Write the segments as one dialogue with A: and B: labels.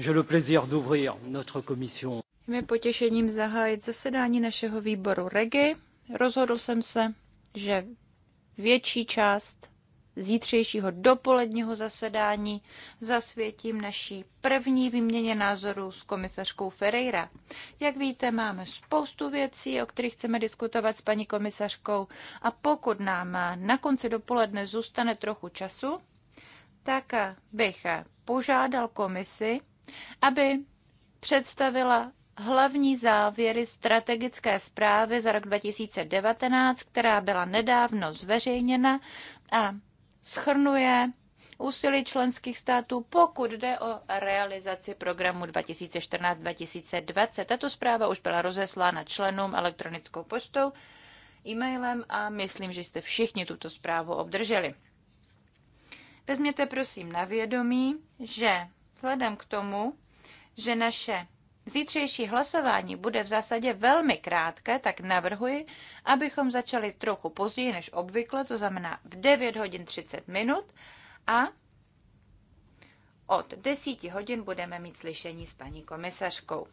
A: že le
B: plaisir d'ouvrir notre commission.
C: Je potěšením zahájit zasedání našeho výboru REGI. Rozhodl jsem se, že větší část zítřejšího dopoledního zasedání zasvětím naší první výměně názorů s komisařkou Ferreira. Jak víte, máme spoustu věcí, o kterých chceme diskutovat s paní komisařkou a pokud nám na konci dopoledne zůstane trochu času, tak bych požádal komisi, aby představila hlavní závěry strategické zprávy za rok 2019, která byla nedávno zveřejněna a schrnuje úsilí členských států, pokud jde o realizaci programu 2014-2020. Tato zpráva už byla rozeslána členům elektronickou poštou, e-mailem a myslím, že jste všichni tuto zprávu obdrželi. Vezměte prosím na vědomí, že vzhledem k tomu, že naše zítřejší hlasování bude v zásadě velmi krátké, tak navrhuji, abychom začali trochu později než obvykle, to znamená v 9 hodin 30 minut a od 10 hodin budeme mít slyšení s paní komisařkou.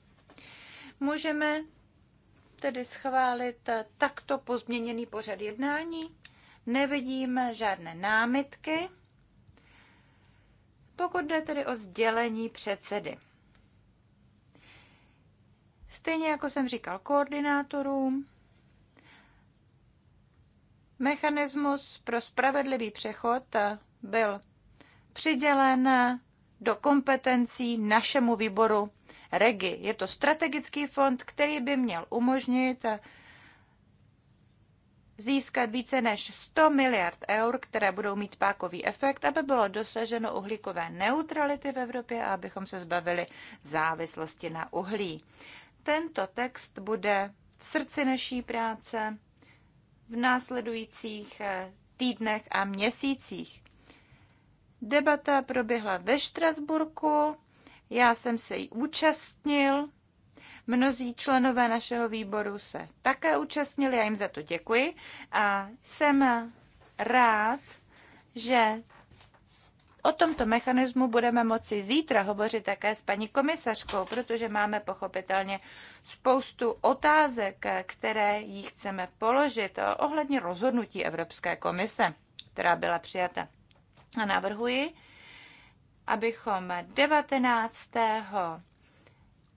C: Můžeme tedy schválit takto pozměněný pořad jednání. Nevidím žádné námitky. Pokud jde tedy o sdělení předsedy. Stejně jako jsem říkal koordinátorům, mechanismus pro spravedlivý přechod byl přidělen do kompetencí našemu výboru REGI. Je to strategický fond, který by měl umožnit získat více než 100 miliard eur, které budou mít pákový efekt, aby bylo dosaženo uhlíkové neutrality v Evropě a abychom se zbavili závislosti na uhlí. Tento text bude v srdci naší práce v následujících eh, týdnech a měsících. Debata proběhla ve Štrasburku, já jsem se jí účastnil Mnozí členové našeho výboru se také účastnili, já jim za to děkuji a jsem rád, že O tomto mechanismu budeme moci zítra hovořit také s paní komisařkou, protože máme pochopitelně spoustu otázek, které jí chceme položit ohledně rozhodnutí Evropské komise, která byla přijata. A navrhuji, abychom 19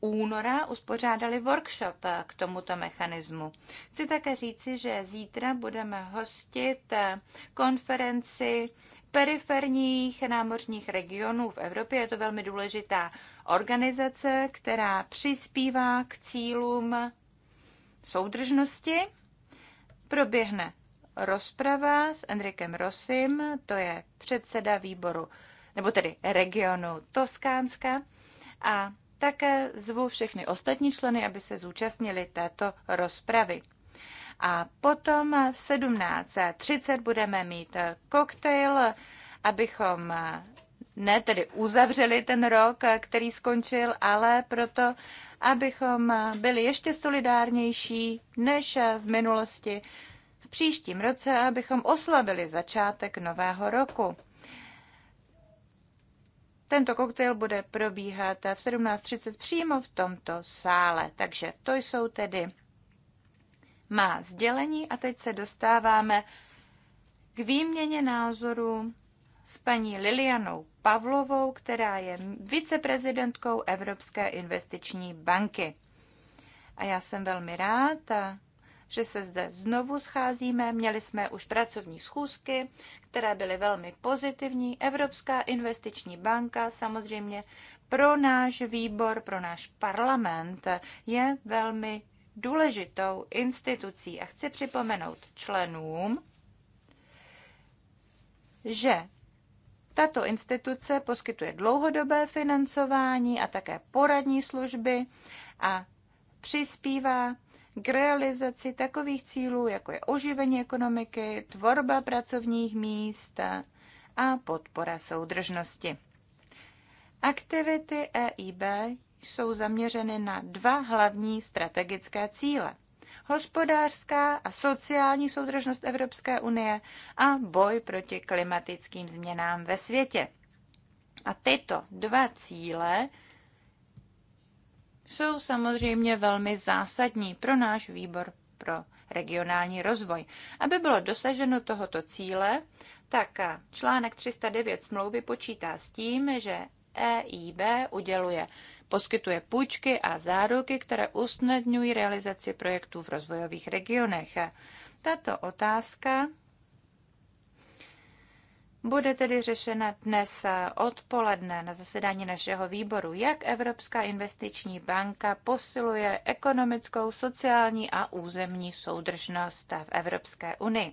C: února uspořádali workshop eh, k tomuto mechanismu. Chci také říci, že zítra budeme hostit eh, konferenci periferních námořních regionů v Evropě. Je to velmi důležitá organizace, která přispívá k cílům soudržnosti. Proběhne rozprava s Enrikem Rosim, to je předseda výboru, nebo tedy regionu Toskánska. A také zvu všechny ostatní členy, aby se zúčastnili této rozpravy. A potom v 17.30 budeme mít koktejl, abychom ne tedy uzavřeli ten rok, který skončil, ale proto, abychom byli ještě solidárnější než v minulosti, v příštím roce, abychom oslavili začátek nového roku. Tento koktejl bude probíhat v 17.30 přímo v tomto sále. Takže to jsou tedy má sdělení a teď se dostáváme k výměně názoru s paní Lilianou Pavlovou, která je viceprezidentkou Evropské investiční banky. A já jsem velmi rád, že se zde znovu scházíme. Měli jsme už pracovní schůzky, které byly velmi pozitivní. Evropská investiční banka samozřejmě pro náš výbor, pro náš parlament je velmi důležitou institucí. A chci připomenout členům, že tato instituce poskytuje dlouhodobé financování a také poradní služby a přispívá k realizaci takových cílů, jako je oživení ekonomiky, tvorba pracovních míst a podpora soudržnosti. Aktivity EIB jsou zaměřeny na dva hlavní strategické cíle. Hospodářská a sociální soudržnost Evropské unie a boj proti klimatickým změnám ve světě. A tyto dva cíle jsou samozřejmě velmi zásadní pro náš výbor pro regionální rozvoj. Aby bylo dosaženo tohoto cíle, tak článek 309 smlouvy počítá s tím, že EIB uděluje poskytuje půjčky a záruky, které usnadňují realizaci projektů v rozvojových regionech. Tato otázka bude tedy řešena dnes odpoledne na zasedání našeho výboru, jak Evropská investiční banka posiluje ekonomickou, sociální a územní soudržnost v Evropské unii.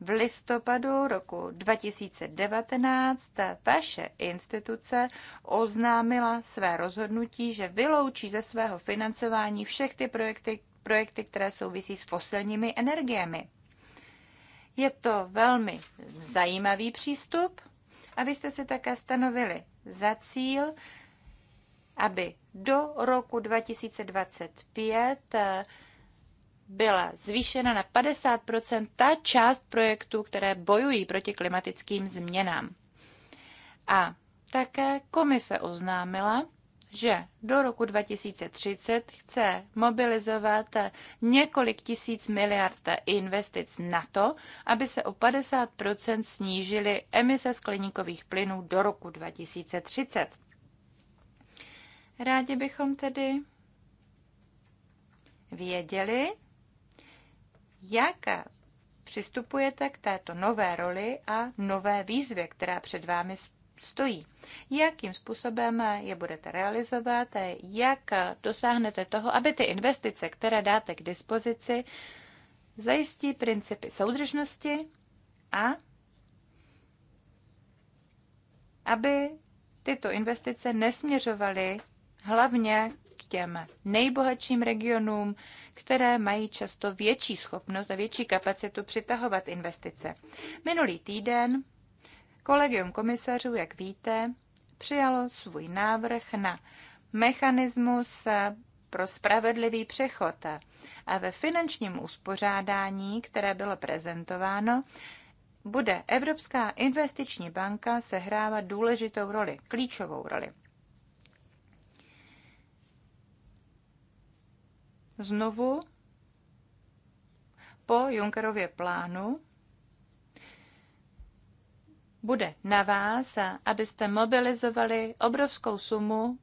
C: V listopadu roku 2019 vaše instituce oznámila své rozhodnutí, že vyloučí ze svého financování všechny projekty, projekty, které souvisí s fosilními energiemi. Je to velmi zajímavý přístup a vy jste si také stanovili za cíl, aby do roku 2025 eh, byla zvýšena na 50 ta část projektů, které bojují proti klimatickým změnám. A také komise oznámila, že do roku 2030 chce mobilizovat několik tisíc miliard investic na to, aby se o 50 snížily emise skleníkových plynů do roku 2030. Rádi bychom tedy věděli, jak přistupujete k této nové roli a nové výzvě, která před vámi stojí. Jakým způsobem je budete realizovat, jak dosáhnete toho, aby ty investice, které dáte k dispozici, zajistí principy soudržnosti a aby tyto investice nesměřovaly hlavně k těm nejbohatším regionům, které mají často větší schopnost a větší kapacitu přitahovat investice. Minulý týden Kolegium komisařů, jak víte, přijalo svůj návrh na mechanismus eh, pro spravedlivý přechod. A ve finančním uspořádání, které bylo prezentováno, bude Evropská investiční banka sehrávat důležitou roli, klíčovou roli. Znovu po Junckerově plánu bude na vás, abyste mobilizovali obrovskou sumu,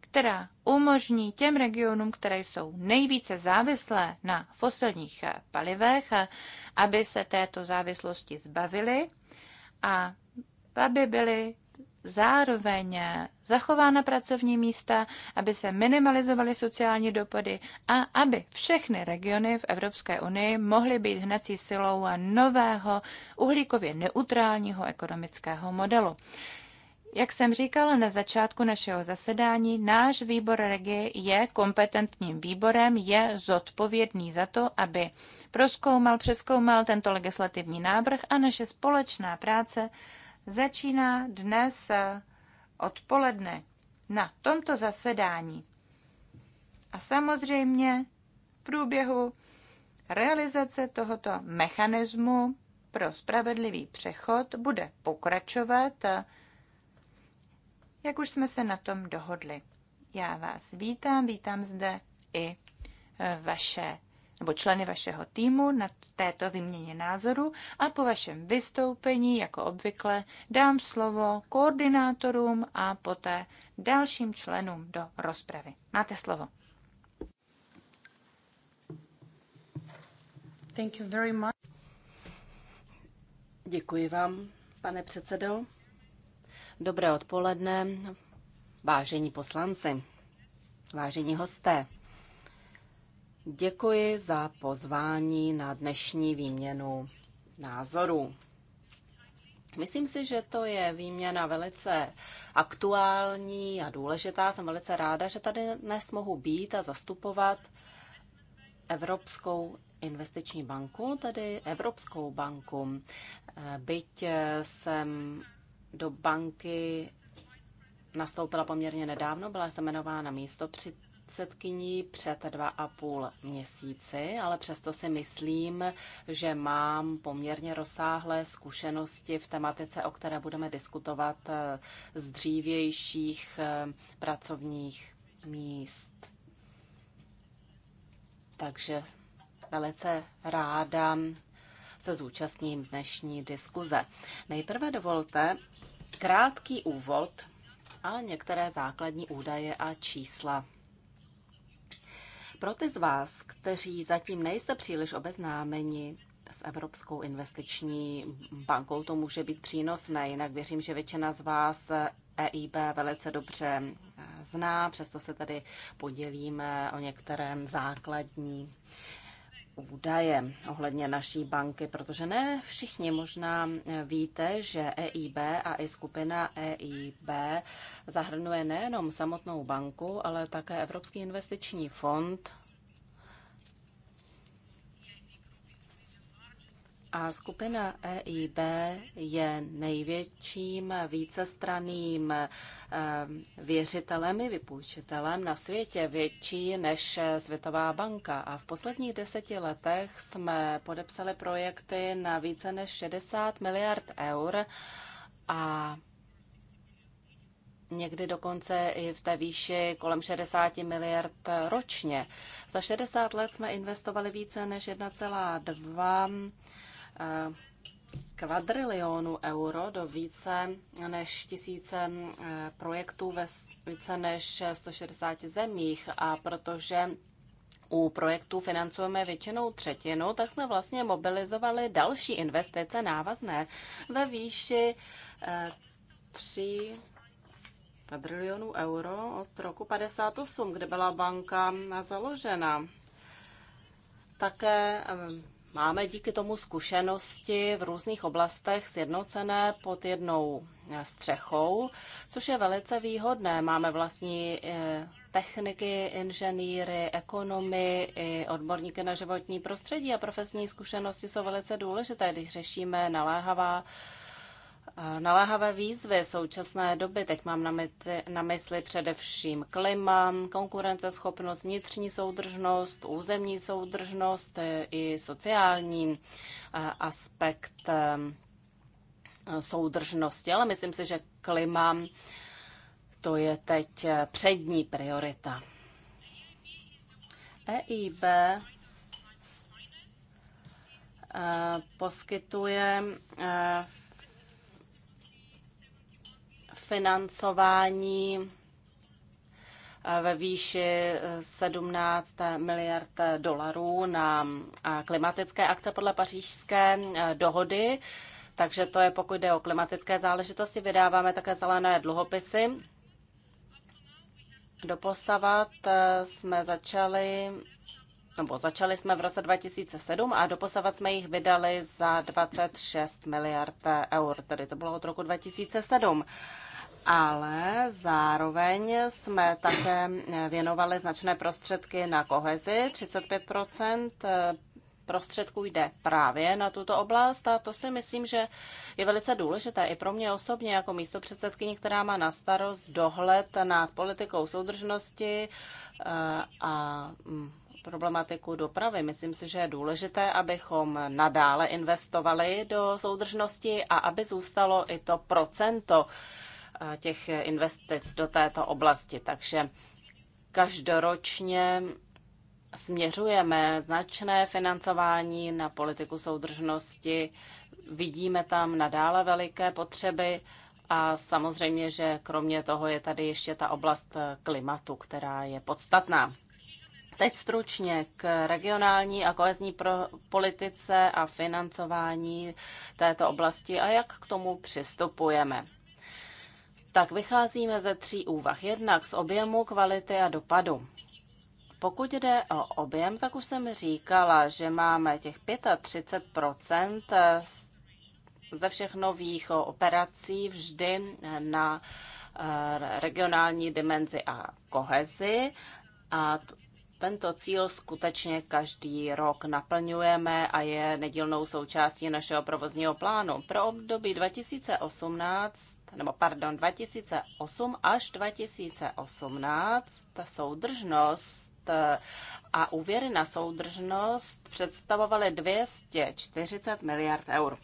C: která umožní těm regionům, které jsou nejvíce závislé na fosilních palivech, aby se této závislosti zbavili a aby byly zároveň zachována pracovní místa, aby se minimalizovaly sociální dopady a aby všechny regiony v Evropské unii mohly být hnací silou nového uhlíkově neutrálního ekonomického modelu. Jak jsem říkala na začátku našeho zasedání, náš výbor regie je kompetentním výborem, je zodpovědný za to, aby proskoumal, přeskoumal tento legislativní návrh a naše společná práce začíná dnes eh, odpoledne na tomto zasedání. A samozřejmě v průběhu realizace tohoto mechanismu pro spravedlivý přechod bude pokračovat, eh, jak už jsme se na tom dohodli. Já vás vítám, vítám zde i eh, vaše nebo členy vašeho týmu na této výměně názoru a po vašem vystoupení, jako obvykle, dám slovo koordinátorům a poté dalším členům do rozpravy. Máte slovo.
B: Thank you very much. Děkuji vám, pane předsedo. Dobré odpoledne, vážení poslanci, vážení hosté. Děkuji za pozvání na dnešní výměnu názorů. Myslím si, že to je výměna velice aktuální a důležitá. Jsem velice ráda, že tady dnes mohu být a zastupovat Evropskou investiční banku, tedy Evropskou banku. Byť jsem do banky nastoupila poměrně nedávno, byla jsem jmenována místo před předsedkyní před dva a půl měsíci, ale přesto si myslím, že mám poměrně rozsáhlé zkušenosti v tematice, o které budeme diskutovat eh, z dřívějších eh, pracovních míst. Takže velice ráda se zúčastním dnešní diskuze. Nejprve dovolte krátký úvod a některé základní údaje a čísla pro ty z vás, kteří zatím nejste příliš obeznámeni s Evropskou investiční bankou, to může být přínosné. Jinak věřím, že většina z vás EIB velice dobře eh, zná, přesto se tady podělíme o některé základní údaje ohledně naší banky, protože ne všichni možná víte, že EIB a i skupina EIB zahrnuje nejenom samotnou banku, ale také Evropský investiční fond A skupina EIB je největším vícestranným ehm, věřitelem i vypůjčitelem na světě, větší než Světová banka. A v posledních deseti letech jsme podepsali projekty na více než 60 miliard eur a někdy dokonce i v té výši kolem 60 miliard ročně. Za 60 let jsme investovali více než 1,2 Eh, kvadrilionu euro do více než tisíce eh, projektů ve více než 160 zemích a protože u projektů financujeme většinou třetinu, tak jsme vlastně mobilizovali další investice návazné ve výši 3 eh, kvadrilionů euro od roku 58, kde byla banka založena. Také Máme díky tomu zkušenosti v různých oblastech sjednocené pod jednou eh, střechou, což je velice výhodné. Máme vlastní eh, techniky, inženýry, ekonomy i odborníky na životní prostředí a profesní zkušenosti jsou velice důležité, když řešíme naléhavá naléhavé výzvy současné doby, teď mám na, myty, na mysli především klima, konkurenceschopnost, vnitřní soudržnost, územní soudržnost eh, i sociální eh, aspekt eh, soudržnosti, ale myslím si, že klima to je teď přední priorita. EIB poskytuje financování eh, ve výši 17 eh, miliard dolarů na eh, klimatické akce podle pařížské dohody. Takže to je, pokud jde o klimatické záležitosti, vydáváme také zelené dluhopisy. Doposavat jsme začali, nebo začali jsme v roce 2007 a doposavat jsme jich vydali za 26 miliard eur, tedy to bylo od roku 2007 ale zároveň jsme také věnovali značné prostředky na kohezi. 35 eh, prostředků jde právě na tuto oblast a to si myslím, že je velice důležité i pro mě osobně jako místo předsedkyni, která má na starost dohled nad politikou soudržnosti eh, a mm, problematiku dopravy. Myslím si, že je důležité, abychom nadále investovali do soudržnosti a aby zůstalo i to procento Eh, těch investic do této oblasti. Takže každoročně směřujeme značné financování na politiku soudržnosti, vidíme tam nadále veliké potřeby a samozřejmě, že kromě toho je tady ještě ta oblast eh, klimatu, která je podstatná. Teď stručně k regionální a kohezní politice a financování této oblasti a jak k tomu přistupujeme tak vycházíme ze tří úvah. Jednak z objemu, kvality a dopadu. Pokud jde o objem, tak už jsem říkala, že máme těch 35 ze všech nových operací vždy na eh, regionální dimenzi a kohezi. A tento cíl skutečně každý rok naplňujeme a je nedílnou součástí našeho provozního plánu. Pro období 2018 nebo pardon, 2008 až 2018 soudržnost eh, a úvěry na soudržnost představovaly 240 miliard eur.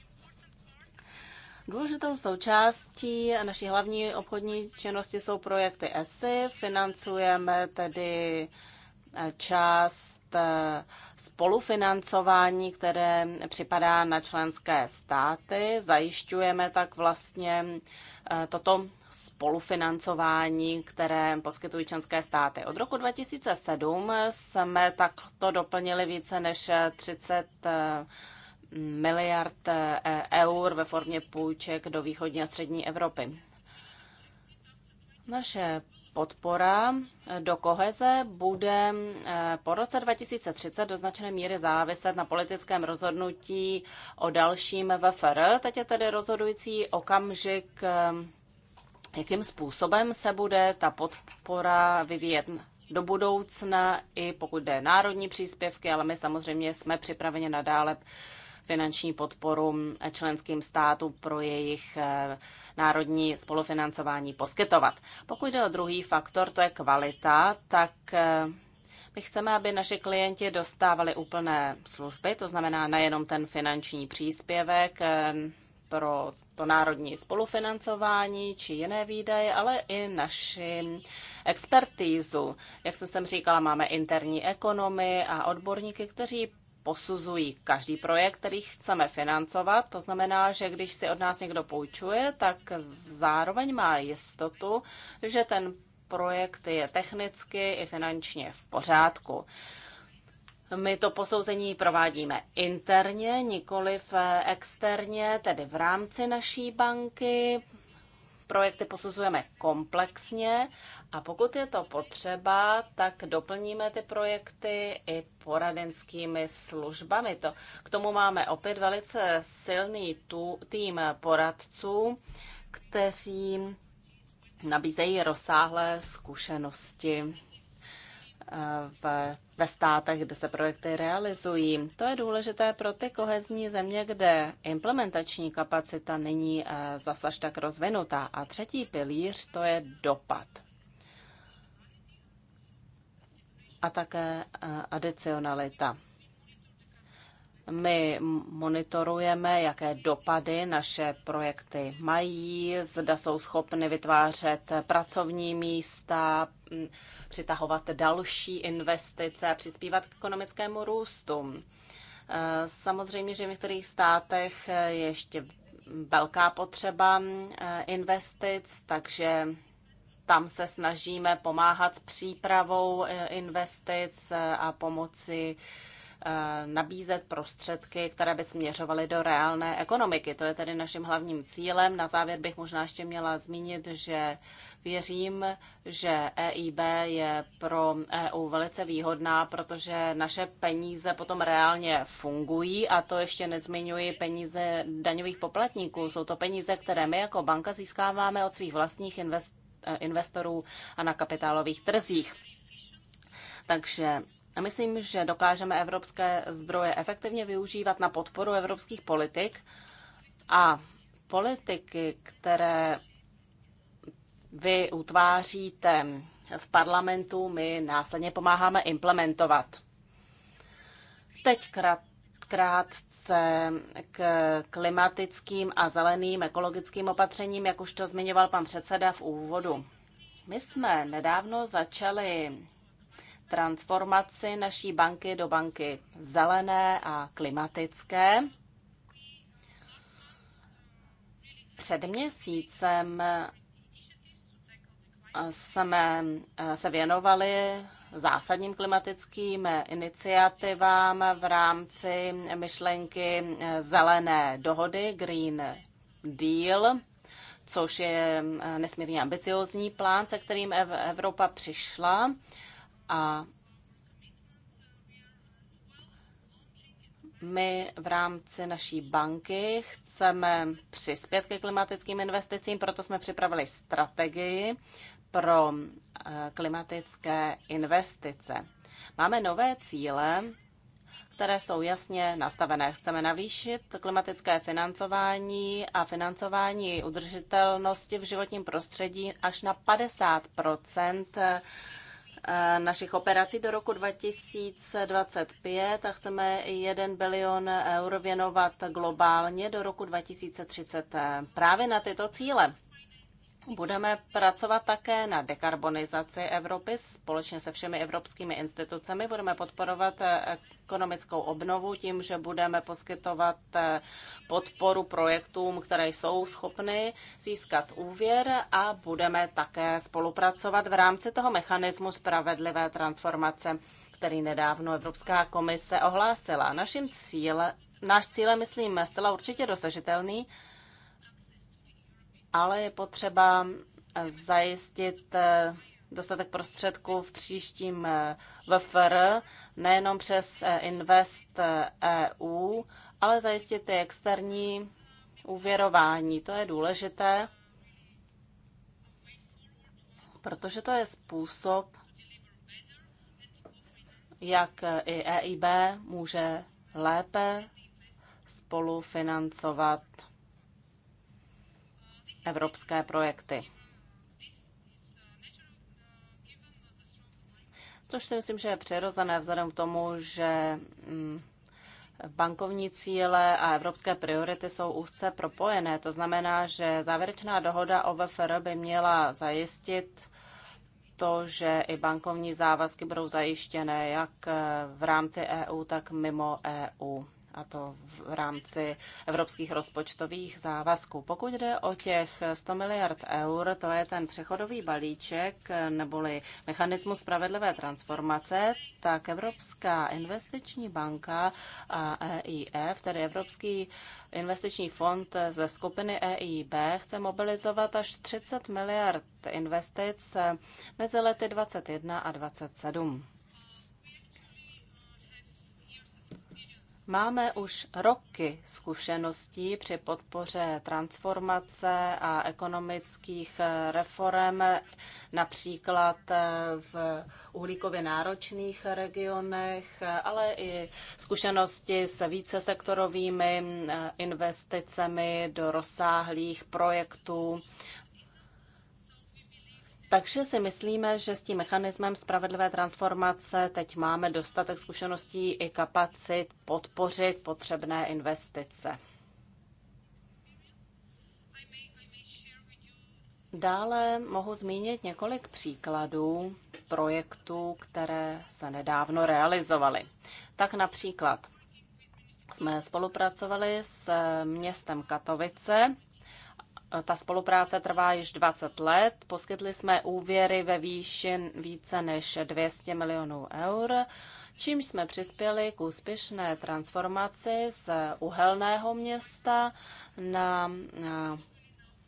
B: Důležitou součástí naší hlavní obchodní činnosti jsou projekty ESI. Financujeme tedy eh, část eh, spolufinancování, které připadá na členské státy. Zajišťujeme tak vlastně Eh, toto spolufinancování, které poskytují členské státy. Od roku 2007 jsme takto doplnili více než 30 eh, miliard eh, eur ve formě půjček do východní a střední Evropy. Naše podpora do koheze bude eh, po roce 2030 do značné míry záviset na politickém rozhodnutí o dalším VFR. Teď je tedy rozhodující okamžik, eh, jakým způsobem se bude ta podpora vyvíjet do budoucna, i pokud jde národní příspěvky, ale my samozřejmě jsme připraveni nadále finanční podporu členským státům pro jejich eh, národní spolufinancování poskytovat. Pokud jde o druhý faktor, to je kvalita, tak eh, my chceme, aby naši klienti dostávali úplné služby, to znamená nejenom ten finanční příspěvek eh, pro to národní spolufinancování či jiné výdaje, ale i naši expertízu. Jak jsem říkala, máme interní ekonomy a odborníky, kteří posuzují každý projekt, který chceme financovat. To znamená, že když si od nás někdo půjčuje, tak zároveň má jistotu, že ten projekt je technicky i finančně v pořádku. My to posouzení provádíme interně, nikoli v eh, externě, tedy v rámci naší banky projekty posuzujeme komplexně a pokud je to potřeba, tak doplníme ty projekty i poradenskými službami. To, k tomu máme opět velice silný tu, tým poradců, kteří nabízejí rozsáhlé zkušenosti v, ve státech, kde se projekty realizují. To je důležité pro ty kohezní země, kde implementační kapacita není eh, zasaž tak rozvinutá. A třetí pilíř to je dopad. A také eh, adicionalita. My monitorujeme, jaké dopady naše projekty mají, zda jsou schopny vytvářet pracovní místa, přitahovat další investice a přispívat k ekonomickému růstu. E, samozřejmě, že v některých státech je ještě velká potřeba e, investic, takže tam se snažíme pomáhat s přípravou e, investic a pomoci Eh, nabízet prostředky, které by směřovaly do reálné ekonomiky. To je tedy naším hlavním cílem. Na závěr bych možná ještě měla zmínit, že věřím, že EIB je pro EU velice výhodná, protože naše peníze potom reálně fungují a to ještě nezmiňuji peníze daňových poplatníků. Jsou to peníze, které my jako banka získáváme od svých vlastních investorů eh, investorů a na kapitálových trzích. Takže Myslím, že dokážeme evropské zdroje efektivně využívat na podporu evropských politik a politiky, které vy utváříte v parlamentu, my následně pomáháme implementovat. Teď krát, krátce k klimatickým a zeleným ekologickým opatřením, jak už to zmiňoval pan předseda v úvodu. My jsme nedávno začali transformaci naší banky do banky zelené a klimatické. Před měsícem jsme eh, se věnovali zásadním klimatickým iniciativám v rámci myšlenky eh, zelené dohody Green Deal, což je eh, nesmírně ambiciozní plán, se kterým Evropa přišla a my v rámci naší banky chceme přispět ke klimatickým investicím, proto jsme připravili strategii pro eh, klimatické investice. Máme nové cíle, které jsou jasně nastavené. Chceme navýšit klimatické financování a financování udržitelnosti v životním prostředí až na 50 Eh, našich operací do roku 2025 a chceme 1 bilion eur věnovat globálně do roku 2030 eh, právě na tyto cíle budeme pracovat také na dekarbonizaci Evropy společně se všemi evropskými institucemi. Budeme podporovat ekonomickou obnovu tím, že budeme poskytovat podporu projektům, které jsou schopny získat úvěr a budeme také spolupracovat v rámci toho mechanismu spravedlivé transformace, který nedávno Evropská komise ohlásila. Naším cílem Náš cíl je, myslím, zcela určitě dosažitelný, ale je potřeba eh, zajistit eh, dostatek prostředků v příštím eh, VFR, nejenom přes Invest EU, e ale zajistit i externí uvěrování. To je důležité, protože to je způsob, jak i EIB může lépe spolufinancovat evropské projekty. Což si myslím, že je přirozené vzhledem k tomu, že mm, bankovní cíle a evropské priority jsou úzce propojené. To znamená, že závěrečná dohoda o VFR by měla zajistit to, že i bankovní závazky budou zajištěné jak v rámci EU, tak mimo EU a to v rámci evropských rozpočtových závazků. Pokud jde o těch 100 miliard eur, to je ten přechodový balíček neboli mechanismus spravedlivé transformace, tak Evropská investiční banka a EIF, tedy Evropský investiční fond ze skupiny EIB, chce mobilizovat až 30 miliard investic mezi lety 21 a 27. Máme už roky zkušeností při podpoře transformace a ekonomických reform, například v uhlíkově náročných regionech, ale i zkušenosti se více sektorovými investicemi do rozsáhlých projektů takže si myslíme, že s tím mechanismem spravedlivé transformace teď máme dostatek zkušeností i kapacit podpořit potřebné investice. Dále mohu zmínit několik příkladů projektů, které se nedávno realizovaly. Tak například jsme spolupracovali s městem Katovice ta spolupráce trvá již 20 let. Poskytli jsme úvěry ve výši více než 200 milionů eur, čímž jsme přispěli k úspěšné transformaci z uhelného města na,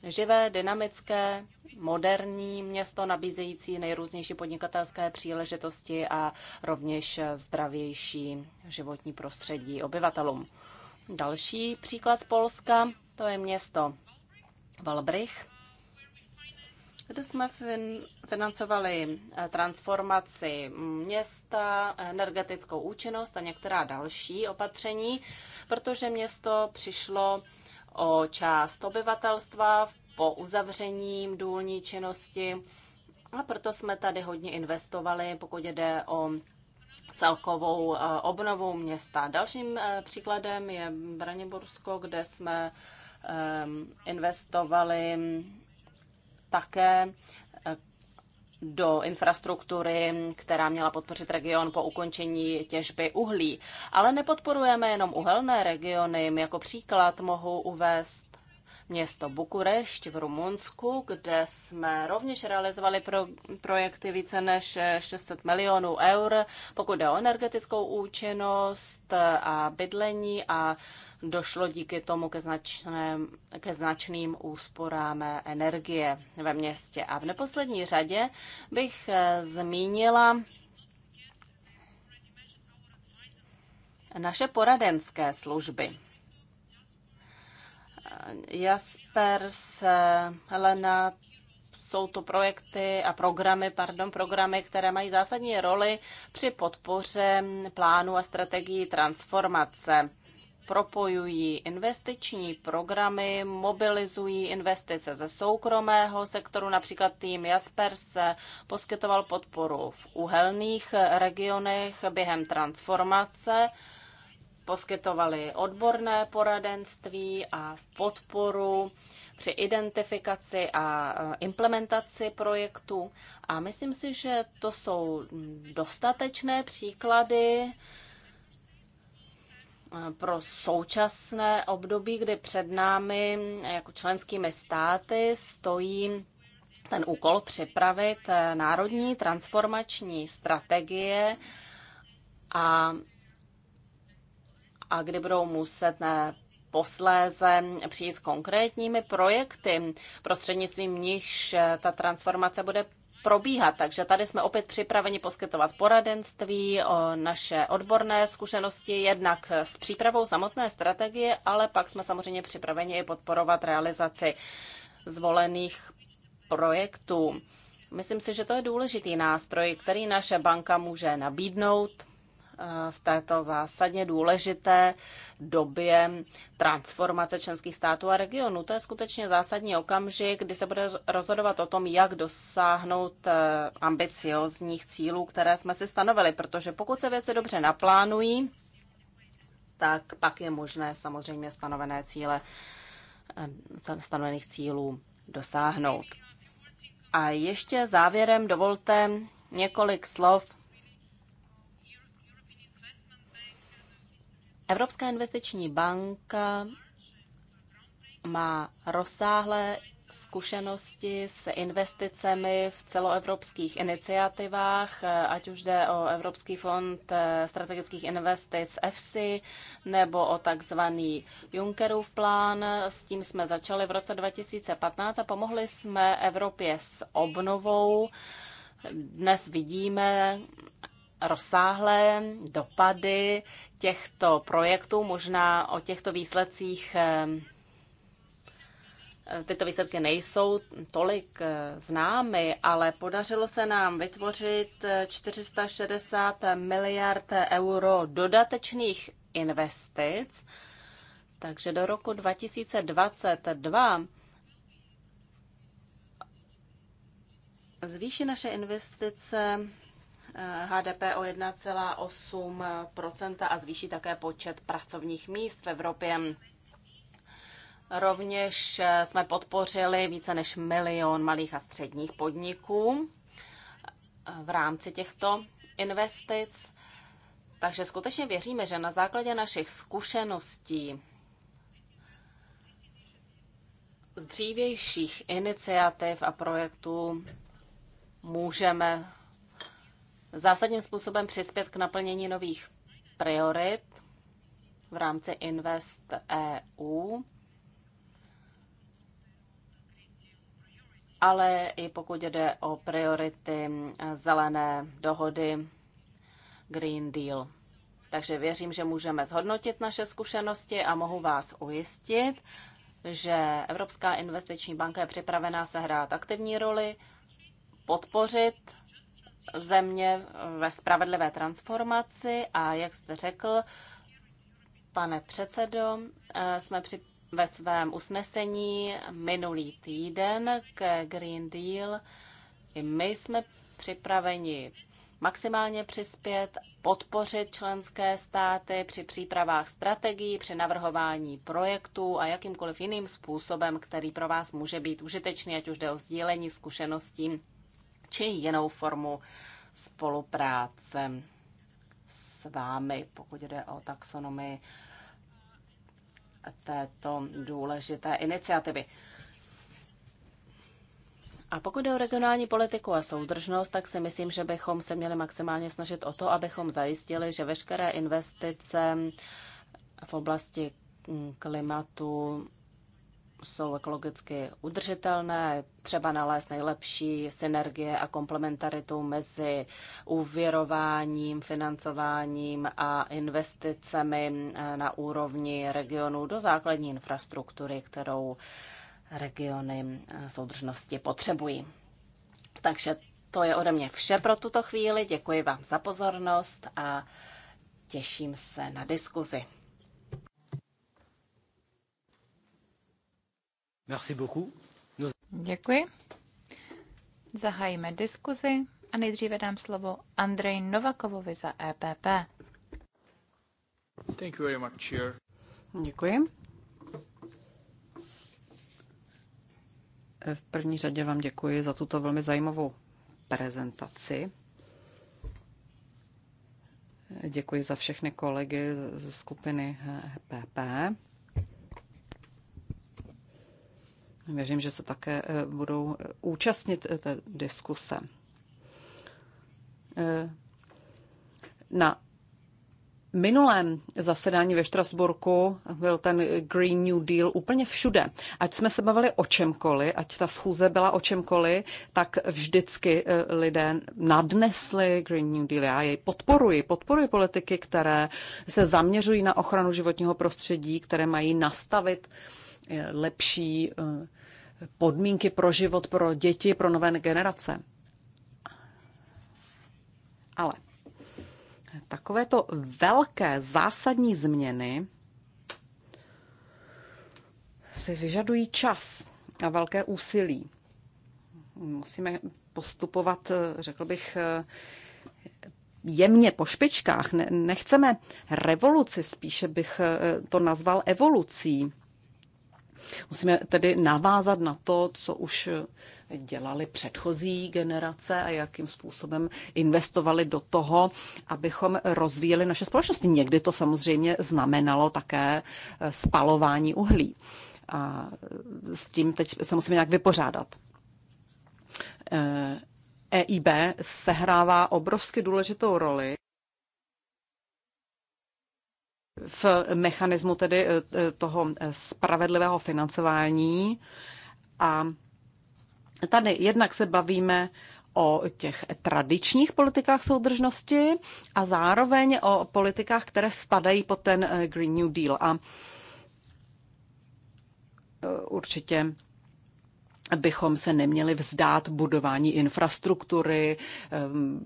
B: živé, dynamické, moderní město nabízející nejrůznější podnikatelské příležitosti a rovněž zdravější životní prostředí obyvatelům. Další příklad z Polska, to je město Valbrich, kde jsme fin- financovali eh, transformaci města, energetickou účinnost a některá další opatření, protože město přišlo o část obyvatelstva po uzavření důlní činnosti a proto jsme tady hodně investovali, pokud jde o celkovou eh, obnovu města. Dalším eh, příkladem je Braniborsko, kde jsme Ehm, investovali také eh, do infrastruktury, která měla podpořit region po ukončení těžby uhlí. Ale nepodporujeme jenom uhelné regiony. Jako příklad mohu uvést město Bukurešť v Rumunsku, kde jsme rovněž realizovali pro, projekty více než 600 milionů eur, pokud jde o energetickou účinnost a bydlení a došlo díky tomu ke, značném, ke značným úsporám energie ve městě. A v neposlední řadě bych eh, zmínila naše poradenské služby. Jaspers, Helena, jsou to projekty a programy, pardon, programy, které mají zásadní roli při podpoře plánu a strategii transformace propojují investiční programy, mobilizují investice ze soukromého sektoru. Například tým Jaspers poskytoval podporu v uhelných regionech během transformace, poskytovali odborné poradenství a podporu při identifikaci a e, implementaci projektu. A myslím si, že to jsou dostatečné příklady pro současné období, kdy před námi jako členskými státy stojí ten úkol připravit eh, národní transformační strategie a, a kdy budou muset eh, posléze přijít s konkrétními projekty, prostřednictvím nichž eh, ta transformace bude probíhat. Takže tady jsme opět připraveni poskytovat poradenství o naše odborné zkušenosti jednak s přípravou samotné strategie, ale pak jsme samozřejmě připraveni i podporovat realizaci zvolených projektů. Myslím si, že to je důležitý nástroj, který naše banka může nabídnout v této zásadně důležité době transformace členských států a regionů. To je skutečně zásadní okamžik, kdy se bude rozhodovat o tom, jak dosáhnout eh, ambiciozních cílů, které jsme si stanovili, protože pokud se věci dobře naplánují, tak pak je možné samozřejmě stanovené cíle, eh, stanovených cílů dosáhnout. A ještě závěrem dovolte několik slov Evropská investiční banka má rozsáhlé zkušenosti s investicemi v celoevropských iniciativách, ať už jde o Evropský fond eh, strategických investic EFSI nebo o takzvaný Junckerův plán. S tím jsme začali v roce 2015 a pomohli jsme Evropě s obnovou. Dnes vidíme, rozsáhlé dopady těchto projektů. Možná o těchto výsledcích eh, eh, tyto výsledky nejsou tolik eh, známy, ale podařilo se nám vytvořit 460 miliard euro dodatečných investic, takže do roku 2022 zvýší naše investice HDP eh, o 1,8 a zvýší také počet pracovních míst v Evropě. Rovněž eh, jsme podpořili více než milion malých a středních podniků eh, v rámci těchto investic. Takže skutečně věříme, že na základě našich zkušeností z dřívějších iniciativ a projektů můžeme zásadním způsobem přispět k naplnění nových priorit v rámci Invest EU, ale i pokud jde o priority zelené dohody Green Deal. Takže věřím, že můžeme zhodnotit naše zkušenosti a mohu vás ujistit, že Evropská investiční banka je připravená sehrát aktivní roli, podpořit země ve spravedlivé transformaci a jak jste řekl, pane předsedo, eh, jsme při, ve svém usnesení minulý týden k Green Deal. I my jsme připraveni maximálně přispět, podpořit členské státy při přípravách strategií, při navrhování projektů a jakýmkoliv jiným způsobem, který pro vás může být užitečný, ať už jde o sdílení zkušeností či jinou formu spolupráce s vámi, pokud jde o taxonomii této důležité iniciativy. A pokud jde o regionální politiku a soudržnost, tak si myslím, že bychom se měli maximálně snažit o to, abychom zajistili, že veškeré investice v oblasti klimatu jsou ekologicky udržitelné, třeba nalézt nejlepší synergie a komplementaritu mezi uvěrováním, financováním a investicemi eh, na úrovni regionu do základní infrastruktury, kterou regiony eh, soudržnosti potřebují. Takže to je ode mě vše pro tuto chvíli. Děkuji vám za pozornost a těším se na diskuzi.
C: Děkuji. Zahájíme diskuzi a nejdříve dám slovo Andrej Novakovovi za EPP. Thank you very much, Chair.
A: Děkuji. V první řadě vám děkuji za tuto velmi zajímavou prezentaci. Děkuji za všechny kolegy z skupiny EPP. Věřím, že se také eh, budou eh, účastnit eh, té diskuse. Na minulém zasedání ve Štrasburku byl ten Green New Deal úplně všude. Ať jsme se bavili o čemkoliv, ať ta schůze byla o čemkoliv, tak vždycky lidé nadnesli Green New Deal. Já jej podporuji. Podporuji politiky, které se zaměřují na ochranu životního prostředí, které mají nastavit uh, Eh, lepší eh, podmínky pro život pro děti, pro nové generace. Ale takovéto velké zásadní změny si vyžadují čas a velké úsilí. Musíme postupovat, eh, řekl bych, jemně po špičkách. Nechceme revoluci, spíše bych to nazval evolucí. Musíme tedy navázat na to, co už dělali předchozí generace a jakým způsobem investovali do toho, abychom rozvíjeli naše společnosti. Někdy to samozřejmě znamenalo také eh, spalování uhlí. A eh, s tím teď se musíme nějak vypořádat. EIB eh, e sehrává obrovsky důležitou roli v mechanismu tedy eh, eh, toho eh, spravedlivého financování. A tady jednak se bavíme o těch tradičních politikách soudržnosti a zároveň o politikách, které spadají pod ten Green New Deal. A určitě bychom se neměli vzdát budování infrastruktury, ehm,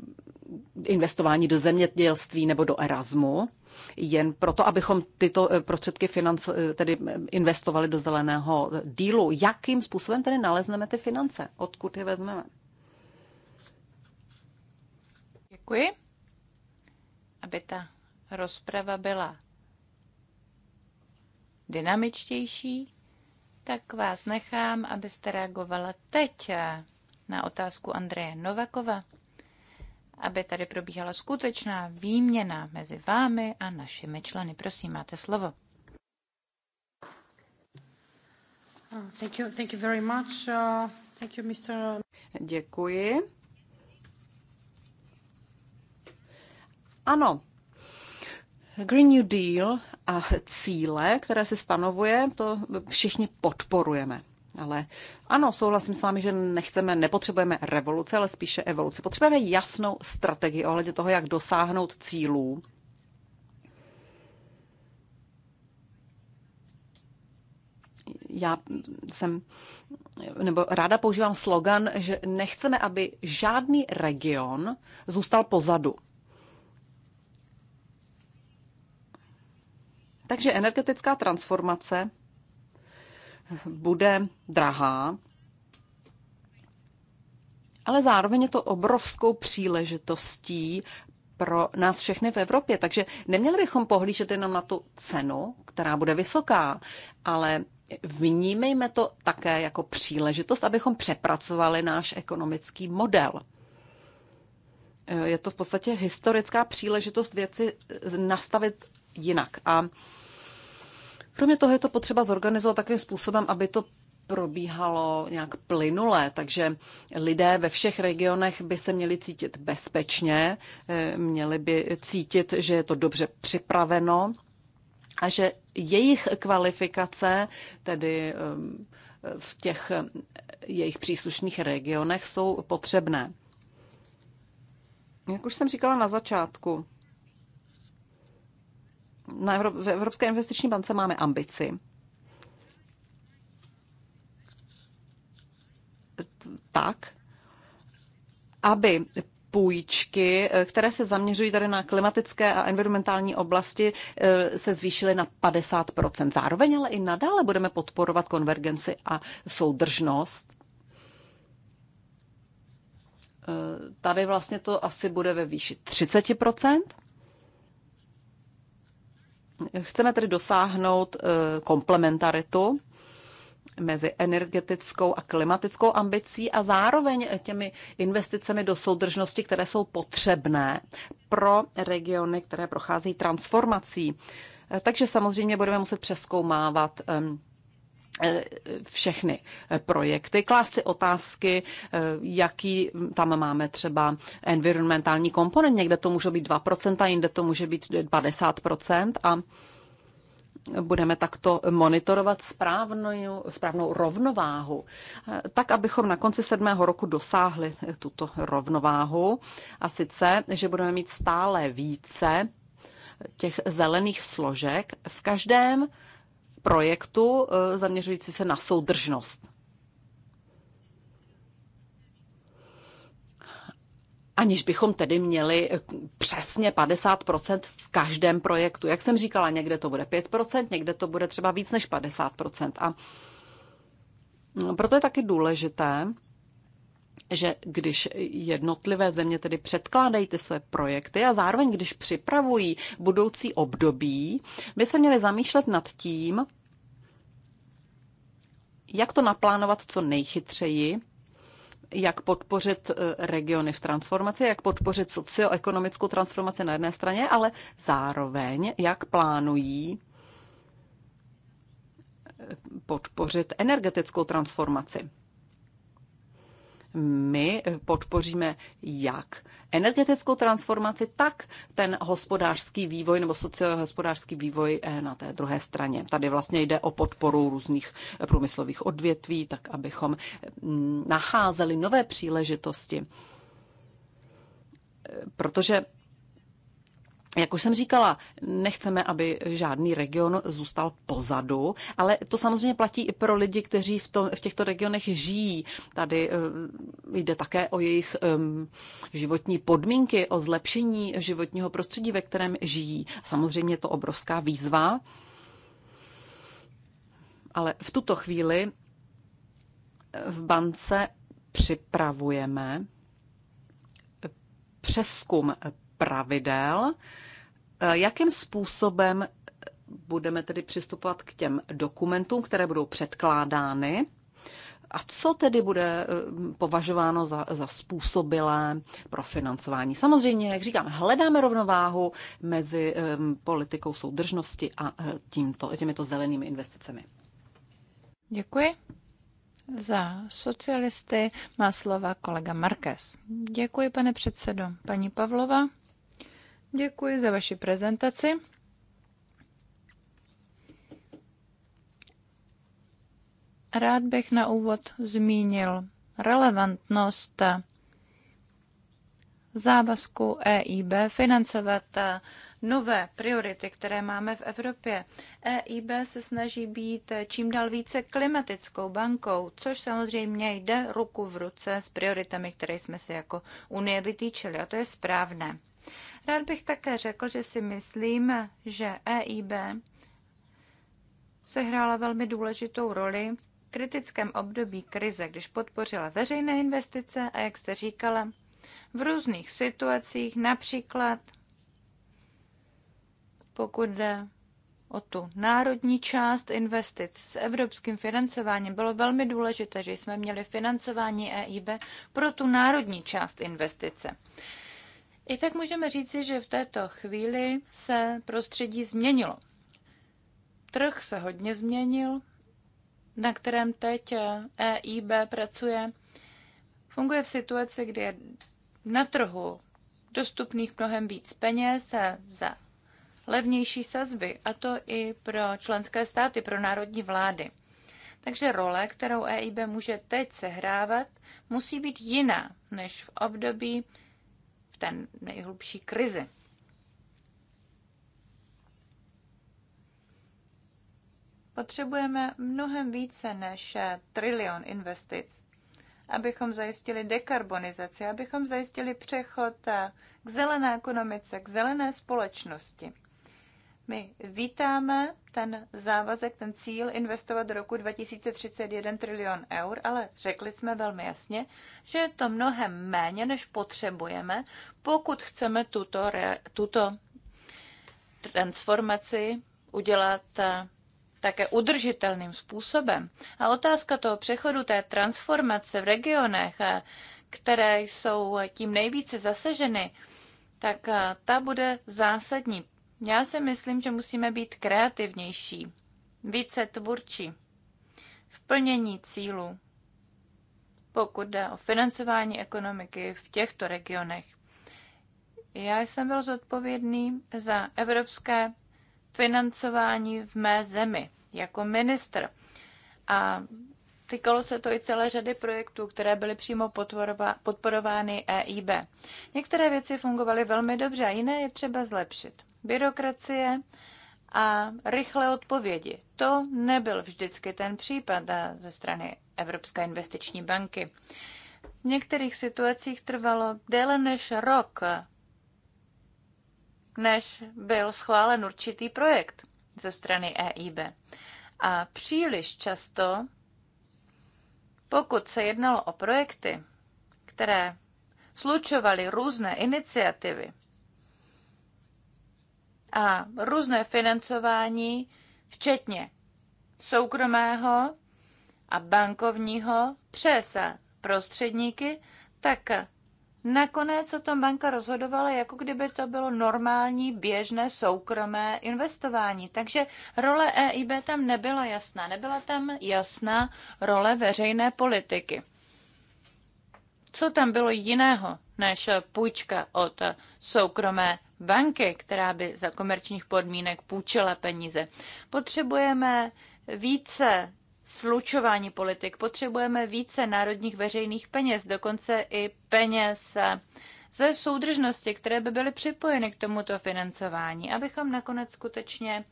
A: investování do zemědělství nebo do Erasmu jen proto, abychom tyto eh, prostředky financo- eh, tedy eh, investovali do zeleného dílu. Jakým způsobem tedy nalezneme ty finance? Odkud je vezmeme? Děkuji. Aby ta
C: rozprava byla dynamičtější, tak vás nechám, abyste reagovala teď na otázku Andreje Novakova aby tady probíhala skutečná výměna mezi vámi a našimi členy. Prosím, máte slovo.
A: Uh, thank you, thank you very much. Uh, thank you, Mr. Děkuji. Ano, Green New Deal a cíle, které se stanovuje, to všichni podporujeme. Ale ano, souhlasím s vámi, že nechceme, nepotřebujeme revoluce, ale spíše evoluce. Potřebujeme jasnou strategii ohledně toho, jak dosáhnout cílů. Já jsem, nebo ráda používám slogan, že nechceme, aby žádný region zůstal pozadu. Takže energetická transformace bude drahá, ale zároveň je to obrovskou příležitostí pro nás všechny v Evropě. Takže neměli bychom pohlížet jenom na tu cenu, která bude vysoká, ale vnímejme to také jako příležitost, abychom přepracovali náš ekonomický model. Je to v podstatě historická příležitost věci nastavit jinak. A Kromě toho je to potřeba zorganizovat takovým způsobem, aby to probíhalo nějak plynule, takže lidé ve všech regionech by se měli cítit bezpečně, eh, měli by cítit, že je to dobře připraveno a že jejich kvalifikace, tedy eh, v těch eh, jejich příslušných regionech, jsou potřebné. Jak už jsem říkala na začátku, na Evrop- v Evropské investiční bance máme ambici tak, aby půjčky, které se zaměřují tady na klimatické a environmentální oblasti, eh, se zvýšily na 50 Zároveň ale i nadále budeme podporovat konvergenci a soudržnost. Eh, tady vlastně to asi bude ve výši 30 Chceme tedy dosáhnout e, komplementaritu mezi energetickou a klimatickou ambicí a zároveň těmi investicemi do soudržnosti, které jsou potřebné pro regiony, které procházejí transformací. E, takže samozřejmě budeme muset přeskoumávat Eh, všechny eh, projekty, klást si otázky, eh, jaký tam máme třeba environmentální komponent. Někde to může být 2%, jinde to může být 50% a budeme takto monitorovat správnou, správnou rovnováhu, tak abychom na konci sedmého roku dosáhli tuto rovnováhu a sice, že budeme mít stále více těch zelených složek v každém projektu eh, zaměřující se na soudržnost. Aniž bychom tedy měli eh, přesně 50% v každém projektu. Jak jsem říkala, někde to bude 5%, někde to bude třeba víc než 50%. A mm, proto je taky důležité, že když jednotlivé země tedy předkládají ty své projekty a zároveň když připravují budoucí období, by se měly zamýšlet nad tím, jak to naplánovat co nejchytřeji, jak podpořit e, regiony v transformaci, jak podpořit socioekonomickou transformaci na jedné straně, ale zároveň jak plánují e, podpořit energetickou transformaci my podpoříme jak energetickou transformaci, tak ten hospodářský vývoj nebo sociohospodářský vývoj eh, na té druhé straně. Tady vlastně jde o podporu různých průmyslových odvětví, tak abychom mm, nacházeli nové příležitosti. Eh, protože jak už jsem říkala, nechceme, aby žádný region zůstal pozadu, ale to samozřejmě platí i pro lidi, kteří v, tom, v těchto regionech žijí. Tady eh, jde také o jejich um, životní podmínky, o zlepšení životního prostředí, ve kterém žijí. Samozřejmě je to obrovská výzva, ale v tuto chvíli eh, v bance připravujeme eh, přeskum pravidel, Eh, jakým způsobem budeme tedy přistupovat k těm dokumentům, které budou předkládány? A co tedy bude eh, považováno za, za způsobilé pro financování? Samozřejmě, jak říkám, hledáme rovnováhu mezi eh, politikou soudržnosti a tímto, těmito zelenými investicemi. Děkuji.
C: Za socialisty má slova kolega Marquez. Děkuji, pane předsedo. Paní Pavlova, Děkuji za vaši prezentaci. Rád bych na úvod zmínil relevantnost závazku EIB financovat nové priority, které máme v Evropě. EIB se snaží být čím dál více klimatickou bankou, což samozřejmě jde ruku v ruce s prioritami, které jsme si jako Unie vytýčili. A to je správné. Rád bych také řekl, že si myslím, že EIB sehrála velmi důležitou roli v kritickém období krize, když podpořila veřejné investice a, jak jste říkala, v různých situacích, například pokud jde o tu národní část investic s evropským financováním, bylo velmi důležité, že jsme měli financování EIB pro tu národní část investice. I tak můžeme říci, že v této chvíli se prostředí změnilo. Trh se hodně změnil, na kterém teď EIB pracuje, funguje v situaci, kdy je na trhu dostupných mnohem víc peněz za levnější sazby, a to i pro členské státy, pro národní vlády. Takže role, kterou EIB může teď sehrávat, musí být jiná než v období v té nejhlubší krizi. Potřebujeme mnohem více než trilion investic, abychom zajistili dekarbonizaci, abychom zajistili přechod k zelené ekonomice, k zelené společnosti. My vítáme ten závazek, ten cíl investovat do roku 2031 trilion eur, ale řekli jsme velmi jasně, že je to mnohem méně, než potřebujeme, pokud chceme tuto, re, tuto transformaci udělat eh, také udržitelným způsobem. A otázka toho přechodu, té transformace v regionech, eh, které jsou tím nejvíce zasaženy, tak eh, ta bude zásadní já si myslím, že musíme být kreativnější, více tvůrčí v plnění cílů, pokud jde o financování ekonomiky v těchto regionech. Já jsem byl zodpovědný za evropské financování v mé zemi jako ministr. A týkalo se to i celé řady projektů, které byly přímo podporovány EIB. Některé věci fungovaly velmi dobře a jiné je třeba zlepšit byrokracie a rychlé odpovědi. To nebyl vždycky ten případ eh, ze strany Evropské investiční banky. V některých situacích trvalo déle než rok, než byl schválen určitý projekt ze strany EIB. A příliš často, pokud se jednalo o projekty, které slučovaly různé iniciativy, a různé financování, včetně soukromého a bankovního přes prostředníky, tak nakonec o tom banka rozhodovala, jako kdyby to bylo normální, běžné, soukromé investování. Takže role EIB tam nebyla jasná. Nebyla tam jasná role veřejné politiky. Co tam bylo jiného než půjčka od soukromé banky, která by za komerčních podmínek půjčila peníze. Potřebujeme více slučování politik, potřebujeme více národních veřejných peněz, dokonce i peněz ze soudržnosti, které by byly připojeny k tomuto financování, abychom nakonec skutečně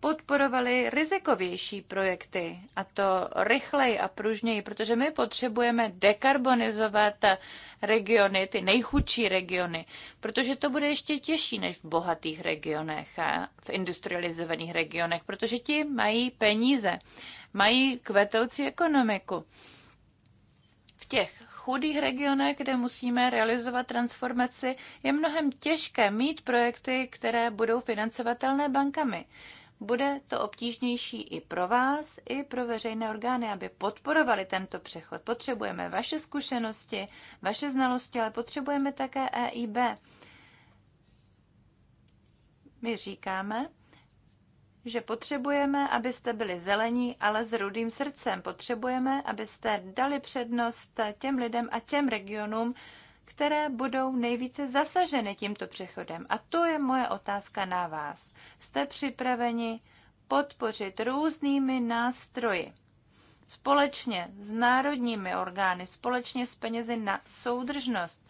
C: podporovali rizikovější projekty a to rychleji a pružněji, protože my potřebujeme dekarbonizovat regiony, ty nejchudší regiony, protože to bude ještě těžší než v bohatých regionech a v industrializovaných regionech, protože ti mají peníze, mají kvetoucí ekonomiku. V těch chudých regionech, kde musíme realizovat transformaci, je mnohem těžké mít projekty, které budou financovatelné bankami. Bude to obtížnější i pro vás, i pro veřejné orgány, aby podporovali tento přechod. Potřebujeme vaše zkušenosti, vaše znalosti, ale potřebujeme také EIB. My říkáme, že potřebujeme, abyste byli zelení, ale s rudým srdcem. Potřebujeme, abyste dali přednost těm lidem a těm regionům, které budou nejvíce zasaženy tímto přechodem. A to je moje otázka na vás. Jste připraveni podpořit různými nástroji společně s národními orgány, společně s penězi na soudržnost,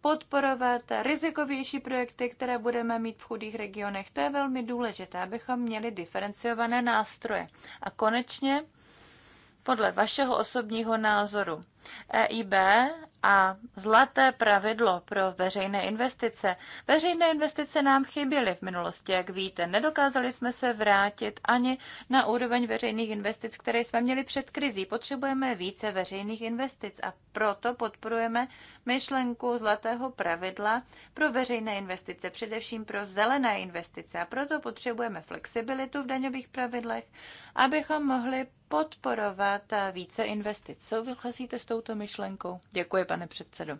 C: podporovat rizikovější projekty, které budeme mít v chudých regionech. To je velmi důležité, abychom měli diferenciované nástroje. A konečně, podle vašeho osobního názoru, EIB a zlaté pravidlo pro veřejné investice. Veřejné investice nám chyběly v minulosti, jak víte. Nedokázali jsme se vrátit ani na úroveň veřejných investic, které jsme měli před krizí. Potřebujeme více veřejných investic a proto podporujeme myšlenku zlatého pravidla pro veřejné investice, především pro zelené investice. A proto potřebujeme flexibilitu v daňových pravidlech, abychom mohli podporovat více investic. Souhlasíte s touto myšlenkou? Děkuji, pane předsedo.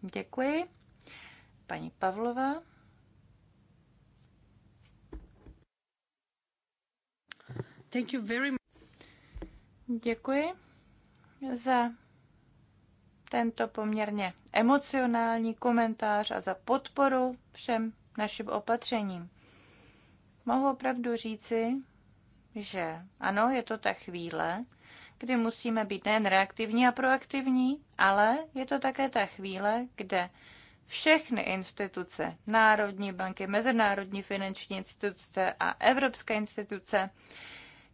C: Děkuji. Paní Pavlova.
A: Thank you very much.
C: Děkuji za tento poměrně emocionální komentář a za podporu všem našim opatřením. Mohu opravdu říci, že ano, je to ta chvíle, kdy musíme být nejen reaktivní a proaktivní, ale je to také ta chvíle, kde všechny instituce, národní banky, mezinárodní finanční instituce a evropské instituce,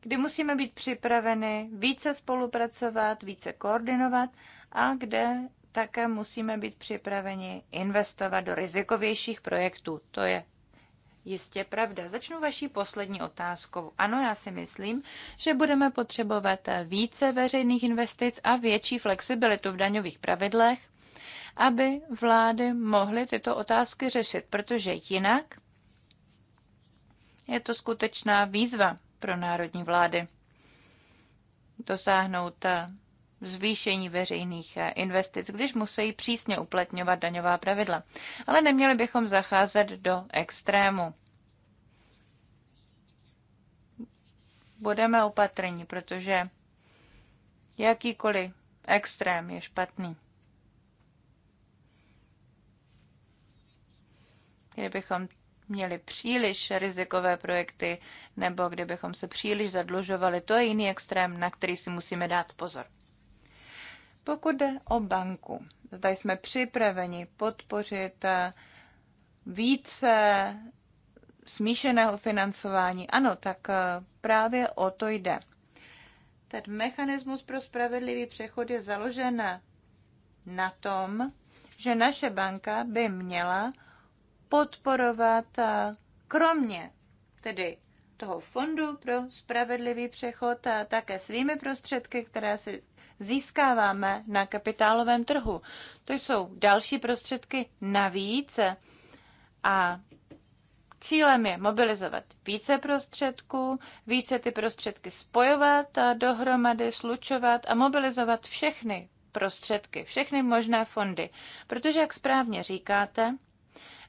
C: kdy musíme být připraveny více spolupracovat, více koordinovat a kde také musíme být připraveni investovat do rizikovějších projektů. To je jistě pravda. Začnu vaší poslední otázkou. Ano, já si myslím, že budeme potřebovat více veřejných investic a větší flexibilitu v daňových pravidlech, aby vlády mohly tyto otázky řešit, protože jinak je to skutečná výzva pro národní vlády dosáhnout zvýšení veřejných eh, investic, když musí přísně uplatňovat daňová pravidla. Ale neměli bychom zacházet do extrému. Budeme opatrní, protože jakýkoliv extrém je špatný. Kdybychom měli příliš rizikové projekty nebo kdybychom se příliš zadlužovali, to je jiný extrém, na který si musíme dát pozor. Pokud jde o banku, zda jsme připraveni podpořit eh, více smíšeného financování, ano, tak eh, právě o to jde. Ten mechanismus pro spravedlivý přechod je založen na tom, že naše banka by měla podporovat eh, kromě tedy toho fondu pro spravedlivý přechod a také svými prostředky, které si získáváme na kapitálovém trhu. To jsou další prostředky navíc a cílem je mobilizovat více prostředků, více ty prostředky spojovat a dohromady slučovat a mobilizovat všechny prostředky, všechny možné fondy. Protože, jak správně říkáte,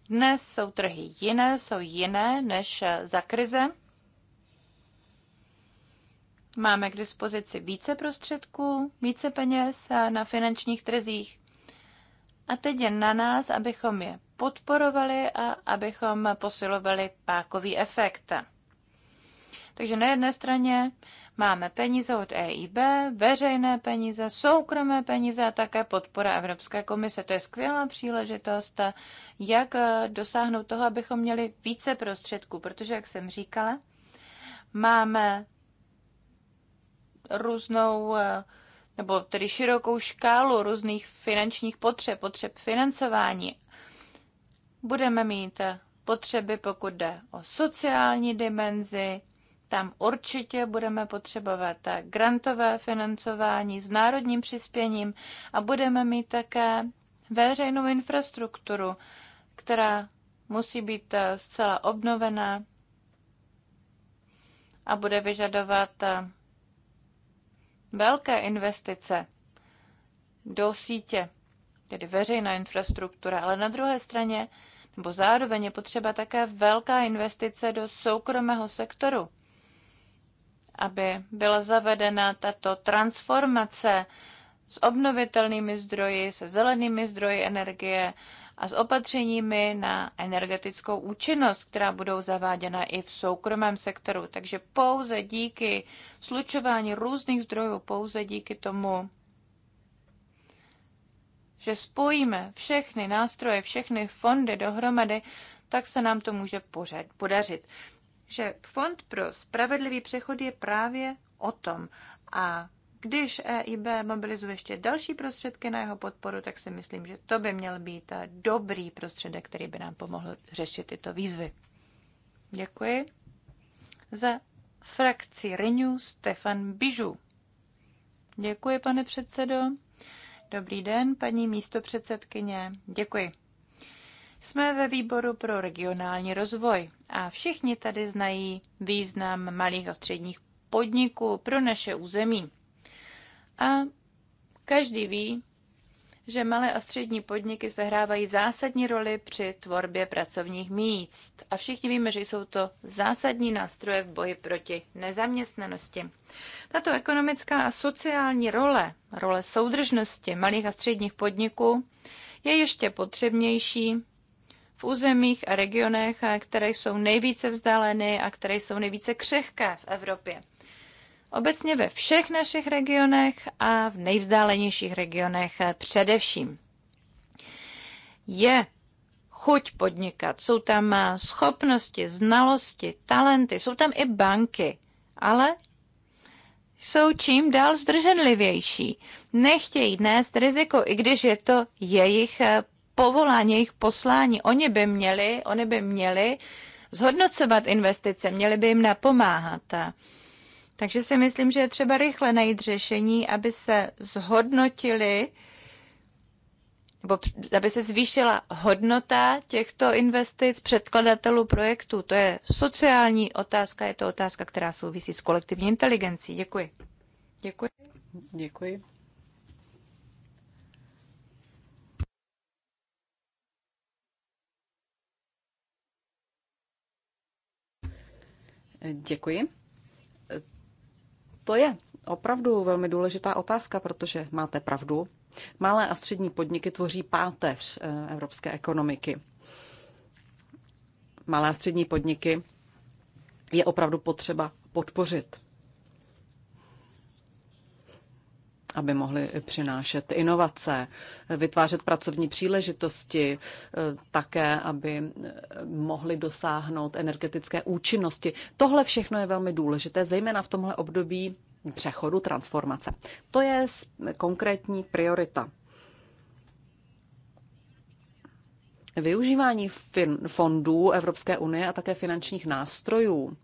C: dnes jsou trhy jiné, jsou jiné než za krize. Máme k dispozici více prostředků, více peněz na finančních trzích. A teď je na nás, abychom je podporovali a abychom posilovali pákový efekt. Takže na jedné straně máme peníze od EIB, veřejné peníze, soukromé peníze a také podpora Evropské komise. To je skvělá příležitost, jak dosáhnout toho, abychom měli více prostředků, protože, jak jsem říkala, máme různou eh, nebo tedy širokou škálu různých finančních potřeb, potřeb financování. Budeme mít eh, potřeby, pokud jde o sociální dimenzi, tam určitě budeme potřebovat eh, grantové financování s národním přispěním a budeme mít také veřejnou infrastrukturu, která musí být zcela obnovená a bude vyžadovat velké investice do sítě, tedy veřejná infrastruktura, ale na druhé straně nebo zároveň je potřeba také velká investice do soukromého sektoru, aby byla zavedena tato transformace s obnovitelnými zdroji, se zelenými zdroji energie, a s opatřeními na energetickou účinnost, která budou zaváděna i v soukromém sektoru. Takže pouze díky slučování různých zdrojů, pouze díky tomu, že spojíme všechny nástroje, všechny fondy dohromady, tak se nám to může pořad, podařit. Že Fond pro spravedlivý přechod je právě o tom. A když EIB mobilizuje ještě další prostředky na jeho podporu, tak si myslím, že to by měl být dobrý prostředek, který by nám pomohl řešit tyto výzvy. Děkuji. Za frakci Renew Stefan Bižu. Děkuji, pane předsedo. Dobrý den, paní místopředsedkyně. Děkuji. Jsme ve výboru pro regionální rozvoj a všichni tady znají význam malých a středních podniků pro naše území. A každý ví, že malé a střední podniky sehrávají zásadní roli při tvorbě pracovních míst. A všichni víme, že jsou to zásadní nástroje v boji proti nezaměstnanosti. Tato ekonomická a sociální role, role soudržnosti malých a středních podniků, je ještě potřebnější v územích a regionech, které jsou nejvíce vzdáleny a které jsou nejvíce křehké v Evropě obecně ve všech našich regionech a v nejvzdálenějších regionech eh, především. Je chuť podnikat, jsou tam eh, schopnosti, znalosti, talenty, jsou tam i banky, ale jsou čím dál zdrženlivější. Nechtějí nést riziko, i když je to jejich eh, povolání, jejich poslání. Oni by měli, oni by měli zhodnocovat investice, měli by jim napomáhat. Takže si myslím, že je třeba rychle najít řešení, aby se zhodnotili nebo aby se zvýšila hodnota těchto investic předkladatelů projektů. To je sociální otázka, je to otázka, která souvisí s kolektivní inteligencí. Děkuji. Děkuji.
A: Děkuji. Děkuji. To je opravdu velmi důležitá otázka, protože máte pravdu. Malé a střední podniky tvoří páteř eh, evropské ekonomiky. Malé a střední podniky je opravdu potřeba podpořit. aby mohli přinášet inovace, vytvářet pracovní příležitosti, eh, také, aby eh, mohli dosáhnout energetické účinnosti. Tohle všechno je velmi důležité, zejména v tomhle období přechodu transformace. To je konkrétní priorita. Využívání fondů Evropské unie a také finančních nástrojů,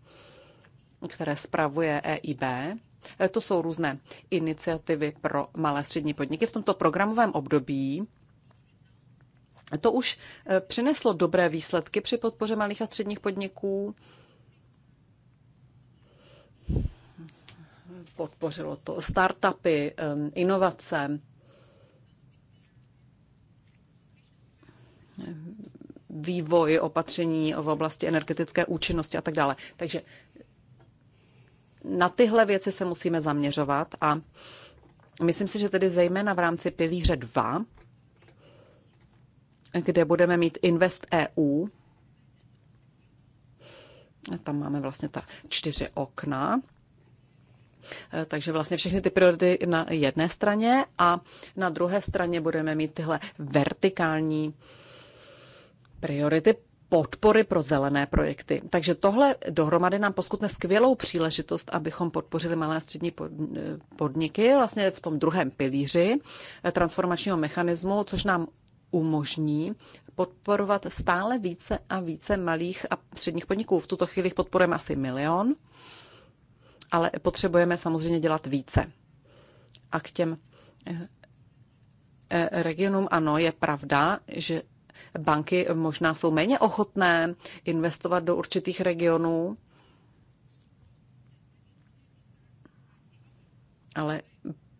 A: které spravuje EIB, Eh, to jsou různé iniciativy pro malé střední podniky v tomto programovém období. To už eh, přineslo dobré výsledky při podpoře malých a středních podniků. Podpořilo to startupy, eh, inovace. vývoj opatření v oblasti energetické účinnosti a tak dále. Takže na tyhle věci se musíme zaměřovat a myslím si, že tedy zejména v rámci pilíře 2, kde budeme mít Invest EU, tam máme vlastně ta čtyři okna, eh, takže vlastně všechny ty priority na jedné straně a na druhé straně budeme mít tyhle vertikální priority podpory pro zelené projekty. Takže tohle dohromady nám poskytne skvělou příležitost, abychom podpořili malé a střední eh, podniky vlastně v tom druhém pilíři eh, transformačního mechanismu, což nám umožní podporovat stále více a více malých a středních podniků. V tuto chvíli podporujeme asi milion, ale potřebujeme samozřejmě dělat více. A k těm eh, regionům ano, je pravda, že banky možná jsou méně ochotné investovat do určitých regionů, ale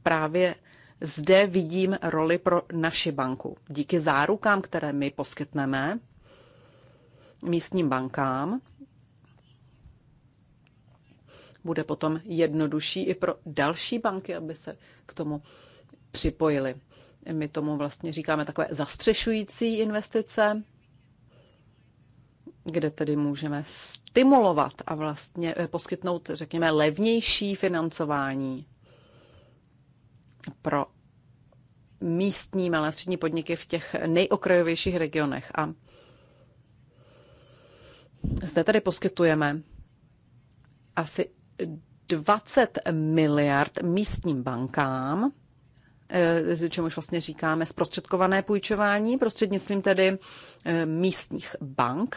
A: právě zde vidím roli pro naši banku. Díky zárukám, které my poskytneme místním bankám, bude potom jednodušší i pro další banky, aby se k tomu připojili. My tomu vlastně říkáme takové zastřešující investice, kde tedy můžeme stimulovat a vlastně eh, poskytnout, řekněme, levnější financování pro místní malé a střední podniky v těch nejokrajovějších regionech. A zde tedy poskytujeme asi 20 miliard místním bankám Eh, čemuž vlastně říkáme zprostředkované půjčování, prostřednictvím tedy eh, místních bank,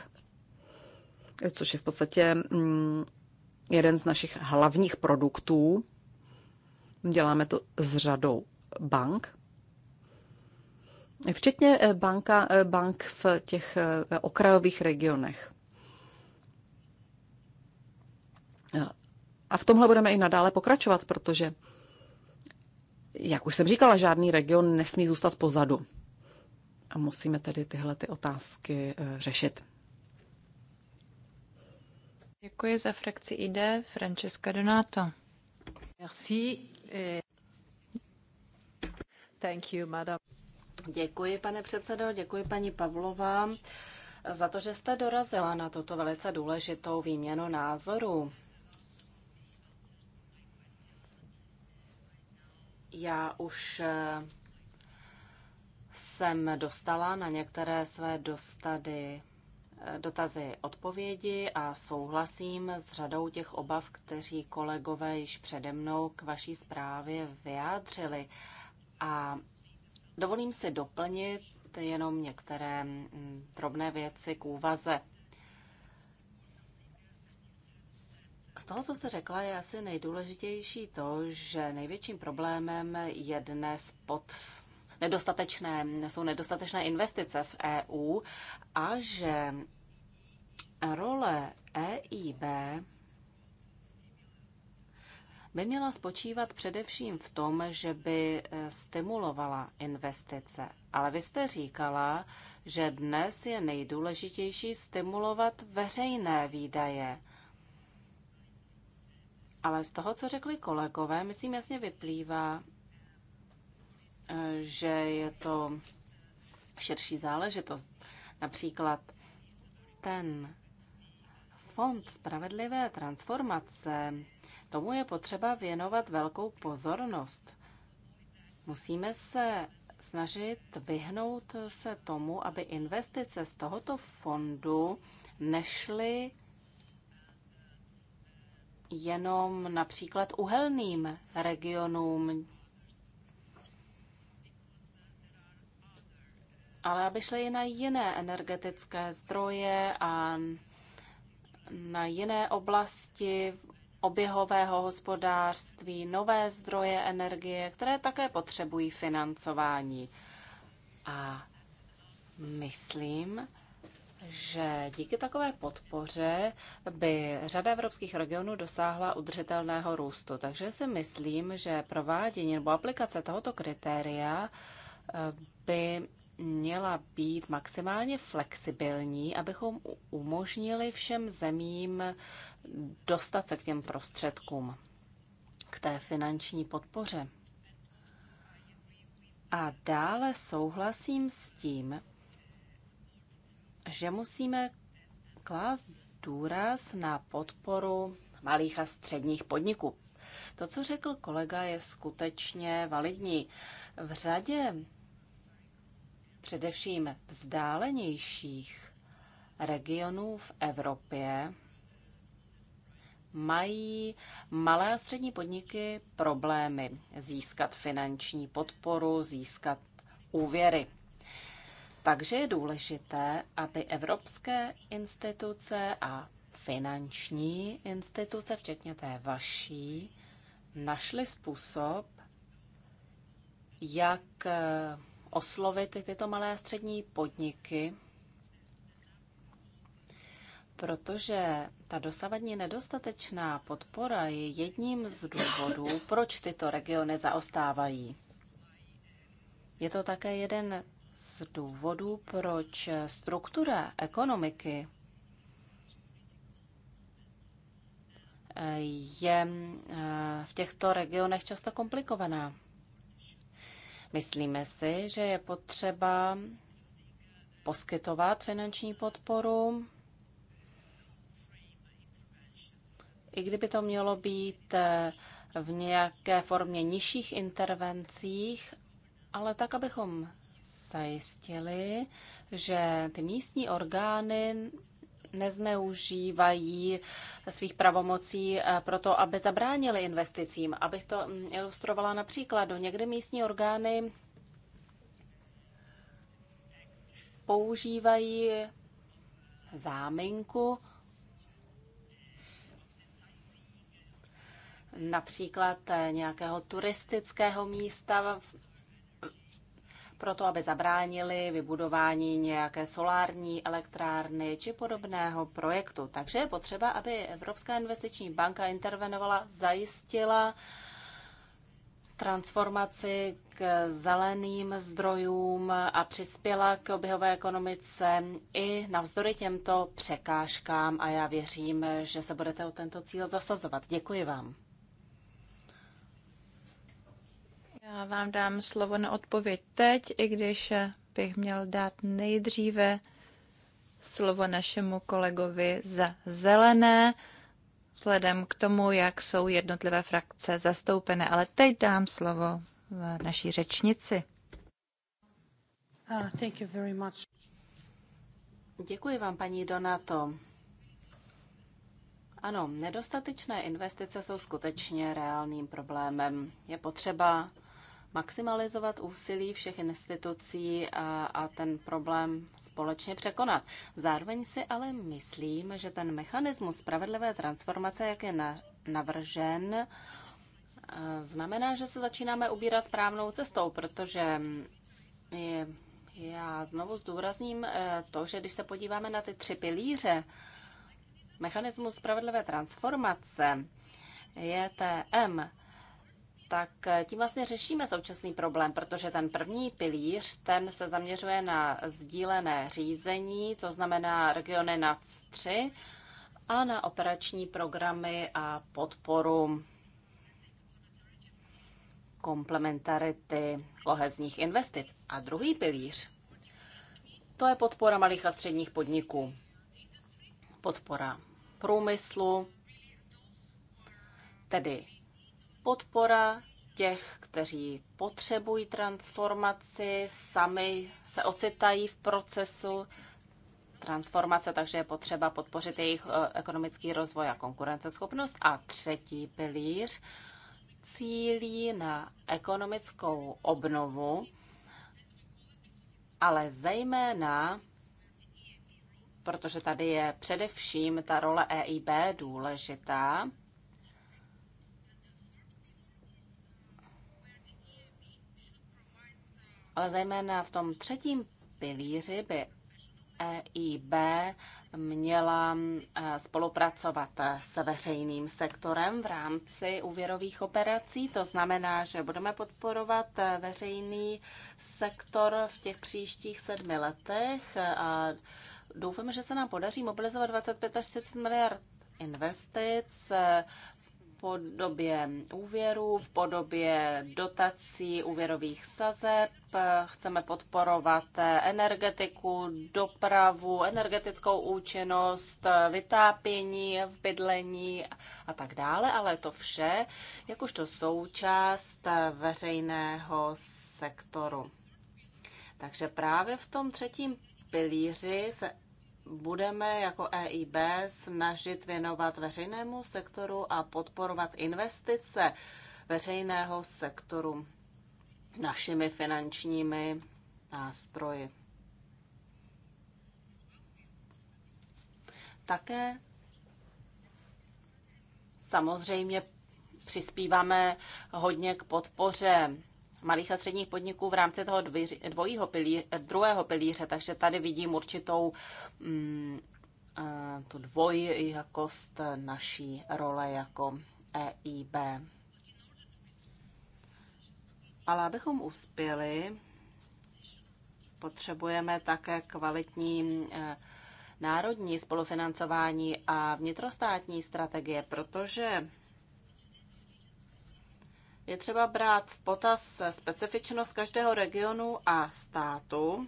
A: což je v podstatě mm, jeden z našich hlavních produktů. Děláme to s řadou bank, včetně eh, banka, bank v těch okrajových regionech. A v tomhle budeme i nadále pokračovat, protože jak už jsem říkala, žádný region nesmí zůstat pozadu. A musíme tedy tyhle ty otázky eh, řešit.
C: Děkuji za frakci ID Francesca Donato. Merci.
B: Eh, thank you, madam. Děkuji, pane předsedo, děkuji paní Pavlová za to, že jste dorazila na toto velice důležitou výměnu názorů. Já už eh, jsem dostala na některé své dostady, eh, dotazy odpovědi a souhlasím s řadou těch obav, kteří kolegové již přede mnou k vaší zprávě vyjádřili. A dovolím si doplnit jenom některé mm, drobné věci k úvaze. Z toho, co jste řekla, je asi nejdůležitější to, že největším problémem je dnes pod nedostatečné, jsou nedostatečné investice v EU a že role EIB by měla spočívat především v tom, že by eh, stimulovala investice. Ale vy jste říkala, že dnes je nejdůležitější stimulovat veřejné výdaje. Ale z toho, co řekli kolegové, myslím jasně vyplývá, eh, že je to širší záležitost. Například ten fond spravedlivé transformace, tomu je potřeba věnovat velkou pozornost. Musíme se snažit vyhnout se tomu, aby investice z tohoto fondu nešly jenom například uhelným regionům, ale aby šly i na jiné energetické zdroje a na jiné oblasti oběhového hospodářství, nové zdroje energie, které také potřebují financování. A myslím, že díky takové podpoře by řada evropských regionů dosáhla udržitelného růstu. Takže si myslím, že provádění nebo aplikace tohoto kritéria eh, by měla být maximálně flexibilní, abychom umožnili všem zemím dostat se k těm prostředkům, k té finanční podpoře. A dále souhlasím s tím, že musíme klást důraz na podporu malých a středních podniků. To, co řekl kolega, je skutečně validní. V řadě především vzdálenějších regionů v Evropě mají malé a střední podniky problémy získat finanční podporu, získat úvěry. Takže je důležité, aby evropské instituce a finanční instituce, včetně té vaší, našly způsob, jak eh, oslovit tyto malé a střední podniky, protože ta dosavadní nedostatečná podpora je jedním z důvodů, proč tyto regiony zaostávají. Je to také jeden důvodů, proč struktura ekonomiky je eh, v těchto regionech často komplikovaná. Myslíme si, že je potřeba poskytovat finanční podporu, i kdyby to mělo být eh, v nějaké formě nižších intervencích, ale tak, abychom zajistili, že ty místní orgány nezneužívají svých pravomocí eh, to, aby zabránili investicím. Abych to mm, ilustrovala například, do Někdy místní orgány používají záminku, například eh, nějakého turistického místa pro to, aby zabránili vybudování nějaké solární elektrárny či podobného projektu. Takže je potřeba, aby Evropská investiční banka intervenovala, zajistila transformaci k zeleným zdrojům a přispěla k oběhové ekonomice i navzdory těmto překážkám a já věřím, že se budete o tento cíl zasazovat. Děkuji vám.
C: Já vám dám slovo na odpověď teď, i když bych měl dát nejdříve slovo našemu kolegovi za zelené, vzhledem k tomu, jak jsou jednotlivé frakce zastoupené. Ale teď dám slovo naší řečnici.
B: Uh, thank you very much. Děkuji vám, paní Donato. Ano, nedostatečné investice jsou skutečně reálným problémem. Je potřeba maximalizovat úsilí všech institucí a, a ten problém společně překonat. Zároveň si ale myslím, že ten mechanismus spravedlivé transformace, jak je navržen, znamená, že se začínáme ubírat správnou cestou, protože mm, je, já znovu zdůrazním e, to, že když se podíváme na ty tři pilíře mechanismus spravedlivé transformace, je TM, tak eh, tím vlastně řešíme současný problém, protože ten první pilíř, ten se zaměřuje na sdílené řízení, to znamená regiony nad 3 a na operační programy a podporu komplementarity kohezních investic. A druhý pilíř, to je podpora malých a středních podniků, podpora průmyslu, tedy podpora těch, kteří potřebují transformaci, sami se ocitají v procesu transformace, takže je potřeba podpořit jejich eh, ekonomický rozvoj a konkurenceschopnost. A třetí pilíř cílí na ekonomickou obnovu, ale zejména, protože tady je především ta role EIB důležitá, ale zejména v tom třetím pilíři by EIB měla eh, spolupracovat s veřejným sektorem v rámci úvěrových operací. To znamená, že budeme podporovat eh, veřejný sektor v těch příštích sedmi letech a doufáme, že se nám podaří mobilizovat 25 až 30 miliard investic eh, podobě úvěrů, v podobě dotací úvěrových sazeb. Chceme podporovat energetiku, dopravu, energetickou účinnost, vytápění v bydlení a tak dále, ale to vše jakožto součást veřejného sektoru. Takže právě v tom třetím pilíři se budeme jako EIB snažit věnovat veřejnému sektoru a podporovat investice veřejného sektoru našimi finančními nástroji. Také samozřejmě přispíváme hodně k podpoře malých a středních podniků v rámci toho dvojího pilíře, druhého pilíře, takže tady vidím určitou mm, eh, tu dvojjakost naší role jako EIB. Ale abychom uspěli, potřebujeme také kvalitní eh, národní spolufinancování a vnitrostátní strategie, protože je třeba brát v potaz specifičnost každého regionu a státu.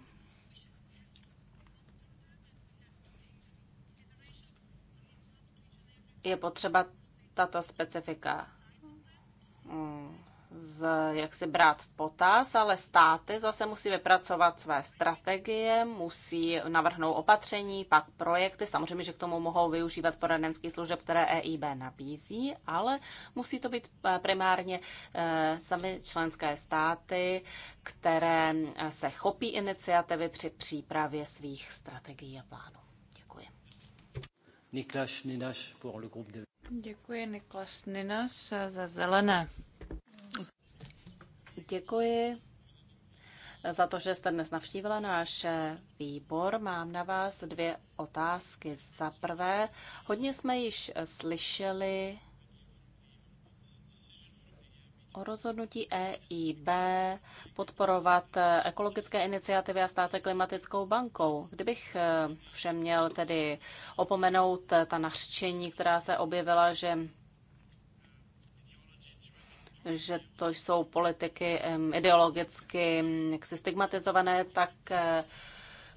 B: Je potřeba tato specifika mm, z, jak si brát v potaz, ale státy zase musí vypracovat své strategie, musí navrhnout opatření, pak projekty. Samozřejmě, že k tomu mohou využívat poradenský služeb, které EIB nabízí, ale musí to být eh, primárně eh, sami členské státy, které eh, se chopí iniciativy při přípravě svých strategií a plánů. Děkuji. Niklas Ninaš pour le groupe de...
C: Děkuji Niklas Ninas za zelené.
B: Děkuji za to, že jste dnes navštívila náš výbor. Mám na vás dvě otázky. Za prvé, hodně jsme již slyšeli o rozhodnutí EIB podporovat ekologické iniciativy a státe klimatickou bankou. Kdybych eh, všem měl tedy opomenout ta nařčení, která se objevila, že že to jsou politiky ideologicky jaksi stigmatizované, tak eh,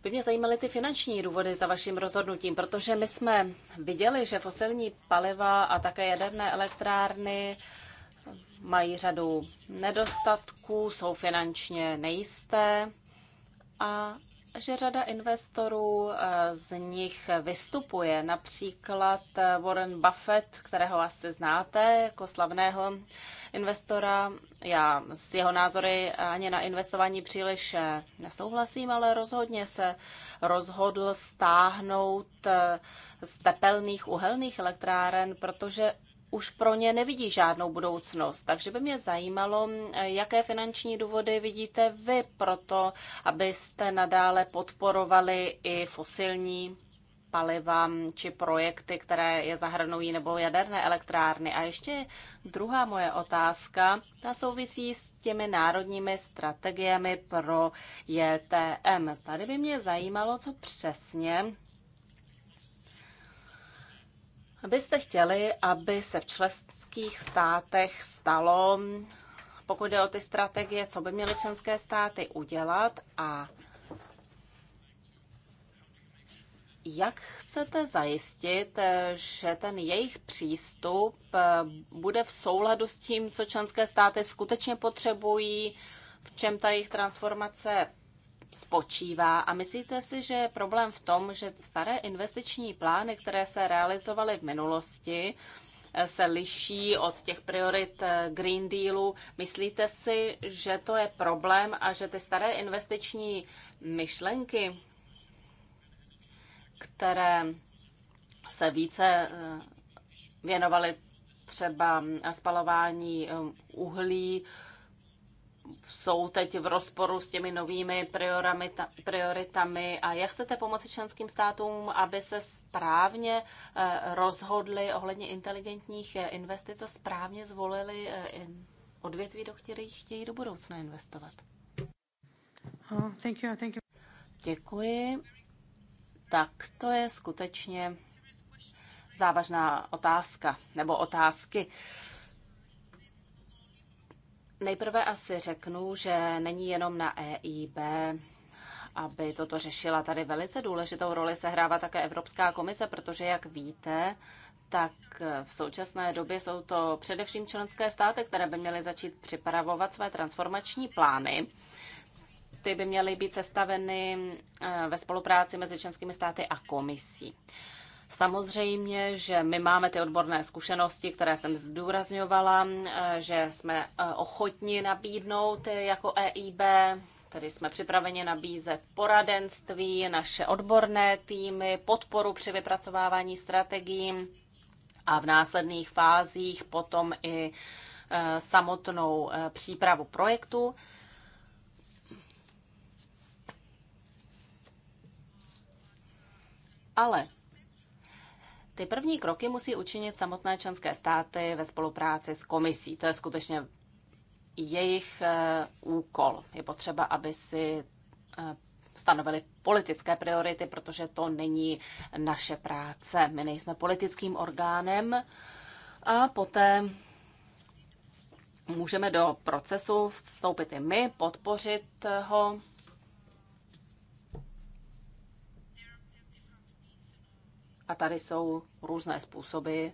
B: by mě zajímaly ty finanční důvody za vaším rozhodnutím, protože my jsme viděli, že fosilní paliva a také jaderné elektrárny mají řadu nedostatků, jsou finančně nejisté a že řada investorů eh, z nich vystupuje. Například eh, Warren Buffett, kterého asi znáte jako slavného investora. Já s jeho názory ani na investování příliš eh, nesouhlasím, ale rozhodně se rozhodl stáhnout z tepelných uhelných elektráren, protože už pro ně nevidí žádnou budoucnost. Takže by mě zajímalo, jaké finanční důvody vidíte vy pro to, abyste nadále podporovali i fosilní paliva či projekty, které je zahrnují, nebo jaderné elektrárny. A ještě druhá moje otázka, ta souvisí s těmi národními strategiemi pro JTM. Tady by mě zajímalo, co přesně byste chtěli, aby se v členských státech stalo, pokud jde o ty strategie, co by měly členské státy udělat a jak chcete zajistit, že ten jejich přístup bude v souladu s tím, co členské státy skutečně potřebují, v čem ta jejich transformace spočívá a myslíte si, že je problém v tom, že staré investiční plány, které se realizovaly v minulosti, se liší od těch priorit eh, Green Dealu. Myslíte si, že to je problém a že ty staré investiční myšlenky, které se více eh, věnovaly třeba hm, spalování hm, uhlí, jsou teď v rozporu s těmi novými prioritami a jak chcete pomoci členským státům, aby se správně eh, rozhodli ohledně inteligentních eh, investic a správně zvolili eh, odvětví, do kterých chtějí do budoucna investovat? Oh, thank you, thank you. Děkuji. Tak to je skutečně závažná otázka nebo otázky. Uh, Nejprve asi řeknu, že není jenom na EIB, aby toto řešila. Tady velice důležitou roli sehrává také Evropská komise, protože, jak víte, tak v současné době jsou to především členské státy, které by měly začít připravovat své transformační plány. Ty by měly být sestaveny eh, ve spolupráci mezi členskými státy a komisí. Samozřejmě, že my máme ty odborné zkušenosti, které jsem zdůrazňovala, eh, že jsme eh, ochotni nabídnout eh, jako EIB, tedy jsme připraveni nabízet poradenství, naše odborné týmy, podporu při vypracovávání strategií a v následných fázích potom i samotnou přípravu projektu. Ale ty první kroky musí učinit samotné členské státy ve spolupráci s komisí. To je skutečně jejich eh, úkol. Je potřeba, aby si eh, stanovili politické priority, protože to není naše práce. My nejsme politickým orgánem a poté můžeme do procesu vstoupit i my, podpořit ho A tady jsou různé způsoby,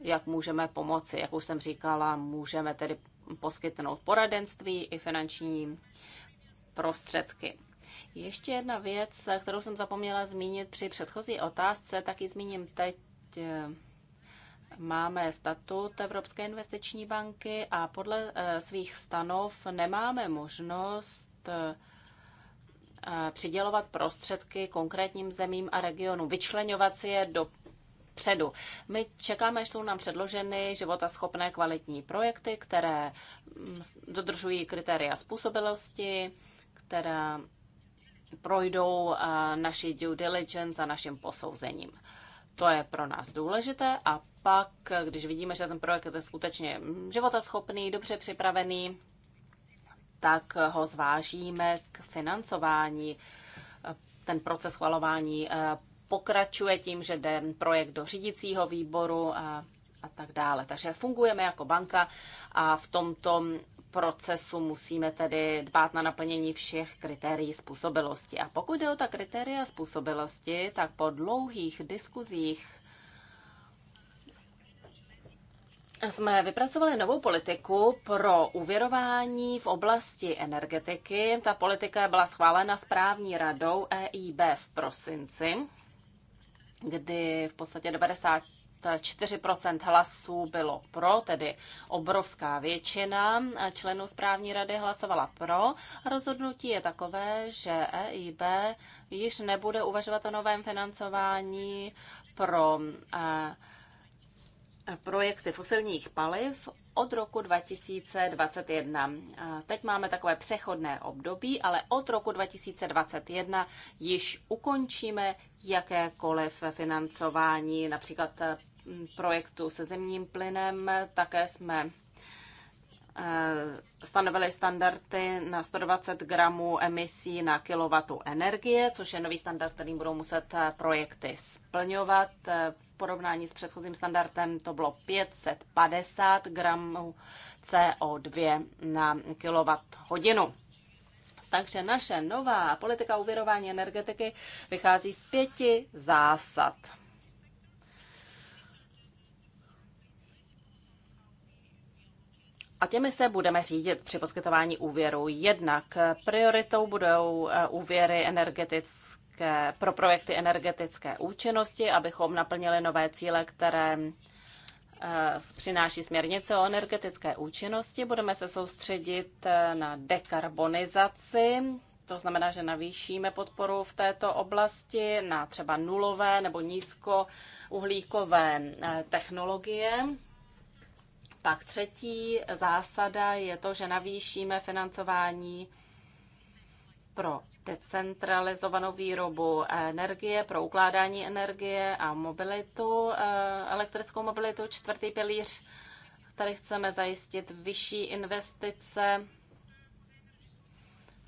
B: jak můžeme pomoci. Jak už jsem říkala, můžeme tedy poskytnout poradenství i finanční prostředky. Ještě jedna věc, kterou jsem zapomněla zmínit při předchozí otázce, taky zmíním teď. Máme statut Evropské investiční banky a podle eh, svých stanov nemáme možnost eh, přidělovat prostředky konkrétním zemím a regionům, vyčleňovat si je do předu. My čekáme, že jsou nám předloženy životaschopné kvalitní projekty, které mm, dodržují kritéria způsobilosti, které projdou naší due diligence a naším posouzením. To je pro nás důležité a pak, když vidíme, že ten projekt je skutečně mm, životaschopný, dobře připravený, tak ho zvážíme k financování. Ten proces schvalování eh, pokračuje tím, že jde projekt do řídicího výboru a, a tak dále. Takže fungujeme jako banka a v tomto procesu musíme tedy dbát na naplnění všech kritérií způsobilosti. A pokud jde o ta kritéria způsobilosti, tak po dlouhých diskuzích jsme vypracovali novou politiku pro uvěrování v oblasti energetiky. Ta politika byla schválena správní radou EIB v prosinci, kdy v podstatě 90 4% hlasů bylo pro, tedy obrovská většina členů správní rady hlasovala pro. Rozhodnutí je takové, že EIB již nebude uvažovat o novém financování pro eh, projekty fosilních paliv od roku 2021. Teď máme takové přechodné období, ale od roku 2021 již ukončíme jakékoliv financování, například mm, projektu se zemním plynem. Také jsme Eh, stanovili standardy na 120 gramů emisí na kilowattu energie, což je nový standard, který budou muset eh, projekty splňovat. Eh, v porovnání s předchozím standardem to bylo 550 gramů CO2 na kilowatt hodinu. Takže naše nová politika uvěrování energetiky vychází z pěti zásad. A těmi se budeme řídit při poskytování úvěru. Jednak prioritou budou eh, úvěry energetické, pro projekty energetické účinnosti, abychom naplnili nové cíle, které eh, přináší směrnice o energetické účinnosti. Budeme se soustředit eh, na dekarbonizaci, to znamená, že navýšíme podporu v této oblasti na třeba nulové nebo nízkouhlíkové technologie pak třetí zásada je to, že navýšíme financování pro decentralizovanou výrobu energie, pro ukládání energie a mobilitu, eh, elektrickou mobilitu. Čtvrtý pilíř, tady chceme zajistit vyšší investice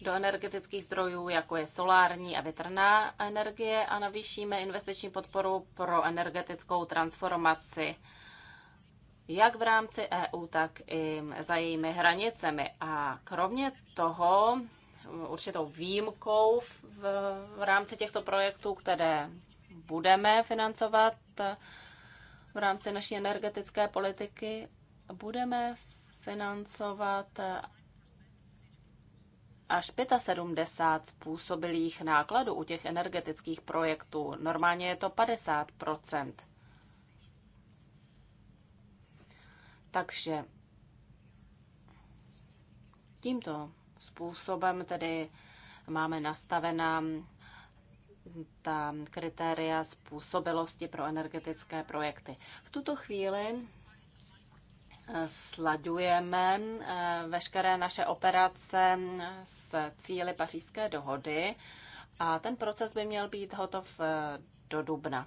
B: do energetických zdrojů, jako je solární a větrná energie a navýšíme investiční podporu pro energetickou transformaci jak v rámci EU, tak i za jejími hranicemi. A kromě toho určitou výjimkou v, v rámci těchto projektů, které budeme financovat v rámci naší energetické politiky, budeme financovat až 75 způsobilých nákladů u těch energetických projektů. Normálně je to 50 Takže tímto způsobem tedy máme nastavena ta kritéria způsobilosti pro energetické projekty. V tuto chvíli eh, slaďujeme eh, veškeré naše operace eh, s cíly pařížské dohody a ten proces by měl být hotov do dubna.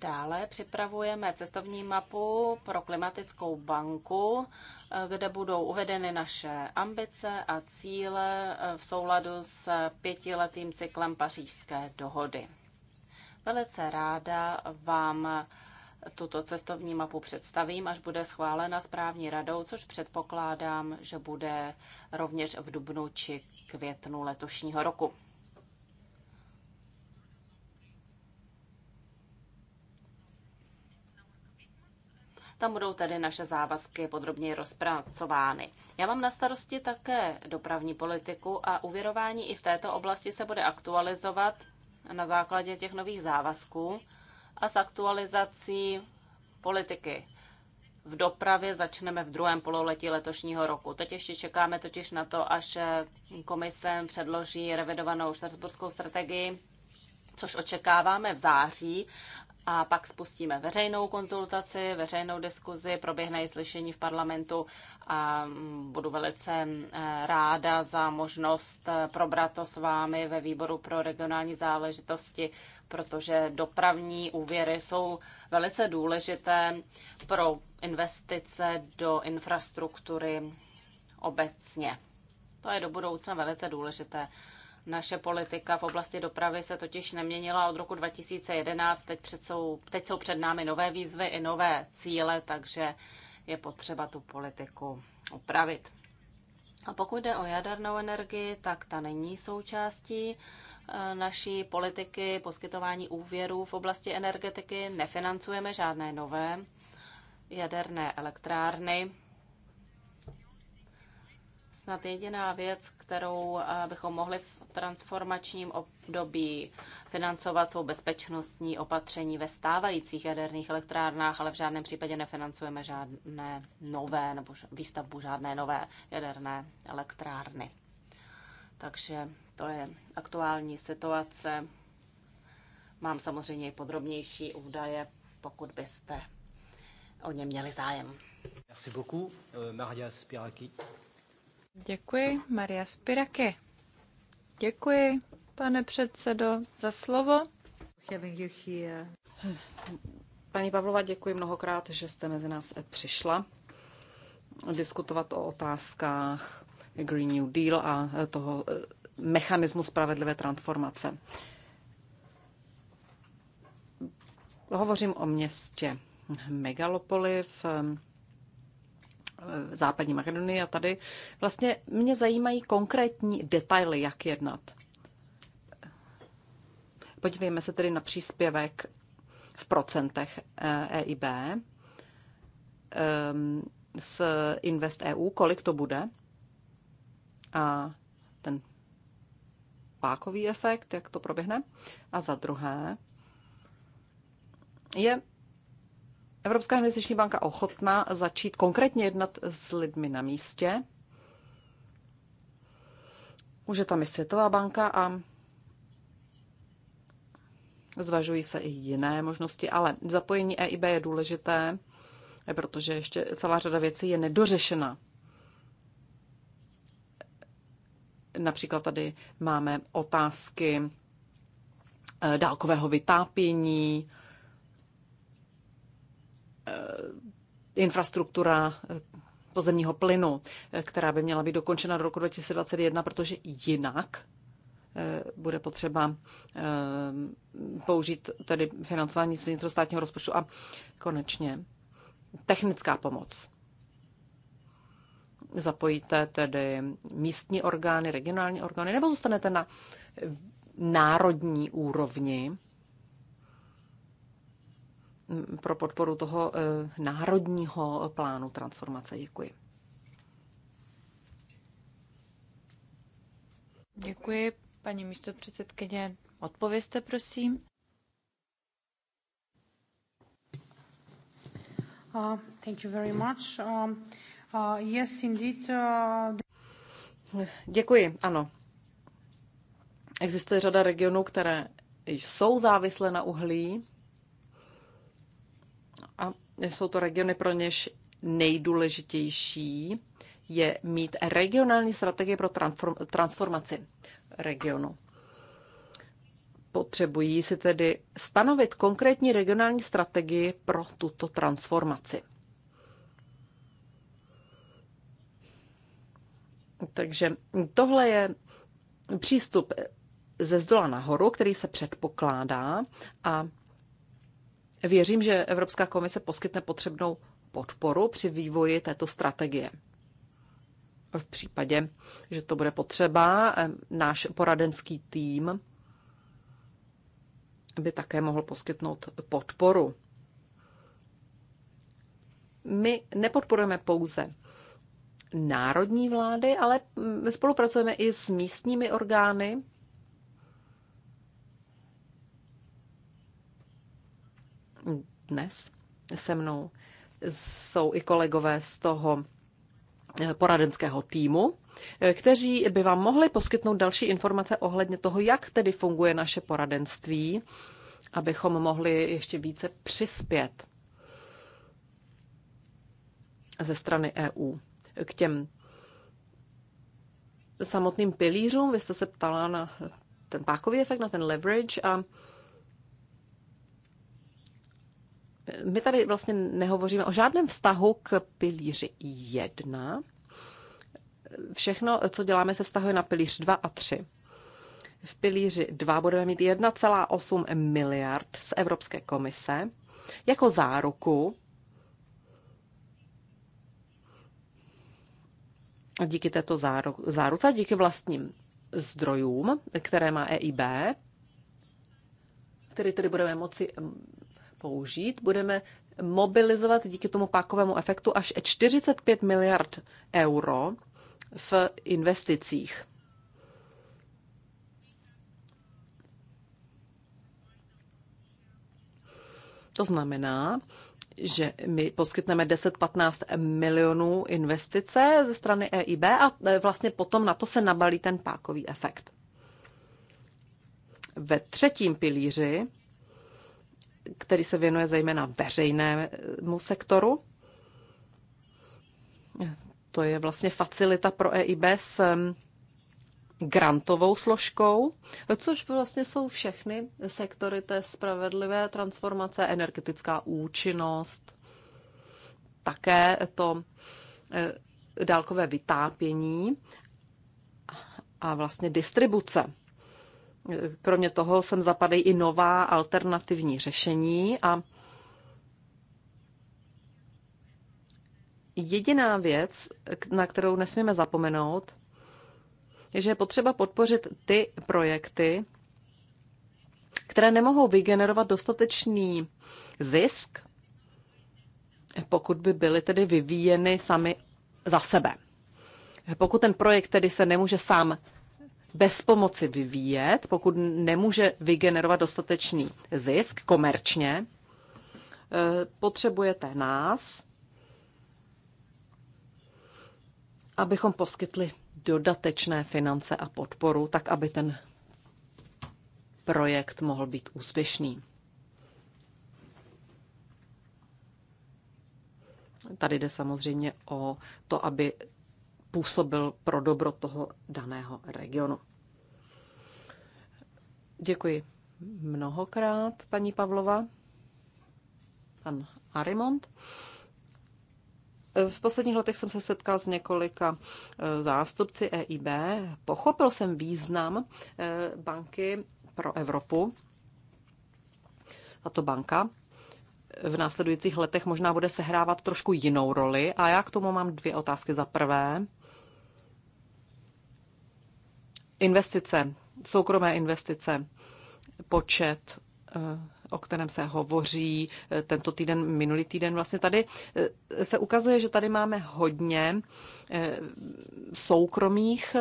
B: Dále připravujeme cestovní mapu pro klimatickou banku, eh, kde budou uvedeny naše ambice a cíle eh, v souladu s pětiletým cyklem pařížské dohody. Velice ráda vám tuto cestovní mapu představím, až bude schválena správní radou, což předpokládám, že bude rovněž v dubnu či květnu letošního roku. Tam budou tedy naše závazky podrobněji rozpracovány. Já mám na starosti také dopravní politiku a uvěrování i v této oblasti se bude aktualizovat na základě těch nových závazků a s aktualizací politiky v dopravě začneme v druhém pololetí letošního roku. Teď ještě čekáme totiž na to, až komise předloží revidovanou štrasburskou strategii, což očekáváme v září a pak spustíme veřejnou konzultaci, veřejnou diskuzi, proběhne i slyšení v parlamentu a budu velice eh, ráda za možnost eh, probrat to s vámi ve výboru pro regionální záležitosti, protože dopravní úvěry jsou velice důležité pro investice do infrastruktury obecně. To je do budoucna velice důležité. Naše politika v oblasti dopravy se totiž neměnila od roku 2011. Teď, před jsou, teď jsou před námi nové výzvy i nové cíle, takže je potřeba tu politiku upravit. A pokud jde o jadernou energii, tak ta není součástí e, naší politiky poskytování úvěrů v oblasti energetiky. Nefinancujeme žádné nové jaderné elektrárny snad jediná věc, kterou eh, bychom mohli v transformačním období financovat, jsou bezpečnostní opatření ve stávajících jaderných elektrárnách, ale v žádném případě nefinancujeme žádné nové nebo výstavbu žádné nové jaderné elektrárny. Takže to je aktuální situace. Mám samozřejmě i podrobnější údaje, pokud byste o ně měli zájem. Merci beaucoup, euh, Maria Spiraki.
C: Děkuji, Maria Spiraky. Děkuji, pane
A: předsedo, za slovo. Paní Pavlova, děkuji mnohokrát, že jste mezi nás přišla diskutovat o otázkách Green New Deal a toho eh, mechanismu spravedlivé transformace. Hovořím o městě megalopoli v eh, západní Makedonii a tady vlastně mě zajímají konkrétní detaily, jak jednat. Podívejme se tedy na příspěvek v procentech EIB eh, e ehm, z Invest EU, kolik to bude a ten pákový efekt, jak to proběhne. A za druhé je Evropská investiční banka ochotná začít konkrétně jednat s lidmi na místě. Už je tam i Světová banka a zvažují se i jiné možnosti, ale zapojení EIB je důležité, protože ještě celá řada věcí je nedořešena. Například tady máme otázky eh, dálkového vytápění, Eh, infrastruktura eh, pozemního plynu, eh, která by měla být dokončena do roku 2021, protože jinak bude potřeba použít tedy financování z vnitrostátního rozpočtu a konečně technická pomoc. Zapojíte tedy místní orgány, regionální orgány, nebo zůstanete na národní úrovni pro podporu toho eh, národního plánu transformace. Děkuji.
C: Děkuji, paní místopředsedkyně. Odpověste, prosím. Uh, thank you very much. Uh, uh, yes, indeed.
A: Uh, Děkuji, ano. Existuje řada regionů, které jsou závislé na uhlí, jsou to regiony, pro něž nejdůležitější je mít regionální strategie pro transformaci regionu. Potřebují si tedy stanovit konkrétní regionální strategii pro tuto transformaci. Takže tohle je přístup ze zdola nahoru, který se předpokládá a Věřím, že Evropská komise poskytne potřebnou podporu při vývoji této strategie. V případě, že to bude potřeba, eh, náš poradenský tým by také mohl poskytnout podporu. My nepodporujeme pouze národní vlády, ale mm, spolupracujeme i s místními orgány dnes se mnou jsou i kolegové z toho eh, poradenského týmu, eh, kteří by vám mohli poskytnout další informace ohledně toho, jak tedy funguje naše poradenství, abychom mohli ještě více přispět ze strany EU k těm samotným pilířům. Vy jste se ptala na ten pákový efekt, na ten leverage a My tady vlastně nehovoříme o žádném vztahu k pilíři 1. Všechno, co děláme, se vztahuje na pilíř 2 a 3. V pilíři 2 budeme mít 1,8 miliard z Evropské komise jako záruku díky této záru, záruce, díky vlastním zdrojům, které má EIB, který tedy budeme moci použít, budeme mobilizovat díky tomu pákovému efektu až 45 miliard euro v investicích. To znamená, že my poskytneme 10-15 milionů investice ze strany EIB a e, vlastně potom na to se nabalí ten pákový efekt. Ve třetím pilíři který se věnuje zejména veřejnému sektoru. To je vlastně facilita pro EIB s um, grantovou složkou, což vlastně jsou všechny sektory té spravedlivé transformace, energetická účinnost, také to eh, dálkové vytápění a vlastně distribuce. Kromě toho sem zapadají i nová alternativní řešení a jediná věc, na kterou nesmíme zapomenout, je, že je potřeba podpořit ty projekty, které nemohou vygenerovat dostatečný zisk, pokud by byly tedy vyvíjeny sami za sebe. Pokud ten projekt tedy se nemůže sám bez pomoci vyvíjet, pokud nemůže vygenerovat dostatečný zisk komerčně. Eh, potřebujete nás, abychom poskytli dodatečné finance a podporu, tak aby ten projekt mohl být úspěšný. Tady jde samozřejmě o to, aby působil pro dobro toho daného regionu. Děkuji mnohokrát, paní Pavlova. Pan Arimont. V posledních letech jsem se setkal s několika eh, zástupci EIB. Pochopil jsem význam eh, banky pro Evropu. Tato banka v následujících letech možná bude sehrávat trošku jinou roli. A já k tomu mám dvě otázky. Za prvé, investice, soukromé investice, počet, eh, o kterém se hovoří eh, tento týden, minulý týden. Vlastně tady eh, se ukazuje, že tady máme hodně soukromých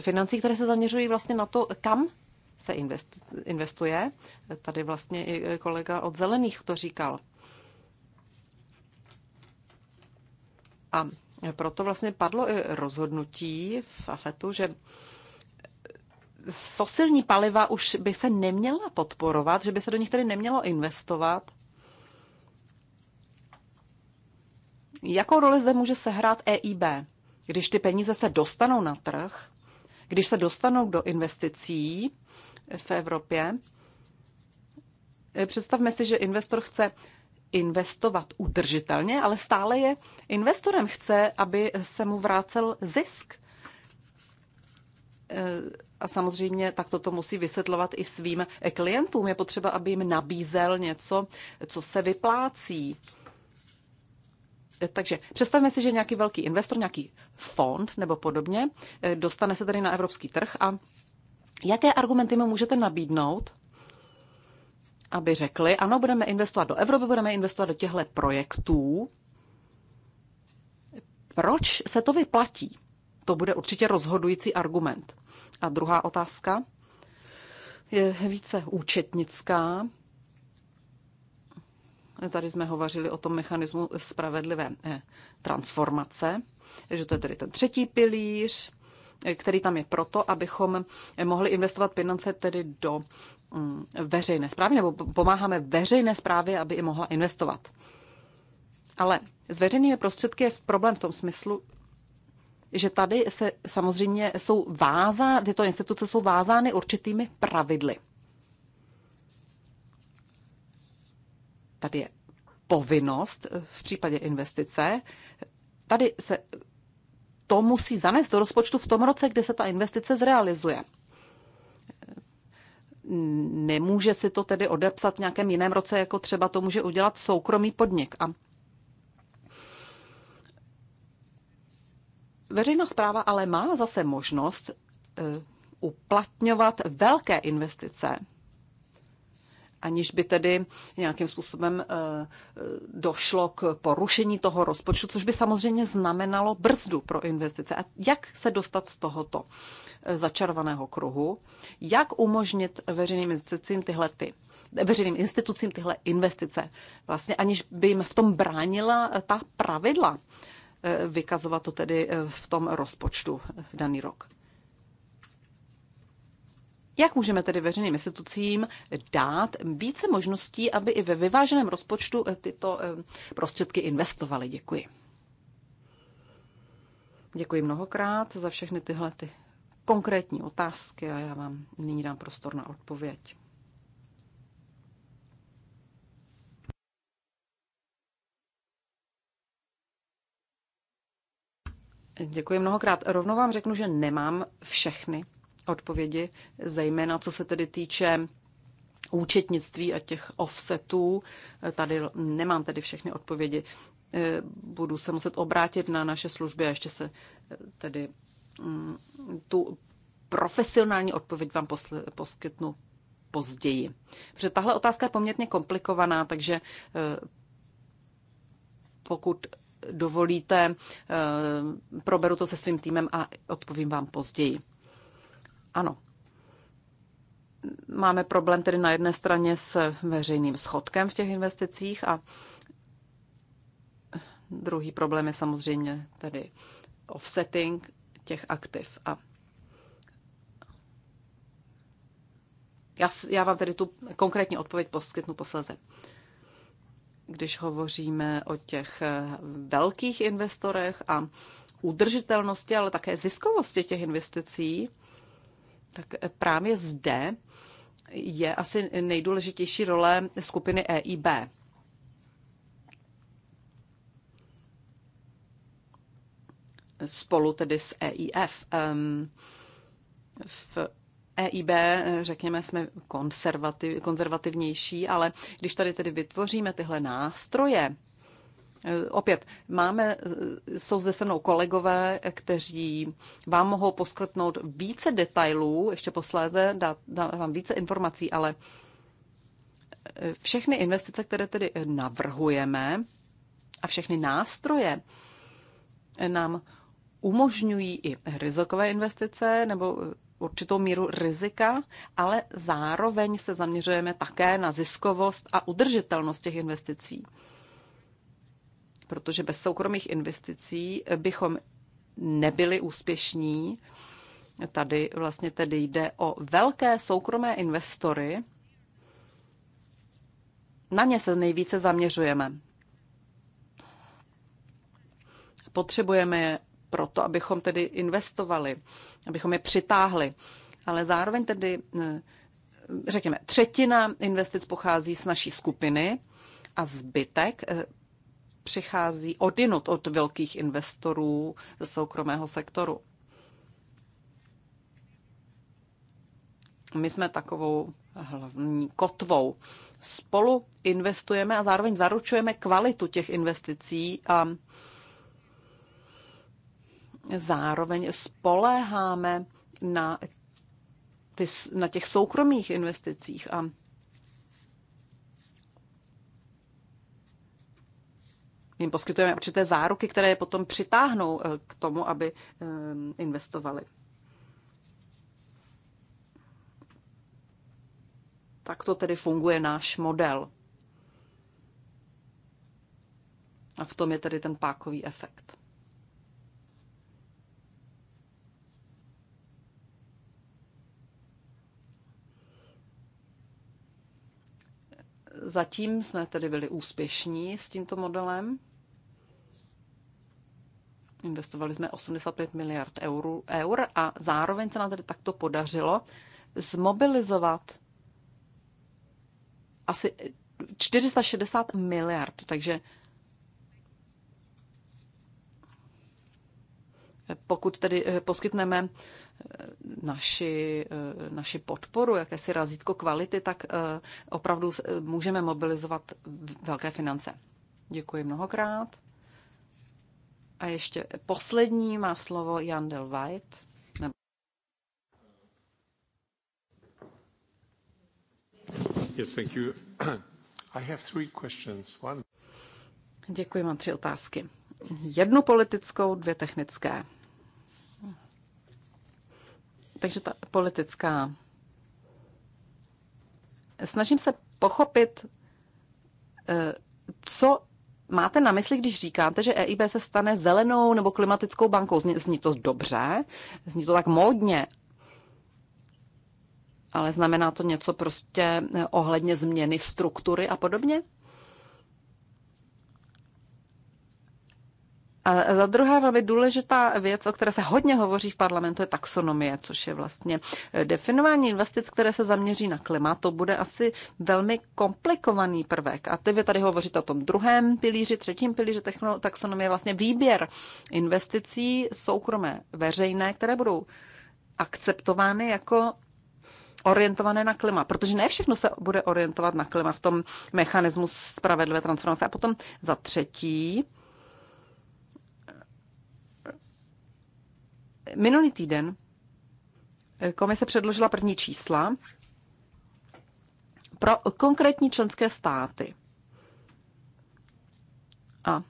A: financí, které se zaměřují vlastně na to, kam se investuje. Tady vlastně i kolega od Zelených to říkal. A proto vlastně padlo i rozhodnutí v AFETu, že fosilní paliva už by se neměla podporovat, že by se do nich tedy nemělo investovat? Jakou roli zde může sehrát EIB, když ty peníze se dostanou na trh, když se dostanou do investicí v Evropě? Eh, představme si, že investor chce investovat udržitelně, ale stále je investorem. Chce, aby se mu vrácel zisk a samozřejmě takto to musí vysvětlovat i svým klientům. Je potřeba, aby jim nabízel něco, co se vyplácí. Takže představme si, že nějaký velký investor, nějaký fond nebo podobně, dostane se tady na evropský trh a jaké argumenty mu můžete nabídnout, aby řekli, ano, budeme investovat do Evropy, budeme investovat do těchto projektů. Proč se to vyplatí? to bude určitě rozhodující argument. A druhá otázka je více účetnická. Tady jsme hovořili o tom mechanismu spravedlivé eh, transformace, že to je tedy ten třetí pilíř, eh, který tam je proto, abychom mohli investovat finance tedy do mm, veřejné zprávy, nebo pomáháme veřejné zprávě, aby i mohla investovat. Ale s veřejnými prostředky je problém v tom smyslu, že tady se samozřejmě jsou vázá, tyto instituce jsou vázány určitými pravidly. Tady je povinnost v případě investice. Tady se to musí zanést do rozpočtu v tom roce, kdy se ta investice zrealizuje. Nemůže si to tedy odepsat v nějakém jiném roce, jako třeba to může udělat soukromý podnik. A Veřejná zpráva ale má zase možnost eh, uplatňovat velké investice, aniž by tedy nějakým způsobem eh, eh, došlo k porušení toho rozpočtu, což by samozřejmě znamenalo brzdu pro investice. A jak se dostat z tohoto začarovaného kruhu? Jak umožnit veřejným institucím tyhle ty veřejným institucím tyhle investice, vlastně aniž by jim v tom bránila ta pravidla. Eh, vykazovat to tedy eh, v tom rozpočtu v eh, daný rok. Jak můžeme tedy veřejným institucím dát více možností, aby i ve vyváženém rozpočtu tyto prostředky investovaly? Děkuji. Děkuji mnohokrát za všechny tyhle ty konkrétní otázky a já vám nyní dám prostor na odpověď. Děkuji mnohokrát. Rovnou vám řeknu, že nemám všechny odpovědi, zejména co se tedy týče účetnictví a těch offsetů. Tady nemám tedy všechny odpovědi. Budu se muset obrátit na naše služby a ještě se eh, tedy mm, tu profesionální odpověď vám poskytnu později. Protože tahle otázka je poměrně komplikovaná, takže eh, pokud dovolíte, eh, proberu to se svým týmem a odpovím vám později. Ano. Máme problém tedy na jedné straně s veřejným schodkem v těch investicích a druhý problém je samozřejmě tedy offsetting těch aktiv. A já, já vám tedy tu konkrétní odpověď poskytnu posleze když hovoříme o těch eh, velkých investorech a udržitelnosti, ale také ziskovosti těch investicí, tak eh, právě zde je asi nejdůležitější role skupiny EIB. Spolu tedy s EIF. V EIB, eh, řekněme, jsme konservativ, konzervativnější, ale když tady tedy vytvoříme tyhle nástroje, eh, Opět, máme, eh, jsou zde se mnou kolegové, kteří vám mohou poskytnout více detailů, ještě posléze dát, dát vám více informací, ale všechny investice, které tedy navrhujeme a všechny nástroje nám umožňují i rizikové investice nebo určitou míru rizika, ale zároveň se zaměřujeme také na ziskovost a udržitelnost těch investicí. Protože bez soukromých investicí bychom nebyli úspěšní. Tady vlastně tedy jde o velké soukromé investory. Na ně se nejvíce zaměřujeme. Potřebujeme je proto, abychom tedy investovali, abychom je přitáhli. Ale zároveň tedy, eh, řekněme, třetina investic pochází z naší skupiny a zbytek eh, přichází odinut od velkých investorů ze soukromého sektoru. My jsme takovou hlavní kotvou. Spolu investujeme a zároveň zaručujeme kvalitu těch investicí a zároveň spoléháme na, ty, na těch soukromých investicích a jim poskytujeme určité záruky, které je potom přitáhnou eh, k tomu, aby eh, investovali. Tak to tedy funguje náš model. A v tom je tedy ten pákový efekt. Zatím jsme tedy byli úspěšní s tímto modelem. Investovali jsme 85 miliard eur, eur a zároveň se nám tedy takto podařilo zmobilizovat asi 460 miliard, takže pokud tedy eh, poskytneme naši, eh, naši podporu, jakési razítko kvality, tak eh, opravdu eh, můžeme mobilizovat velké finance. Děkuji mnohokrát. A ještě poslední má slovo Jan Del White.
B: Yes, thank you.
A: I have three questions. One... Děkuji, mám tři otázky. Jednu politickou, dvě technické takže ta politická. Snažím se pochopit, eh, co máte na mysli, když říkáte, že EIB se stane zelenou nebo klimatickou bankou. Zní, to dobře, zní to tak módně, ale znamená to něco prostě eh, ohledně změny struktury a podobně? A za druhé velmi důležitá věc, o které se hodně hovoří v parlamentu, je taxonomie, což je vlastně eh, definování investic, které se zaměří na klima. To bude asi velmi komplikovaný prvek. A ty vy tady hovoříte o tom druhém pilíři, třetím pilíři taxonomie, vlastně výběr investicí soukromé, veřejné, které budou akceptovány jako orientované na klima, protože ne všechno se bude orientovat na klima v tom mechanismu spravedlivé transformace. A potom za třetí, Minulý týden eh, komise předložila první čísla pro konkrétní členské státy. A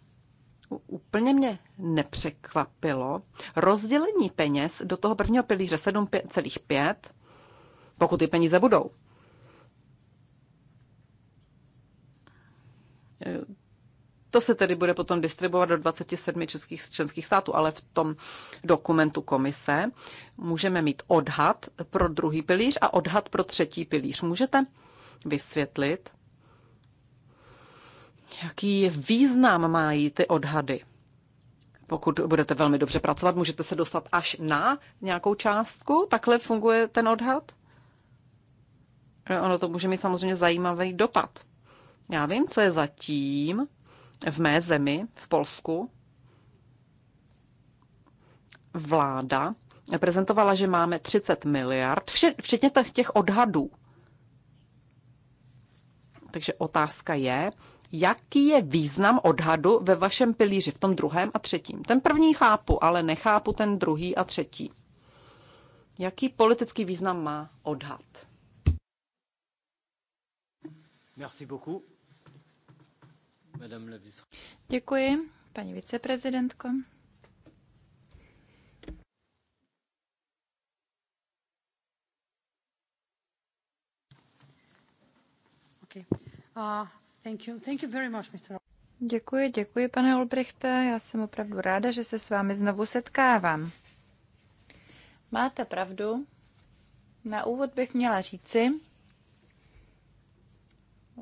A: úplně mě nepřekvapilo rozdělení peněz do toho prvního pilíře 7,5, pokud ty peníze budou. Eh, to se tedy bude potom distribuovat do 27 českých členských států, ale v tom dokumentu komise můžeme mít odhad pro druhý pilíř a odhad pro třetí pilíř. Můžete vysvětlit, jaký význam mají ty odhady? Pokud budete velmi dobře pracovat, můžete se dostat až na nějakou částku. Takhle funguje ten odhad? Ono to může mít samozřejmě zajímavý dopad. Já vím, co je zatím, v mé zemi, v Polsku, vláda prezentovala, že máme 30 miliard, včetně těch odhadů. Takže otázka je, jaký je význam odhadu ve vašem pilíři, v tom druhém a třetím. Ten první chápu, ale nechápu ten druhý a třetí. Jaký politický význam má odhad?
B: Merci beaucoup.
C: Děkuji, paní viceprezidentko. Uh, thank you. Thank you very much, Mr. Děkuji, děkuji, pane Olbrichte. Já jsem opravdu ráda, že se s vámi znovu setkávám. Máte pravdu. Na úvod bych měla říci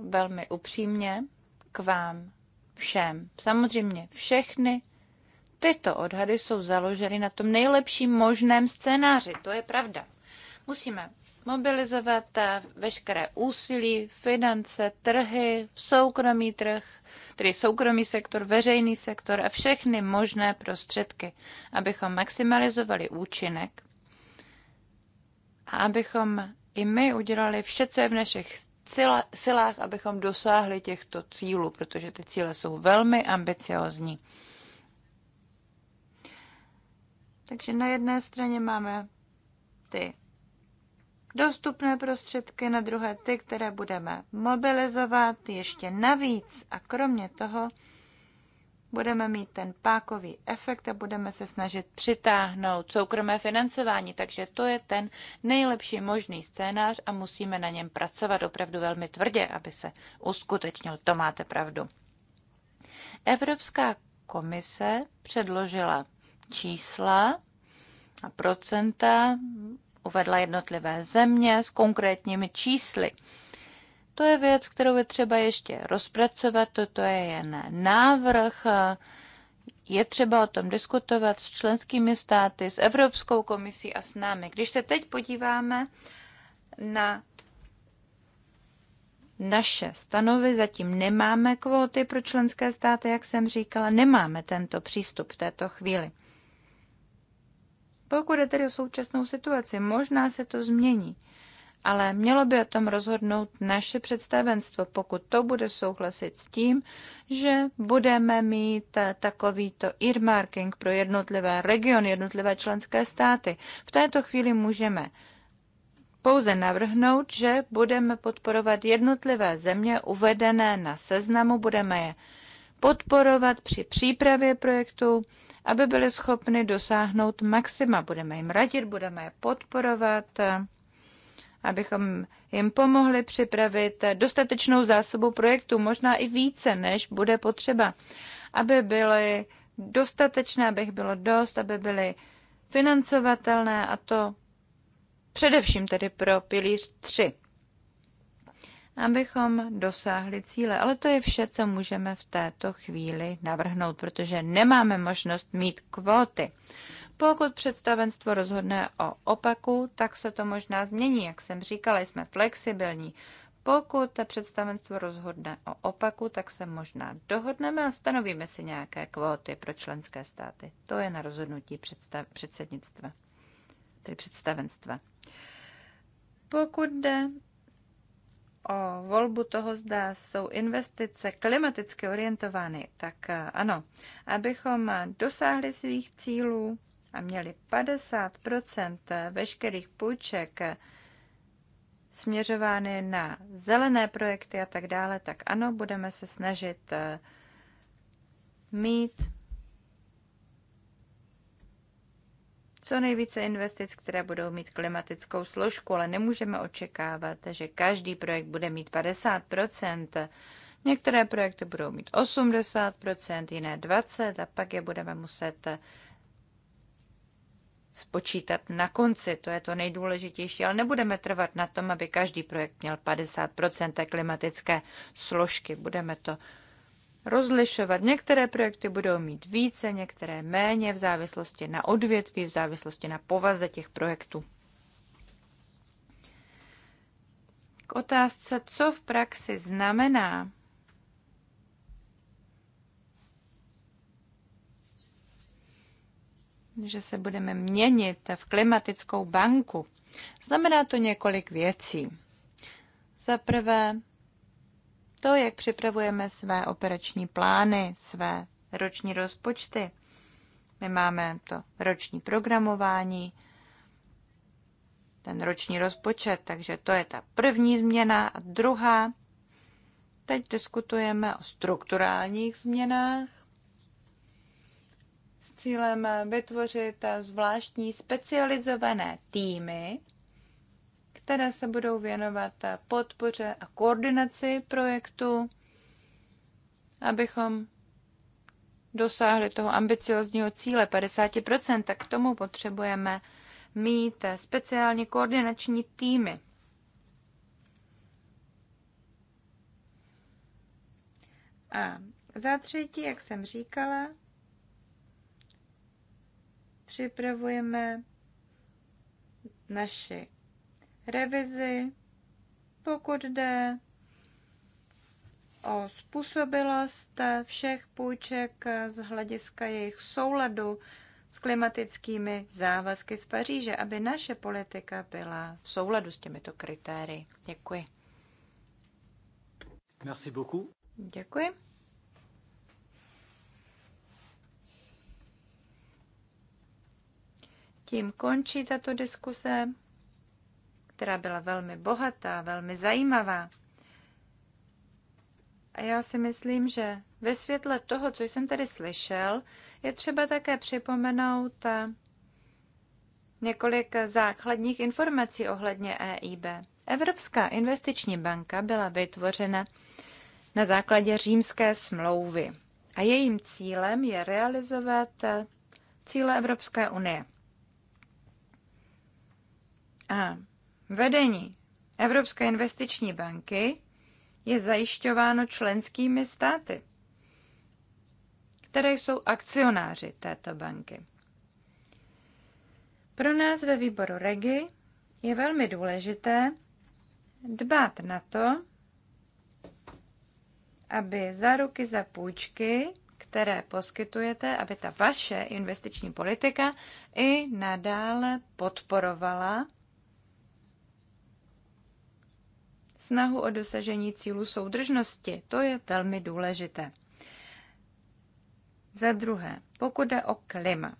C: velmi upřímně, k vám všem. Samozřejmě všechny tyto odhady jsou založeny na tom nejlepším možném scénáři. To je pravda. Musíme mobilizovat eh, veškeré úsilí, finance, trhy, soukromý trh, tedy soukromý sektor, veřejný sektor a všechny možné prostředky, abychom maximalizovali účinek a abychom i my udělali vše, co je v našich silách, abychom dosáhli těchto cílů, protože ty cíle jsou velmi ambiciozní. Takže na jedné straně máme ty dostupné prostředky, na druhé ty, které budeme mobilizovat ještě navíc. A kromě toho budeme mít ten pákový efekt a budeme se snažit přitáhnout soukromé financování. Takže to je ten nejlepší možný scénář a musíme na něm pracovat opravdu velmi tvrdě, aby se uskutečnil. To máte pravdu. Evropská komise předložila čísla a procenta, uvedla jednotlivé země s konkrétními čísly. To je věc, kterou je třeba ještě rozpracovat, toto je jen návrh, je třeba o tom diskutovat s členskými státy, s Evropskou komisí a s námi. Když se teď podíváme na naše stanovy, zatím nemáme kvóty pro členské státy, jak jsem říkala, nemáme tento přístup v této chvíli. Pokud je tedy o současnou situaci, možná se to změní ale mělo by o tom rozhodnout naše představenstvo, pokud to bude souhlasit s tím, že budeme mít takovýto earmarking pro jednotlivé regiony, jednotlivé členské státy. V této chvíli můžeme pouze navrhnout, že budeme podporovat jednotlivé země uvedené na seznamu, budeme je podporovat při přípravě projektu, aby byly schopny dosáhnout maxima. Budeme jim radit, budeme je podporovat abychom jim pomohli připravit dostatečnou zásobu projektů, možná i více, než bude potřeba, aby byly dostatečné, abych bylo dost, aby byly financovatelné a to především tedy pro pilíř 3, abychom dosáhli cíle. Ale to je vše, co můžeme v této chvíli navrhnout, protože nemáme možnost mít kvóty. Pokud představenstvo rozhodne o opaku, tak se to možná změní. Jak jsem říkala, jsme flexibilní. Pokud představenstvo rozhodne o opaku, tak se možná dohodneme a stanovíme si nějaké kvóty pro členské státy. To je na rozhodnutí představ- předsednictva, tedy představenstva. Pokud jde o volbu toho, zda jsou investice klimaticky orientovány, tak eh, ano, abychom dosáhli svých cílů, a měli 50 veškerých půjček směřovány na zelené projekty a tak dále, tak ano, budeme se snažit eh, mít co nejvíce investic, které budou mít klimatickou složku, ale nemůžeme očekávat, že každý projekt bude mít 50 Některé projekty budou mít 80 jiné 20 a pak je budeme muset spočítat na konci, to je to nejdůležitější, ale nebudeme trvat na tom, aby každý projekt měl 50% té klimatické složky. Budeme to rozlišovat. Některé projekty budou mít více, některé méně v závislosti na odvětví, v závislosti na povaze těch projektů. K otázce, co v praxi znamená že se budeme měnit v klimatickou banku, znamená to několik věcí. Za prvé, to, jak připravujeme své operační plány, své roční rozpočty. My máme to roční programování, ten roční rozpočet, takže to je ta první změna. A druhá, teď diskutujeme o strukturálních změnách s cílem vytvořit zvláštní specializované týmy, které se budou věnovat podpoře a koordinaci projektu, abychom dosáhli toho ambiciozního cíle 50%, tak k tomu potřebujeme mít speciální koordinační týmy. A za třetí, jak jsem říkala, připravujeme naši revizi, pokud jde o způsobilost všech půjček z hlediska jejich souladu s klimatickými závazky z Paříže, aby naše politika byla v souladu s těmito kritérii. Děkuji. Merci beaucoup. Děkuji. Tím končí tato diskuse, která byla velmi bohatá, velmi zajímavá. A já si myslím, že ve světle toho, co jsem tady slyšel, je třeba také připomenout několik základních informací ohledně EIB. Evropská investiční banka byla vytvořena na základě římské smlouvy a jejím cílem je realizovat cíle Evropské unie a vedení Evropské investiční banky je zajišťováno členskými státy, které jsou akcionáři této banky. Pro nás ve výboru REGI je velmi důležité dbát na to, aby záruky za půjčky, které poskytujete, aby ta vaše investiční politika i nadále podporovala snahu o dosažení cílu soudržnosti. To je velmi důležité. Za druhé, pokud jde o klima.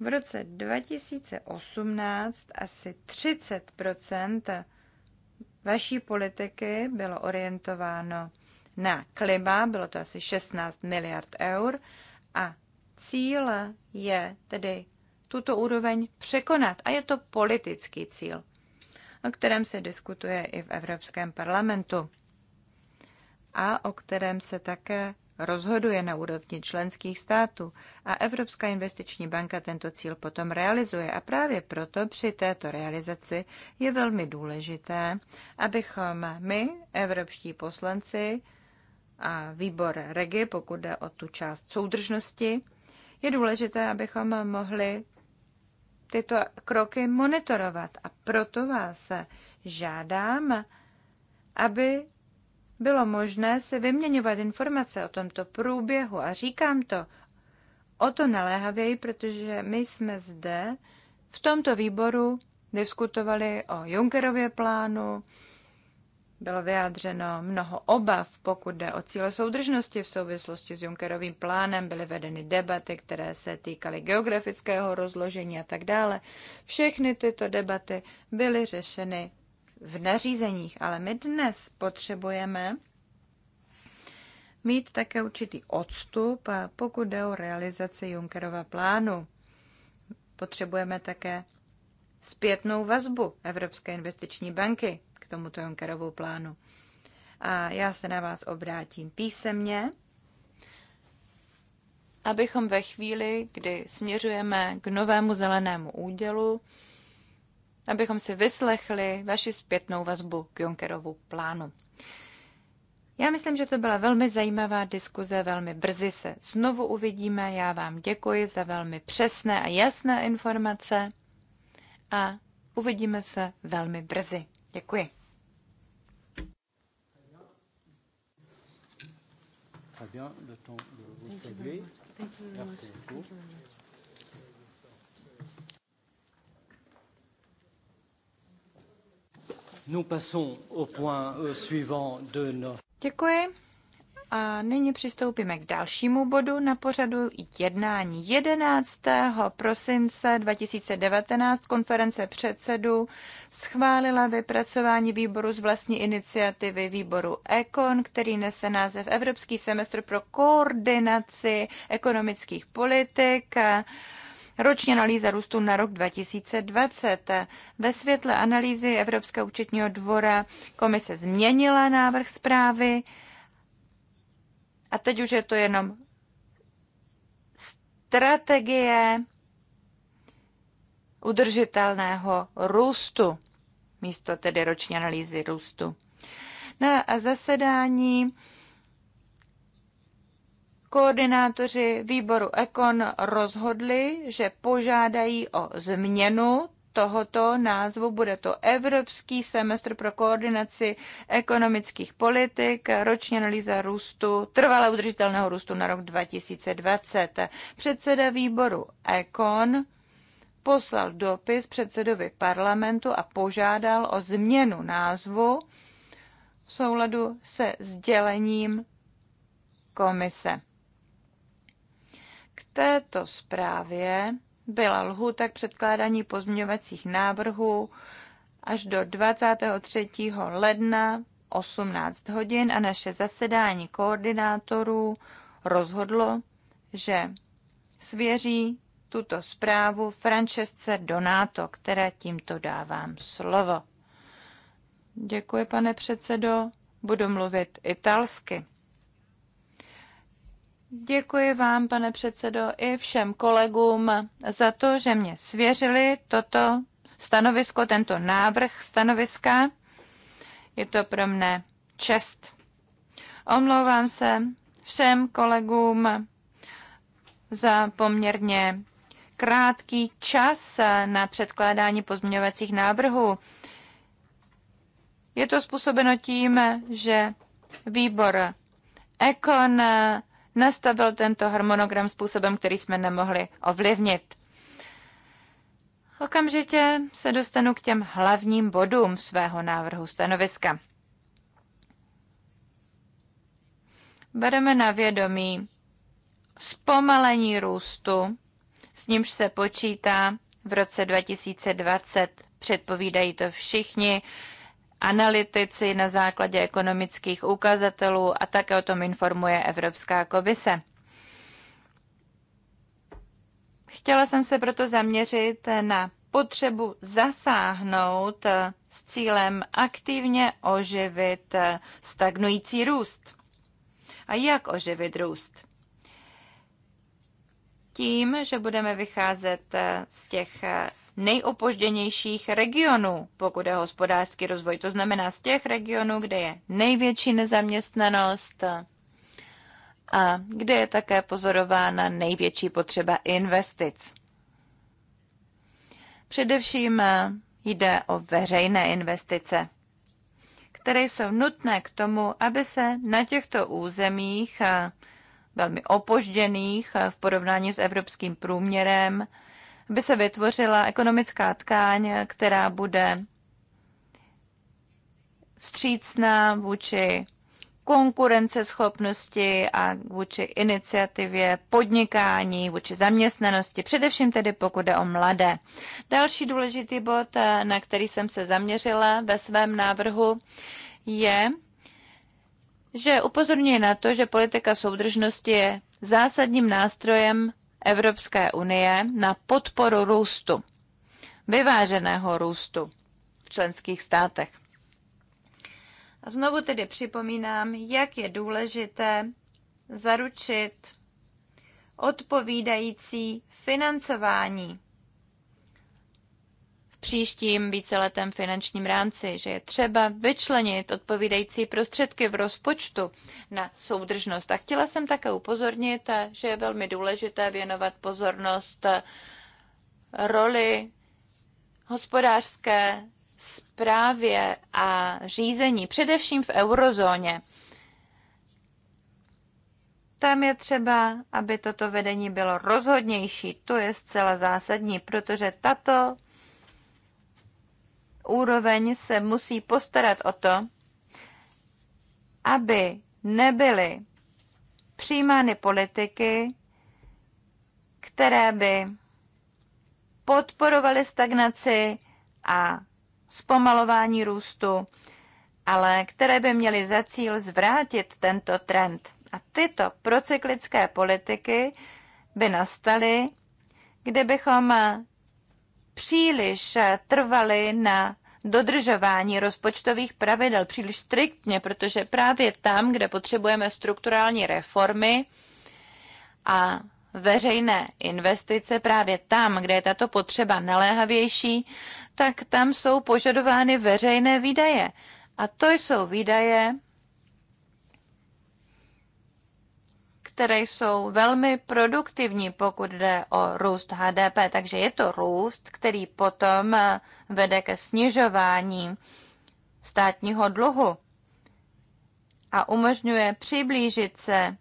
C: V roce 2018 asi 30 vaší politiky bylo orientováno na klima, bylo to asi 16 miliard eur a cíl je tedy tuto úroveň překonat. A je to politický cíl o kterém se diskutuje i v Evropském parlamentu a o kterém se také rozhoduje na úrovni členských států a Evropská investiční banka tento cíl potom realizuje. A právě proto při této realizaci je velmi důležité, abychom my, evropští poslanci a výbor REGI, pokud jde o tu část soudržnosti, je důležité, abychom mohli tyto kroky monitorovat. A proto vás žádám, aby bylo možné si vyměňovat informace o tomto průběhu. A říkám to o to naléhavěji, protože my jsme zde v tomto výboru diskutovali o Junckerově plánu, bylo vyjádřeno mnoho obav, pokud jde o cíle soudržnosti v souvislosti s Junckerovým plánem, byly vedeny debaty, které se týkaly geografického rozložení a tak dále. Všechny tyto debaty byly řešeny v nařízeních, ale my dnes potřebujeme mít také určitý odstup, pokud jde o realizaci Junckerova plánu. Potřebujeme také zpětnou vazbu Evropské investiční banky, tomuto Junckerovu plánu. A já se na vás obrátím písemně, abychom ve chvíli, kdy směřujeme k novému zelenému údělu, abychom si vyslechli vaši zpětnou vazbu k Junckerovu plánu. Já myslím, že to byla velmi zajímavá diskuze, velmi brzy se znovu uvidíme. Já vám děkuji za velmi přesné a jasné informace a uvidíme se velmi brzy. Děkuji. bien le temps de vous saluer. Merci beaucoup.
A: Nous passons au point euh, suivant de notre...
C: Děkuji. A nyní přistoupíme k dalšímu bodu na pořadu jednání 11. prosince 2019. Konference předsedů schválila vypracování výboru z vlastní iniciativy výboru ECON, který nese název Evropský semestr pro koordinaci ekonomických politik. Roční analýza růstu na rok 2020. Ve světle analýzy Evropského účetního dvora komise změnila návrh zprávy a teď už je to jenom strategie udržitelného růstu, místo tedy roční analýzy růstu. Na zasedání koordinátoři výboru Ekon rozhodli, že požádají o změnu tohoto názvu. Bude to Evropský semestr pro koordinaci ekonomických politik, roční analýza růstu, trvalé udržitelného růstu na rok 2020. Předseda výboru Econ poslal dopis předsedovi parlamentu a požádal o změnu názvu v souladu se sdělením komise. K této zprávě byla lhůta k předkládání pozměňovacích návrhů až do 23. ledna 18 hodin a naše zasedání koordinátorů rozhodlo, že svěří tuto zprávu Francesce Donato, které tímto dávám slovo. Děkuji, pane předsedo. Budu mluvit italsky. Děkuji vám, pane předsedo, i všem kolegům za to, že mě svěřili toto stanovisko, tento návrh stanoviska. Je to pro mne čest. Omlouvám se všem kolegům za poměrně krátký čas na předkládání pozměňovacích návrhů. Je to způsobeno tím, že výbor Ekon nastavil tento harmonogram způsobem, který jsme nemohli ovlivnit. Okamžitě se dostanu k těm hlavním bodům svého návrhu stanoviska. Bereme na vědomí zpomalení růstu, s nímž se počítá v roce 2020. Předpovídají to všichni analytici na základě ekonomických ukazatelů a také o tom informuje Evropská komise. Chtěla jsem se proto zaměřit na potřebu zasáhnout s cílem aktivně oživit stagnující růst. A jak oživit růst? Tím, že budeme vycházet z těch nejopožděnějších regionů, pokud je hospodářský rozvoj. To znamená z těch regionů, kde je největší nezaměstnanost a kde je také pozorována největší potřeba investic. Především jde o veřejné investice, které jsou nutné k tomu, aby se na těchto územích velmi opožděných v porovnání s evropským průměrem aby se vytvořila ekonomická tkáň, která bude vstřícná vůči konkurenceschopnosti a vůči iniciativě podnikání, vůči zaměstnanosti, především tedy pokud jde o mladé. Další důležitý bod, na který jsem se zaměřila ve svém návrhu, je, že upozorňuje na to, že politika soudržnosti je zásadním nástrojem Evropské unie na podporu růstu, vyváženého růstu v členských státech. A znovu tedy připomínám, jak je důležité zaručit odpovídající financování příštím víceletém finančním rámci, že je třeba vyčlenit odpovídající prostředky v rozpočtu na soudržnost. A chtěla jsem také upozornit, že je velmi důležité věnovat pozornost roli hospodářské zprávě a řízení, především v eurozóně. Tam je třeba, aby toto vedení bylo rozhodnější. To je zcela zásadní, protože tato úroveň se musí postarat o to, aby nebyly přijímány politiky, které by podporovaly stagnaci a zpomalování růstu, ale které by měly za cíl zvrátit tento trend. A tyto procyklické politiky by nastaly, kdybychom příliš trvali na dodržování rozpočtových pravidel příliš striktně, protože právě tam, kde potřebujeme strukturální reformy a veřejné investice, právě tam, kde je tato potřeba naléhavější, tak tam jsou požadovány veřejné výdaje. A to jsou výdaje, které jsou velmi produktivní, pokud jde o růst HDP. Takže je to růst, který potom eh, vede ke snižování státního dluhu a umožňuje přiblížit se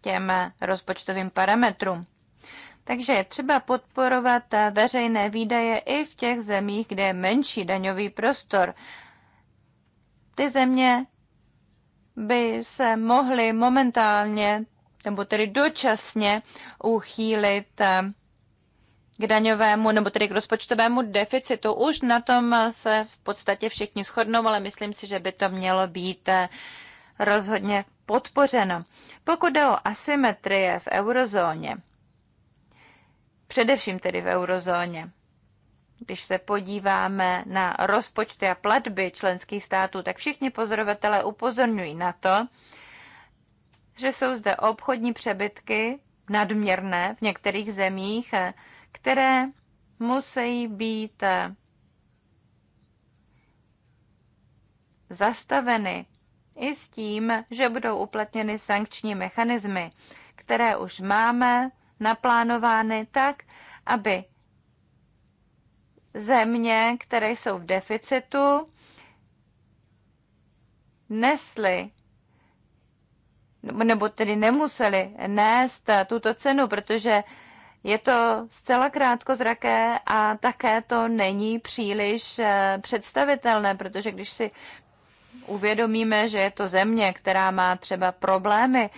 C: těm rozpočtovým parametrům. Takže je třeba podporovat veřejné výdaje i v těch zemích, kde je menší daňový prostor. Ty země by se mohly momentálně nebo tedy dočasně uchýlit eh, k daňovému nebo tedy k rozpočtovému deficitu. Už na tom se v podstatě všichni shodnou, ale myslím si, že by to mělo být eh, rozhodně podpořeno. Pokud jde o asymetrie v eurozóně, především tedy v eurozóně, když se podíváme na rozpočty a platby členských států, tak všichni pozorovatelé upozorňují na to, že jsou zde obchodní přebytky nadměrné v některých zemích, které musí být eh, zastaveny i s tím, že budou uplatněny sankční mechanismy, které už máme naplánovány tak, aby země, které jsou v deficitu, nesly nebo tedy nemuseli nést eh, tuto cenu, protože je to zcela krátkozraké a také to není příliš eh, představitelné, protože když si uvědomíme, že je to země, která má třeba problémy,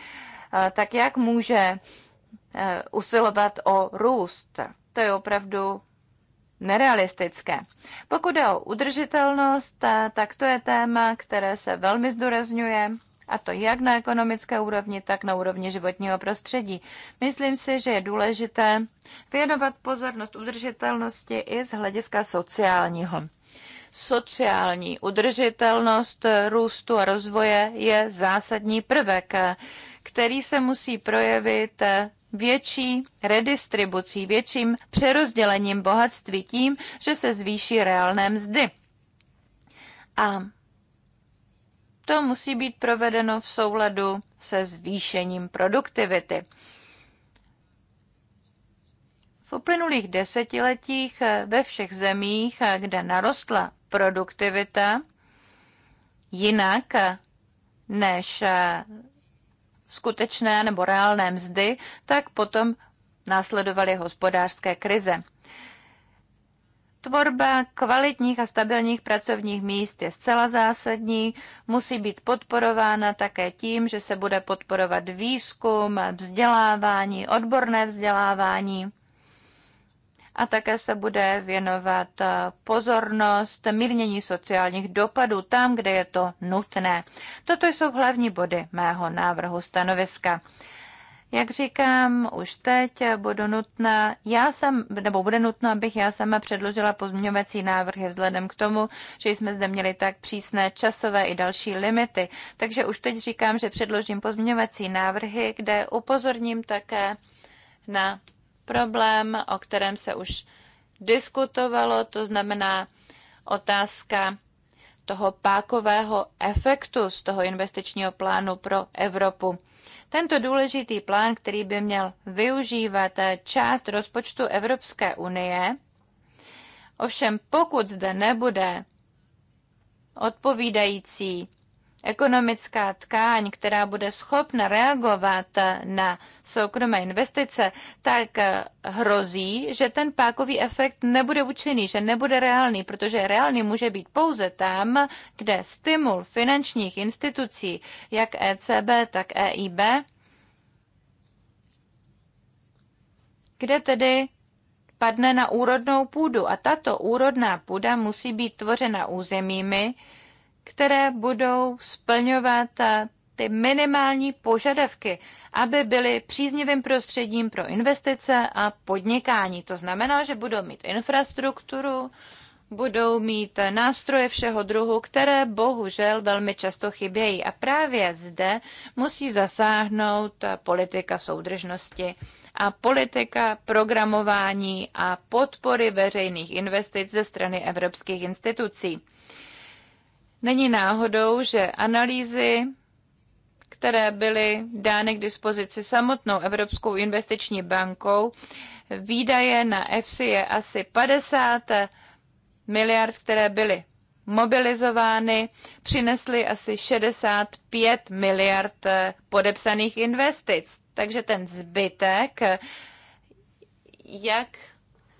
C: eh, tak jak může usilovat o růst? To je opravdu nerealistické. Pokud je o udržitelnost, tak to je téma, které se velmi zdůrazňuje a to jak na ekonomické úrovni, tak na úrovni životního prostředí. Myslím si, že je důležité věnovat pozornost udržitelnosti i z hlediska sociálního. Sociální udržitelnost růstu a rozvoje je zásadní prvek, který se musí projevit větší redistribucí, větším přerozdělením bohatství tím, že se zvýší reálné mzdy. A to musí být provedeno v souladu se zvýšením produktivity. V uplynulých desetiletích ve všech zemích, kde narostla produktivita, jinak než skutečné nebo reálné mzdy, tak potom následovaly hospodářské krize. Tvorba kvalitních a stabilních pracovních míst je zcela zásadní, musí být podporována také tím, že se bude podporovat výzkum, vzdělávání, odborné vzdělávání a také se bude věnovat eh, pozornost mírnění sociálních dopadů tam, kde je to nutné. Toto jsou hlavní body mého návrhu stanoviska. Jak říkám, už teď budu nutná, já jsem, nebo bude nutno, abych já sama předložila pozměňovací návrhy vzhledem k tomu, že jsme zde měli tak přísné časové i další limity. Takže už teď říkám, že předložím pozměňovací návrhy, kde upozorním také na problém, o kterém se už diskutovalo, to znamená otázka toho pákového efektu z toho investičního plánu pro Evropu. Tento důležitý plán, který by měl využívat část rozpočtu Evropské unie, ovšem pokud zde nebude odpovídající ekonomická tkáň, která bude schopna reagovat na soukromé investice, tak hrozí, že ten pákový efekt nebude účinný, že nebude reálný, protože reálný může být pouze tam, kde stimul finančních institucí, jak ECB, tak EIB, kde tedy padne na úrodnou půdu. A tato úrodná půda musí být tvořena územími, které budou splňovat eh, ty minimální požadavky, aby byly příznivým prostředím pro investice a podnikání. To znamená, že budou mít infrastrukturu, budou mít eh, nástroje všeho druhu, které bohužel velmi často chybějí. A právě zde musí zasáhnout eh, politika soudržnosti a politika programování a podpory veřejných investic ze strany evropských institucí. Není náhodou, že analýzy, které byly dány k dispozici samotnou Evropskou investiční bankou, výdaje na EFSI je asi 50 miliard, které byly mobilizovány, přinesly asi 65 miliard eh, podepsaných investic. Takže ten zbytek, jak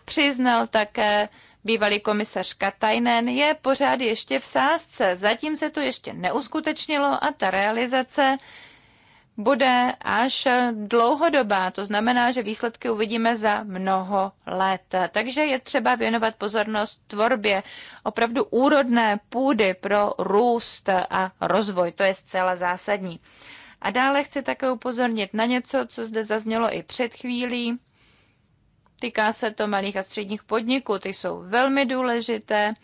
C: přiznal také bývalý komisař Katajnen je pořád ještě v sázce. Zatím se to ještě neuskutečnilo a ta realizace bude až dlouhodobá. To znamená, že výsledky uvidíme za mnoho let. Takže je třeba věnovat pozornost tvorbě opravdu úrodné půdy pro růst a rozvoj. To je zcela zásadní. A dále chci také upozornit na něco, co zde zaznělo i před chvílí. Týká se to malých a středních podniků, ty jsou velmi důležité,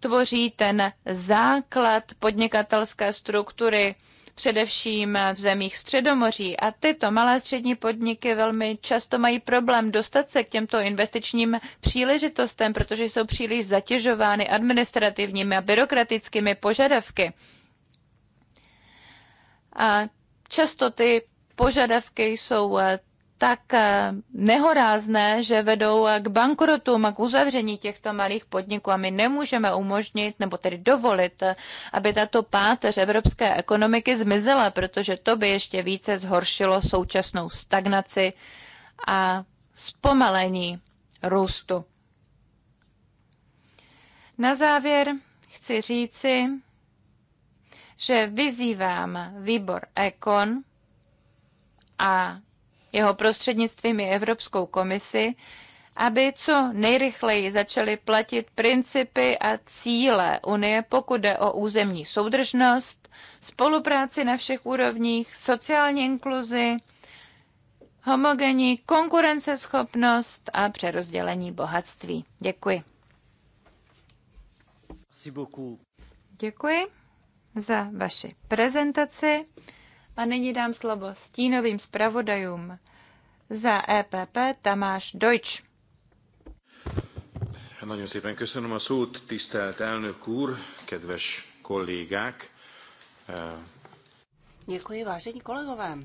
C: tvoří ten základ podnikatelské struktury, především v zemích Středomoří. A tyto malé střední podniky velmi často mají problém dostat se k těmto investičním příležitostem, protože jsou příliš zatěžovány administrativními a byrokratickými požadavky. A často ty požadavky jsou eh, tak eh, nehorázné, že vedou eh, k bankrotům a k uzavření těchto malých podniků. A my nemůžeme umožnit, nebo tedy dovolit, eh, aby tato páteř evropské ekonomiky zmizela, protože to by ještě více zhoršilo současnou stagnaci a zpomalení růstu. Na závěr chci říci, že vyzývám výbor Ekon a jeho prostřednictvím i Evropskou komisi, aby co nejrychleji začaly platit principy a cíle Unie, pokud jde o územní soudržnost, spolupráci na všech úrovních, sociální inkluzi, homogenní konkurenceschopnost a přerozdělení bohatství. Děkuji. Děkuji za vaši prezentaci. A nyní dám slovo stínovým zpravodajům. Za EPP Tamáš
B: Deutsch. Nagyon szépen köszönöm a szót, tisztelt elnök úr, kedves kollégák. Děkuji, vážení kolegové.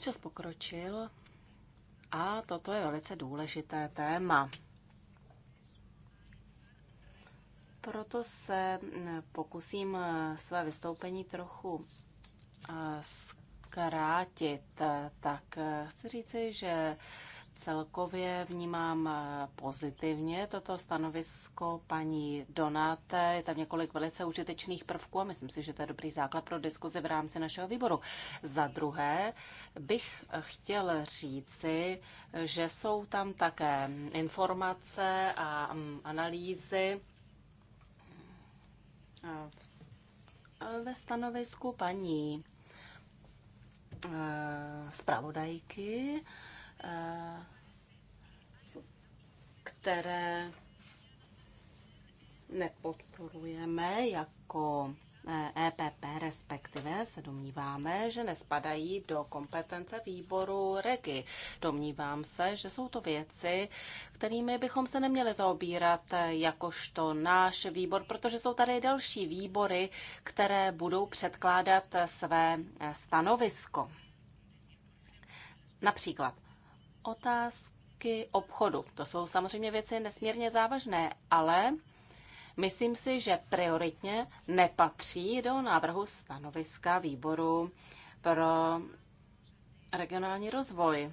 B: Čas pokročil a toto je velice důležité téma. Proto se mm, pokusím eh, své vystoupení trochu eh, zkrátit. Eh, tak chci říci, že celkově vnímám pozitivně toto stanovisko paní Donáte. Je tam několik velice užitečných prvků a myslím si, že to je dobrý základ pro diskuzi v rámci našeho výboru. Za druhé bych chtěl říci, že jsou tam také informace a mm, analýzy, ve stanovisku paní eh, zpravodajky, eh, které nepodporujeme jako EPP e respektive se domníváme, že nespadají do kompetence výboru REGI. Domnívám se, že jsou to věci, kterými bychom se neměli zaobírat jakožto náš výbor, protože jsou tady další výbory, které budou předkládat své stanovisko. Například otázky obchodu. To jsou samozřejmě věci nesmírně závažné, ale Myslím si, že prioritně nepatří do návrhu stanoviska výboru pro regionální rozvoj.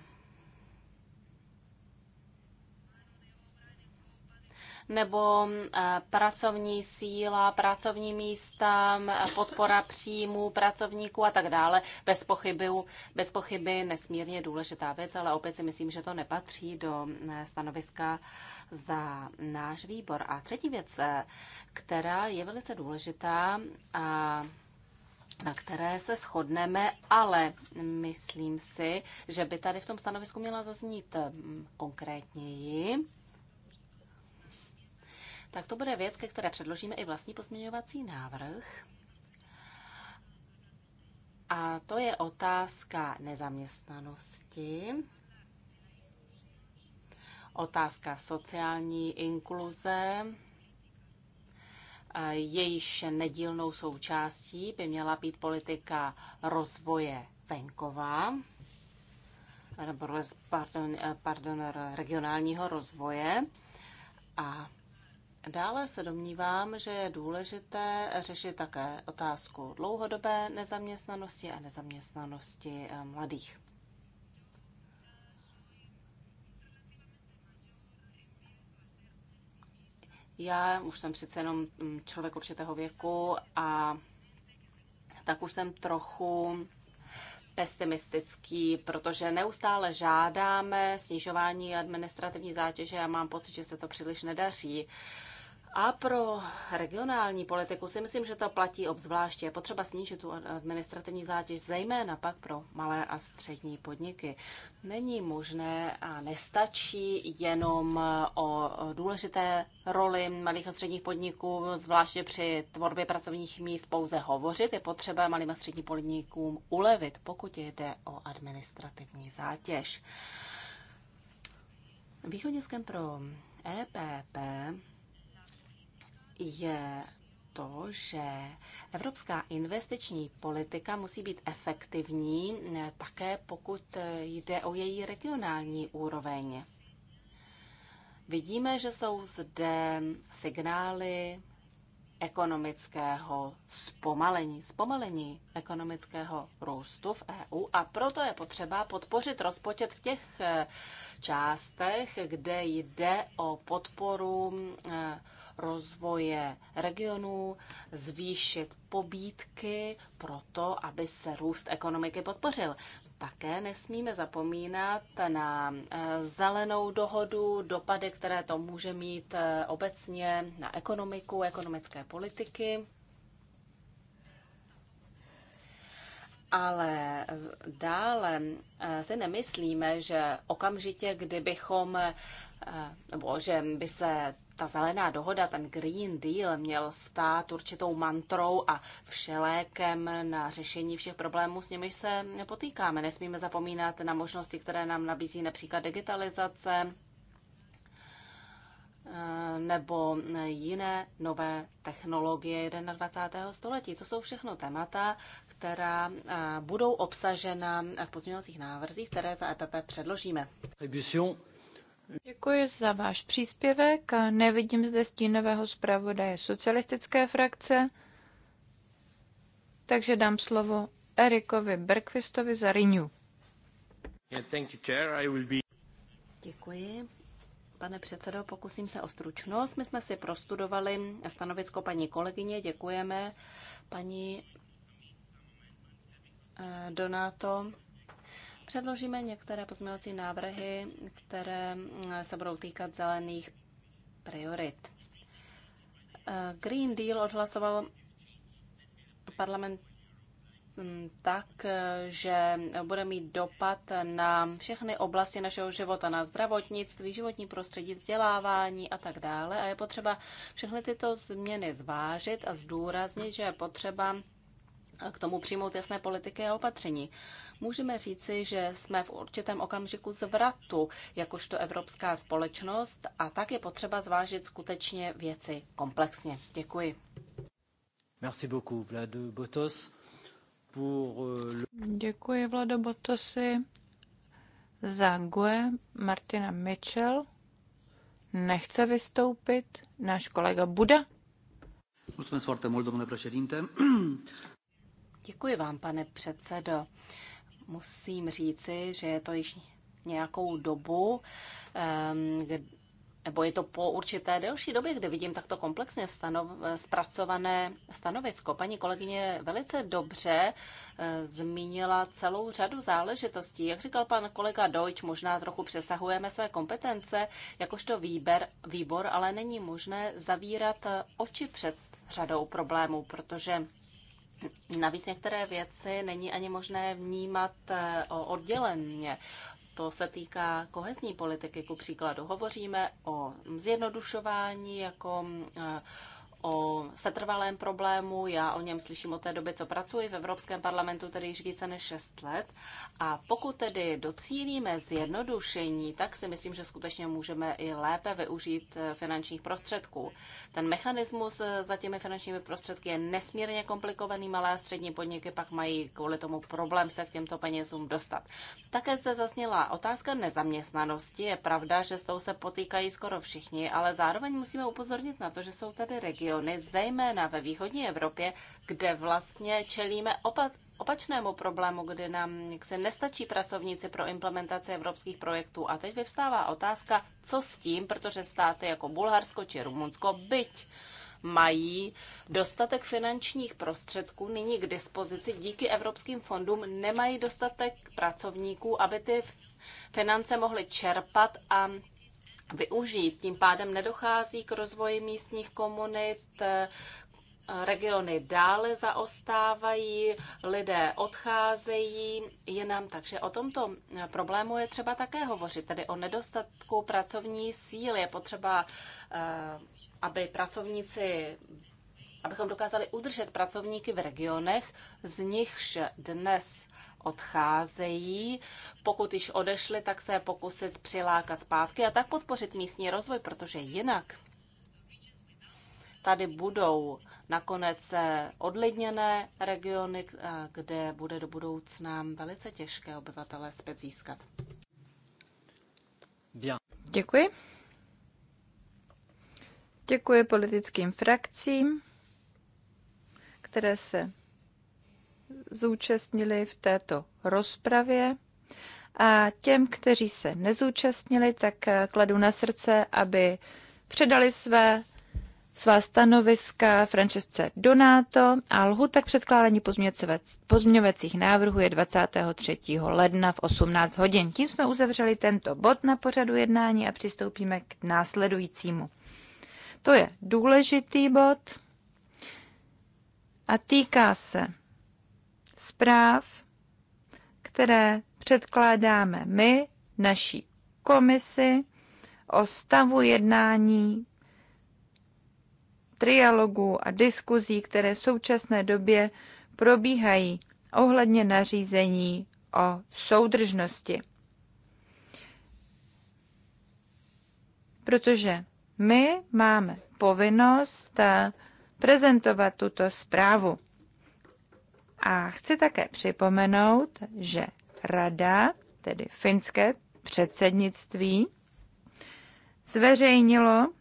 B: nebo eh, pracovní síla, pracovní místa, podpora příjmů pracovníků a tak dále. Bez pochyby, bez pochyby nesmírně důležitá věc, ale opět si myslím, že to nepatří do eh, stanoviska za náš výbor. A třetí věc, eh, která je velice důležitá a na které se shodneme, ale myslím si, že by tady v tom stanovisku měla zaznít konkrétněji tak to bude věc, ke které předložíme i vlastní pozměňovací návrh. A to je otázka nezaměstnanosti, otázka sociální inkluze, jejíž nedílnou součástí by měla být politika rozvoje venkova, pardon, pardon, regionálního rozvoje. A Dále se domnívám, že je důležité řešit také otázku dlouhodobé nezaměstnanosti a nezaměstnanosti eh, mladých. Já už jsem přece jenom mm, člověk určitého věku a tak už jsem trochu pesimistický, protože neustále žádáme snižování administrativní zátěže a mám pocit, že se to příliš nedaří. Uh, a pro regionální politiku si myslím, že to platí obzvláště. Je potřeba snížit tu administrativní zátěž, zejména pak pro malé a střední podniky. Není možné a nestačí jenom o důležité roli malých a středních podniků, zvláště při tvorbě pracovních míst, pouze hovořit. Je potřeba malým a středním podnikům ulevit, pokud jde o administrativní zátěž. Východiskem pro EPP je to, že evropská investiční politika musí být efektivní, také pokud eh, jde o její regionální úroveň. Vidíme, že jsou zde signály ekonomického zpomalení, zpomalení ekonomického růstu v EU a proto je potřeba podpořit rozpočet v těch eh, částech, kde jde o podporu eh, rozvoje regionů, zvýšit pobídky pro to, aby se růst ekonomiky podpořil. Také nesmíme zapomínat na eh, zelenou dohodu, dopady, které to může mít eh, obecně na ekonomiku, ekonomické politiky. Ale eh, dále si nemyslíme, že okamžitě, kdybychom nebo že by se ta zelená dohoda, ten Green Deal, měl stát určitou mantrou a všelékem na řešení všech problémů, s nimiž se potýkáme. Nesmíme zapomínat na možnosti, které nám nabízí například digitalizace nebo jiné nové technologie 21. století. To jsou všechno témata, která eh, budou obsažena v pozměňovacích návrzích, které za EPP předložíme.
C: Děkuji za váš příspěvek. Nevidím zde stínového zpravodaje socialistické frakce, takže dám slovo Erikovi Berkvistovi
B: za Renew. Děkuji. Pane předsedo, pokusím se o stručnost. My jsme si prostudovali stanovisko paní kolegyně. Děkujeme paní eh, Donato Předložíme některé pozměňovací návrhy, které mm, se budou týkat zelených priorit. Eh, Green Deal odhlasoval parlament mm, tak, eh, že bude mít dopad na všechny oblasti našeho života, na zdravotnictví, životní prostředí, vzdělávání a tak dále. A je potřeba všechny tyto změny zvážit a zdůraznit, že je potřeba k tomu přijmout jasné politiky a opatření. Můžeme říci, že jsme v určitém okamžiku zvratu jakožto evropská společnost a tak je potřeba zvážit skutečně věci komplexně. Děkuji. Merci beaucoup, Vlad Botos. Pour euh, le... Děkuji,
C: Vlado Botosi. Za GUE Martina Mitchell nechce vystoupit náš kolega Buda.
A: Mulțumesc foarte mult, domnule președinte.
B: Děkuji vám, pane předsedo. Musím říci, že je to již nějakou dobu, ehm, nebo je to po určité delší době, kde vidím takto komplexně stanov, zpracované stanovisko. Paní kolegyně velice dobře eh, zmínila celou řadu záležitostí. Jak říkal pan kolega Dojč, možná trochu přesahujeme své kompetence, jakožto výber, výbor, ale není možné zavírat eh, oči před řadou problémů, protože Navíc některé věci není ani možné vnímat eh, odděleně. To se týká kohezní politiky, ku příkladu. Hovoříme o zjednodušování jako eh, o setrvalém problému. Já o něm slyším od té doby, co pracuji v Evropském parlamentu, tedy již více než 6 let. A pokud tedy docílíme zjednodušení, tak si myslím, že skutečně můžeme i lépe využít eh, finančních prostředků. Ten mechanismus eh, za těmi finančními prostředky je nesmírně komplikovaný. Malé a střední podniky pak mají kvůli tomu problém se k těmto penězům dostat. Také zde zazněla otázka nezaměstnanosti. Je pravda, že s tou se potýkají skoro všichni, ale zároveň musíme upozornit na to, že jsou tady regiony, regiony, zejména ve východní Evropě, kde vlastně čelíme opat opačnému problému, kdy nám se nestačí pracovníci pro implementaci evropských projektů. A teď vyvstává otázka, co s tím, protože státy jako Bulharsko či Rumunsko, byť mají dostatek finančních prostředků nyní k dispozici díky evropským fondům, nemají dostatek pracovníků, aby ty finance mohly čerpat a využít. Tím pádem nedochází k rozvoji místních komunit, regiony dále zaostávají, lidé odcházejí jinam, takže o tomto problému je třeba také hovořit, tedy o nedostatku pracovní síly. Je potřeba, eh, aby pracovníci abychom dokázali udržet pracovníky v regionech, z nichž dnes odcházejí. Pokud již odešli, tak se pokusit přilákat zpátky a tak podpořit místní rozvoj, protože jinak tady budou nakonec odlidněné regiony, kde bude do budoucna velice těžké obyvatele zpět získat.
C: Děkuji. Děkuji politickým frakcím, které se zúčastnili v této rozpravě. A těm, kteří se nezúčastnili, tak eh, kladu na srdce, aby předali své svá stanoviska Francesce Donato a Lhu tak předkládání pozměňovacích návrhů je 23. ledna v 18 hodin. Tím jsme uzavřeli tento bod na pořadu jednání a přistoupíme k následujícímu. To je důležitý bod a týká se zpráv, které předkládáme my, naší komisi, o stavu jednání, trialogů a diskuzí, které v současné době probíhají ohledně nařízení o soudržnosti. Protože my máme povinnost prezentovat tuto zprávu. A chci také připomenout, že rada, tedy finské předsednictví, zveřejnilo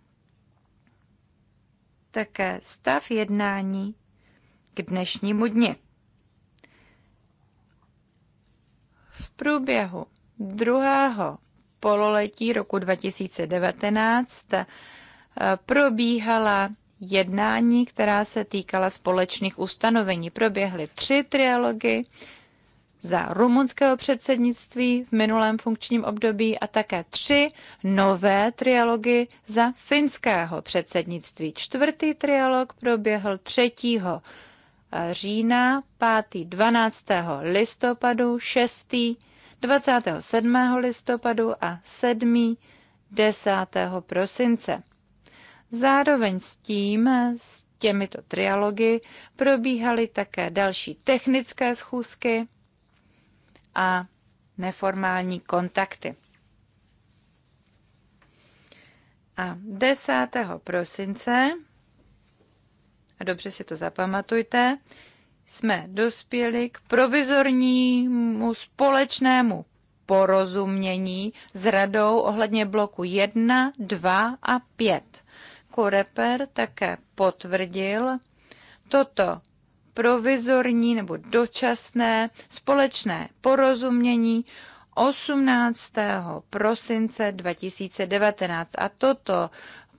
C: také stav jednání k dnešnímu dni. V průběhu druhého pololetí roku 2019 probíhala jednání, která se týkala společných ustanovení. Proběhly tři trialogy za rumunského předsednictví v minulém funkčním období a také tři nové trialogy za finského předsednictví. Čtvrtý trialog proběhl 3. října, 5. 12. listopadu, 6. 27. listopadu a 7. 10. prosince. Zároveň s tím, s těmito trialogy, probíhaly také další technické schůzky a neformální kontakty. A 10. prosince, a dobře si to zapamatujte, jsme dospěli k provizornímu společnému porozumění s radou ohledně bloku 1, 2 a 5. Koreper jako také potvrdil toto provizorní nebo dočasné společné porozumění 18. prosince 2019. A toto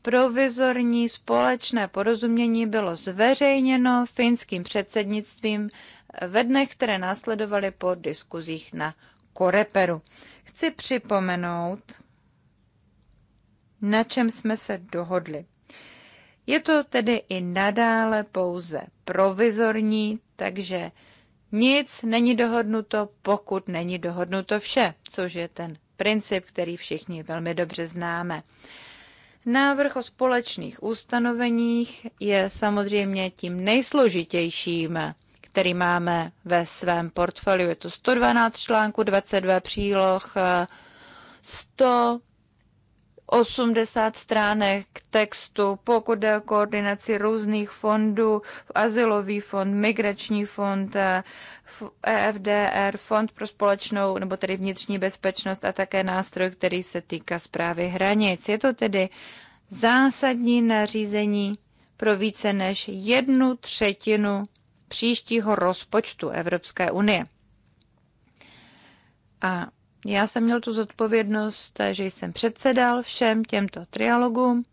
C: provizorní společné porozumění bylo zveřejněno finským předsednictvím ve dnech, které následovaly po diskuzích na Koreperu. Chci připomenout, na čem jsme se dohodli. Je to tedy i nadále pouze provizorní, takže nic není dohodnuto, pokud není dohodnuto vše, což je ten princip, který všichni velmi dobře známe. Návrh o společných ustanoveních je samozřejmě tím nejsložitějším, který máme ve svém portfoliu. Je to 112 článků, 22 příloh, 100 80 stránek textu, pokud jde o koordinaci různých fondů, azylový fond, migrační fond, EFDR, eh, e fond pro společnou nebo tedy vnitřní bezpečnost a také nástroj, který se týká zprávy hranic. Je to tedy zásadní nařízení pro více než jednu třetinu příštího rozpočtu Evropské unie. A já jsem měl tu zodpovědnost, že jsem předsedal všem těmto trialogům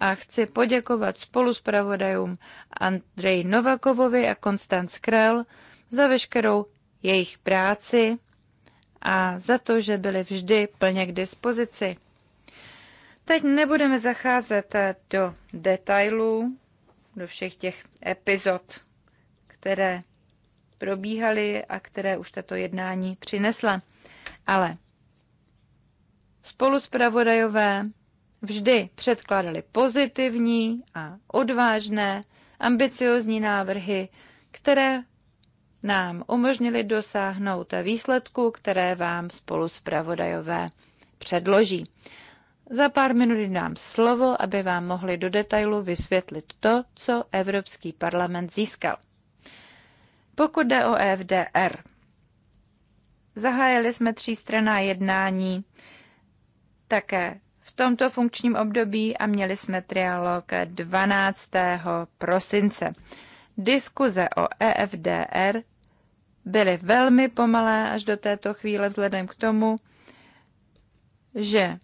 C: a chci poděkovat spolu s Andrej Novakovovi a Konstanc Krell za veškerou jejich práci a za to, že byli vždy plně k dispozici. Teď nebudeme zacházet do detailů, do všech těch epizod, které probíhaly a které už tato jednání přinesla. Ale spoluspravodajové vždy předkládali pozitivní a odvážné, ambiciozní návrhy, které nám umožnili dosáhnout výsledku, které vám spolu zpravodajové předloží. Za pár minut dám slovo, aby vám mohli do detailu vysvětlit to, co Evropský parlament získal. Pokud jde o FDR. Zahájili jsme třístraná jednání také v tomto funkčním období a měli jsme trialog 12. prosince. Diskuze o EFDR byly velmi pomalé až do této chvíle vzhledem k tomu, že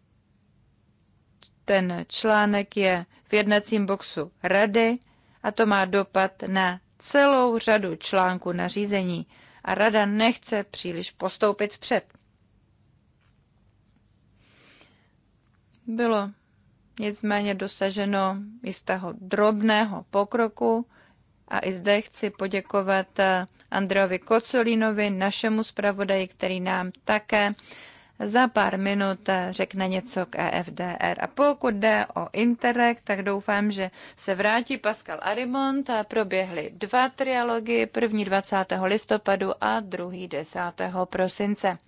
C: ten článek je v jednacím boxu rady a to má dopad na celou řadu článků nařízení a rada nechce příliš postoupit vpřed. Bylo nicméně dosaženo jistého drobného pokroku a i zde chci poděkovat Andrejovi Kocolinovi, našemu zpravodaji, který nám také za pár minut eh, řekne něco k EFDR. A pokud jde o Interreg, tak doufám, že se vrátí Pascal Arimont. Proběhly dva trialogy, první 20. listopadu a druhý 10. prosince.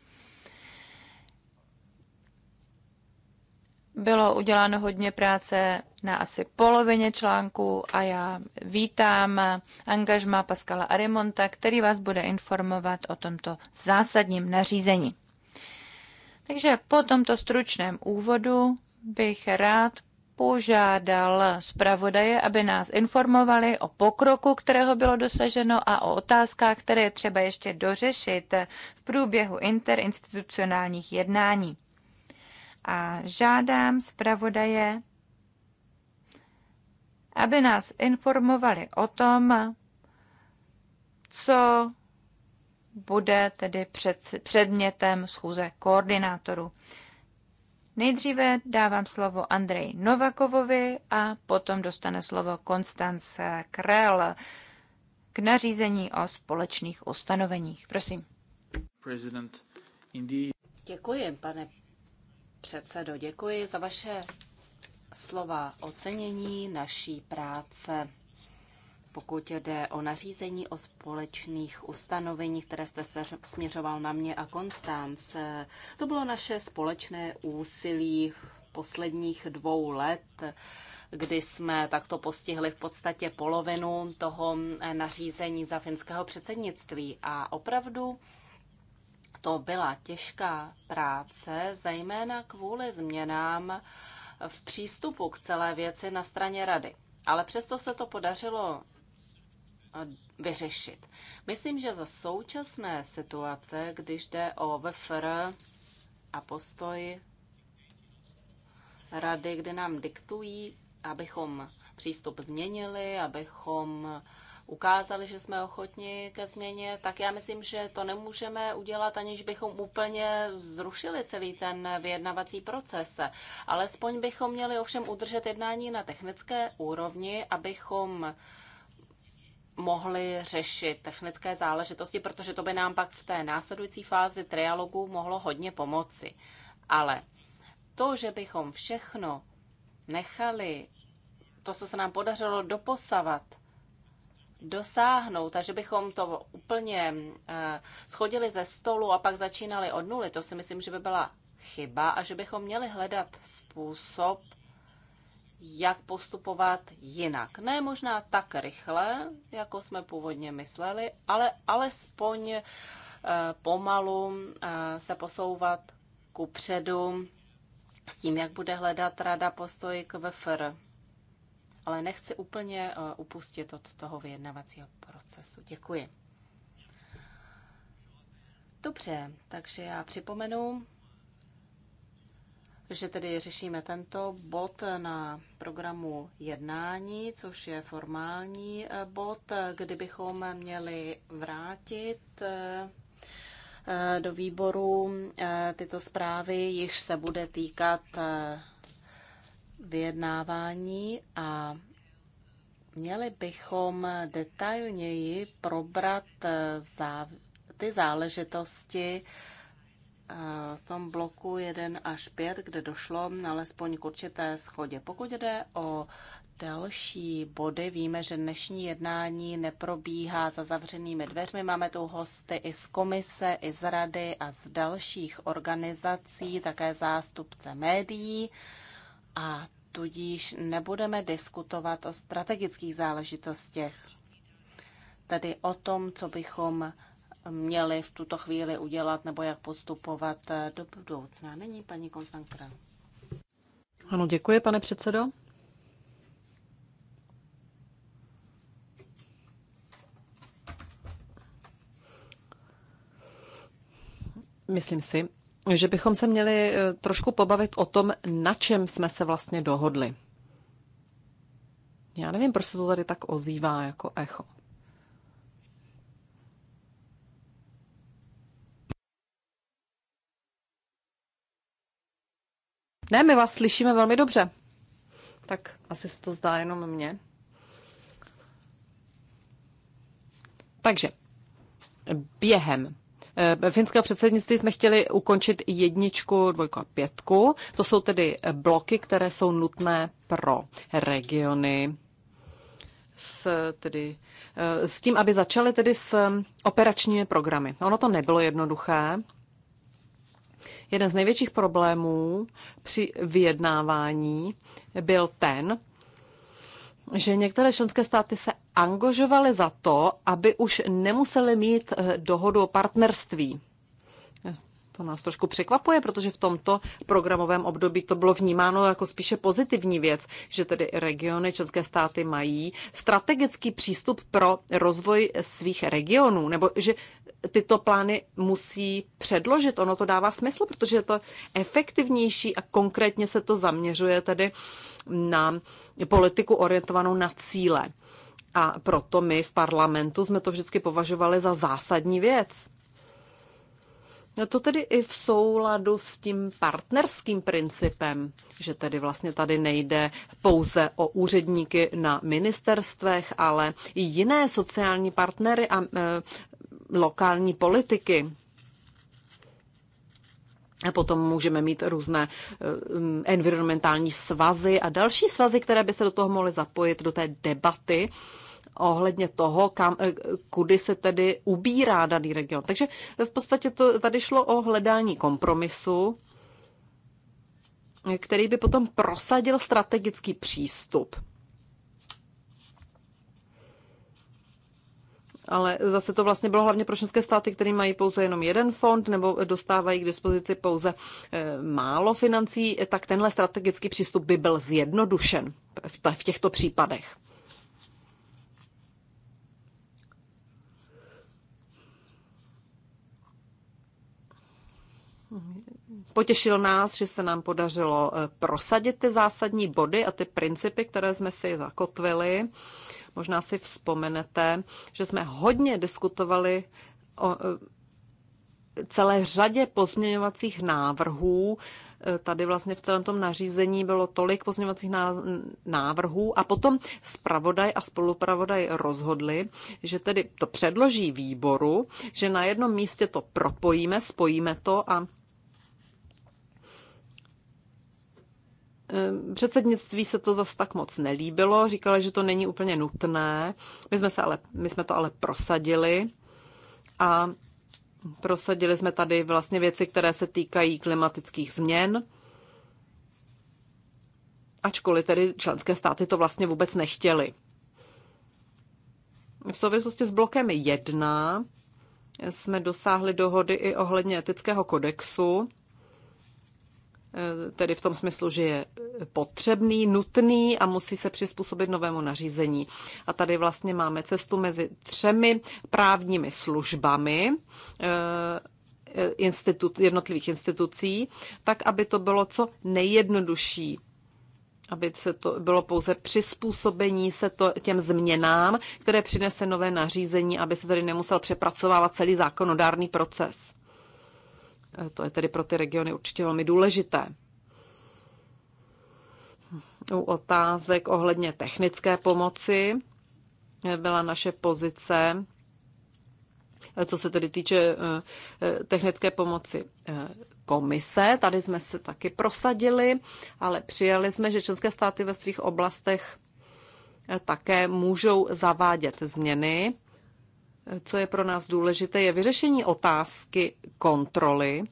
C: Bylo uděláno hodně práce na asi polovině článku a já vítám angažma Pascala Arimonta, který vás bude informovat o tomto zásadním nařízení. Takže po tomto stručném úvodu bych rád požádal zpravodaje, aby nás informovali o pokroku, kterého bylo dosaženo a o otázkách, které je třeba ještě dořešit v průběhu interinstitucionálních jednání. A žádám zpravodaje, aby nás informovali o tom, co bude tedy před, předmětem schůze koordinátorů. Nejdříve dávám slovo Andrej Novakovovi a potom dostane slovo Konstance Krell k nařízení o společných ustanoveních. Prosím.
B: Děkuji, pane předsedo. Děkuji za vaše slova ocenění naší práce pokud jde o nařízení o společných ustanovení, které jste směřoval na mě a Konstanc. Eh, to bylo naše společné úsilí posledních dvou let, kdy jsme takto postihli v podstatě polovinu toho eh, nařízení za finského předsednictví. A opravdu to byla těžká práce, zejména kvůli změnám v přístupu k celé věci na straně rady. Ale přesto se to podařilo vyřešit. Myslím, že za současné situace, když jde o VFR a postoj rady, kdy nám diktují, abychom přístup změnili, abychom ukázali, že jsme ochotni ke změně, tak já myslím, že to nemůžeme udělat, aniž bychom úplně zrušili celý ten vyjednavací proces. Alespoň bychom měli ovšem udržet jednání na technické úrovni, abychom mohli řešit technické záležitosti, protože to by nám pak v té následující fázi trialogu mohlo hodně pomoci. Ale to, že bychom všechno nechali, to, co se nám podařilo doposavat, dosáhnout takže bychom to úplně eh, schodili ze stolu a pak začínali od nuly, to si myslím, že by byla chyba a že bychom měli hledat způsob, jak postupovat jinak. Ne možná tak rychle, jako jsme původně mysleli, ale alespoň eh, pomalu eh, se posouvat ku předu s tím, jak bude hledat rada postoj k VFR. Ale nechci úplně eh, upustit od toho vyjednavacího procesu. Děkuji. Dobře, takže já připomenu, že tedy řešíme tento bod na programu jednání, což je formální eh, bod, kdybychom měli vrátit eh, do výboru eh, tyto zprávy, již se bude týkat vyjednávání a měli bychom detailněji probrat ty záležitosti, v tom bloku 1 až 5, kde došlo alespoň k určité schodě. Pokud jde o další body, víme, že dnešní jednání neprobíhá za zavřenými dveřmi. Máme tu hosty i z komise, i z rady a z dalších organizací, také zástupce médií. A tudíž nebudeme diskutovat o strategických záležitostech, tedy o tom, co bychom měli v tuto chvíli udělat nebo jak postupovat eh, do budoucna. Není paní Konstant Král.
A: Ano, děkuji, pane předsedo. Myslím si, že bychom se měli eh, trošku pobavit o tom, na čem jsme se vlastně dohodli. Já nevím, proč se to tady tak ozývá jako echo. Ne, my vás slyšíme velmi dobře. Tak asi se to zdá jenom mně. Takže během eh, finského předsednictví jsme chtěli ukončit jedničku, dvojku a pětku. To jsou tedy eh, bloky, které jsou nutné pro regiony s, tedy, eh, s tím, aby začaly tedy s operačními programy. Ono to nebylo jednoduché, Jeden z největších problémů při vyjednávání byl ten, že některé členské státy se angažovaly za to, aby už nemuseli mít eh, dohodu o partnerství. To nás trošku překvapuje, protože v tomto programovém období to bylo vnímáno jako spíše pozitivní věc, že tedy regiony, české státy mají strategický přístup pro rozvoj svých regionů, nebo že tyto plány musí předložit. Ono to dává smysl, protože je to efektivnější a konkrétně se to zaměřuje tedy na politiku orientovanou na cíle. A proto my v parlamentu jsme to vždycky považovali za zásadní věc. No to tedy i v souladu s tím partnerským principem, že tedy vlastně tady nejde pouze o úředníky na ministerstvech, ale i jiné sociální partnery a e, lokální politiky. A potom můžeme mít různé e, environmentální svazy a další svazy, které by se do toho mohly zapojit, do té debaty ohledně toho, kam, eh, kudy se tedy ubírá daný region. Takže v podstatě to, tady šlo o hledání kompromisu, který by potom prosadil strategický přístup. Ale zase to vlastně bylo hlavně pro členské státy, které mají pouze jenom jeden fond nebo dostávají k dispozici pouze eh, málo financí, tak tenhle strategický přístup by byl zjednodušen v těchto případech. Potěšil nás, že se nám podařilo eh, prosadit ty zásadní body a ty principy, které jsme si zakotvili. Možná si vzpomenete, že jsme hodně diskutovali o eh, celé řadě pozměňovacích návrhů. Eh, tady vlastně v celém tom nařízení bylo tolik pozměňovacích návrhů a potom spravodaj a spolupravodaj rozhodli, že tedy to předloží výboru, že na jednom místě to propojíme, spojíme to a Ehm, předsednictví se to zas tak moc nelíbilo, říkali, že to není úplně nutné. My jsme, se ale, my jsme to ale prosadili a prosadili jsme tady vlastně věci, které se týkají klimatických změn. Ačkoliv tedy členské státy to vlastně vůbec nechtěly. V souvislosti s blokem 1 jsme dosáhli dohody i ohledně etického kodexu. Eh, tedy v tom smyslu, že je potřebný, nutný a musí se přizpůsobit novému nařízení. A tady vlastně máme cestu mezi třemi právními službami eh, institut, jednotlivých institucí, tak aby to bylo co nejjednodušší aby se to bylo pouze přizpůsobení se to, těm změnám, které přinese nové nařízení, aby se tady nemusel přepracovávat celý zákonodárný proces. Eh, to je tedy pro ty regiony určitě velmi důležité. U otázek ohledně technické pomoci eh, byla naše pozice, eh, co se tedy týče technické pomoci komise. Tady jsme se taky prosadili, ale přijali jsme, že české státy ve svých oblastech také můžou zavádět změny co je pro nás důležité, je vyřešení otázky kontroly.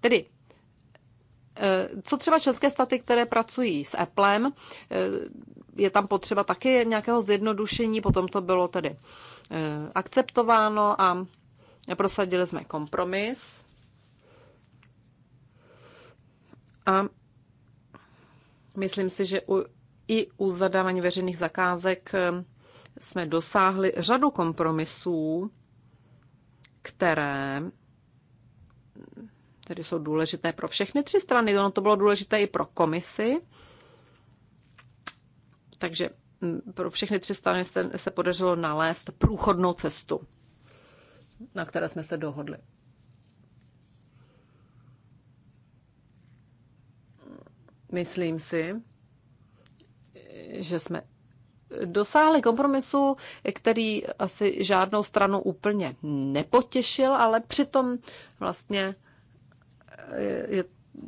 A: Tedy, eh, co třeba české staty, které pracují s Applem, eh, je tam potřeba taky nějakého zjednodušení, potom to bylo tedy eh, akceptováno a prosadili jsme kompromis. A myslím si, že u i u zadávání veřejných zakázek ehm, jsme dosáhli řadu kompromisů, které mm, tedy jsou důležité pro všechny tři strany. Ono to bylo důležité i pro komisi. Takže mm, pro všechny tři strany se podařilo nalézt průchodnou cestu, na které jsme se dohodli. Myslím si, že jsme dosáhli kompromisu, který asi žádnou stranu úplně nepotěšil, ale přitom vlastně eh, je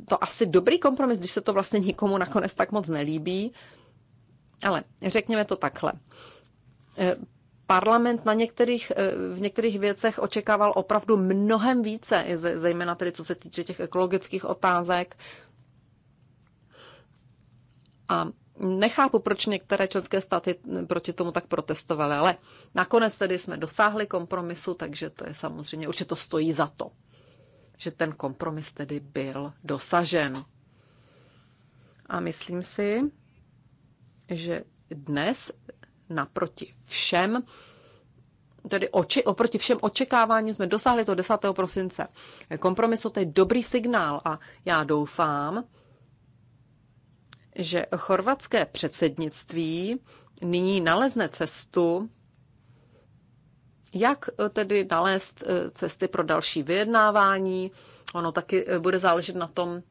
A: to asi dobrý kompromis, když se to vlastně nikomu nakonec tak moc nelíbí. Ale řekněme to takhle. Eh, Parlament na některých, eh, v některých věcech očekával opravdu mnohem více, zejména tedy co se týče těch ekologických otázek. A nechápu, proč některé členské státy proti tomu tak protestovaly, ale nakonec tedy jsme dosáhli kompromisu, takže to je samozřejmě, určitě to stojí za to, že ten kompromis tedy byl dosažen. A myslím si, že dnes naproti všem, tedy oči, oproti všem očekávání jsme dosáhli to 10. prosince Kompromis to je dobrý signál a já doufám, že chorvatské předsednictví nyní nalezne cestu, jak eh, tedy nalézt eh, cesty pro další vyjednávání. Ono taky eh, bude záležet na tom,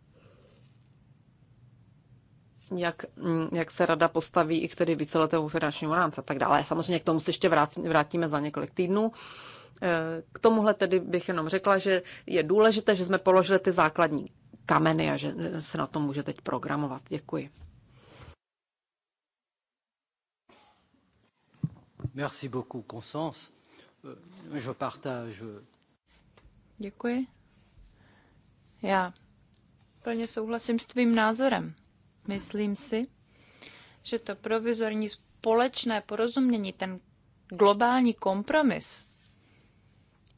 A: jak, mm, jak se rada postaví i k tedy víceletému finančnímu rámci a tak dále. Samozřejmě k tomu se ještě vrátíme za několik týdnů. K tomuhle tedy bych jenom řekla, že je důležité, že jsme položili ty základní kameny a že se na tom může teď programovat. Děkuji. Merci beaucoup, Constance. Euh, je partage.
C: Děkuji. Já plně souhlasím s tvým názorem. Myslím si, že to provizorní společné porozumění, ten globální kompromis,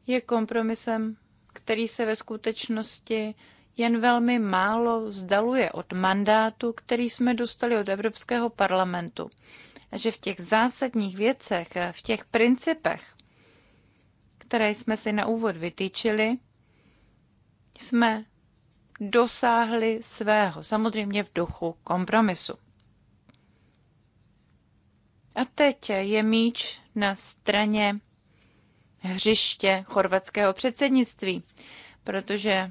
C: je kompromisem, který se ve skutečnosti jen velmi málo vzdaluje od mandátu, který jsme dostali od Evropského parlamentu. A že v těch zásadních věcech, v těch principech, které jsme si na úvod vytýčili, jsme dosáhli svého, samozřejmě v duchu kompromisu. A teď je míč na straně hřiště chorvatského předsednictví, protože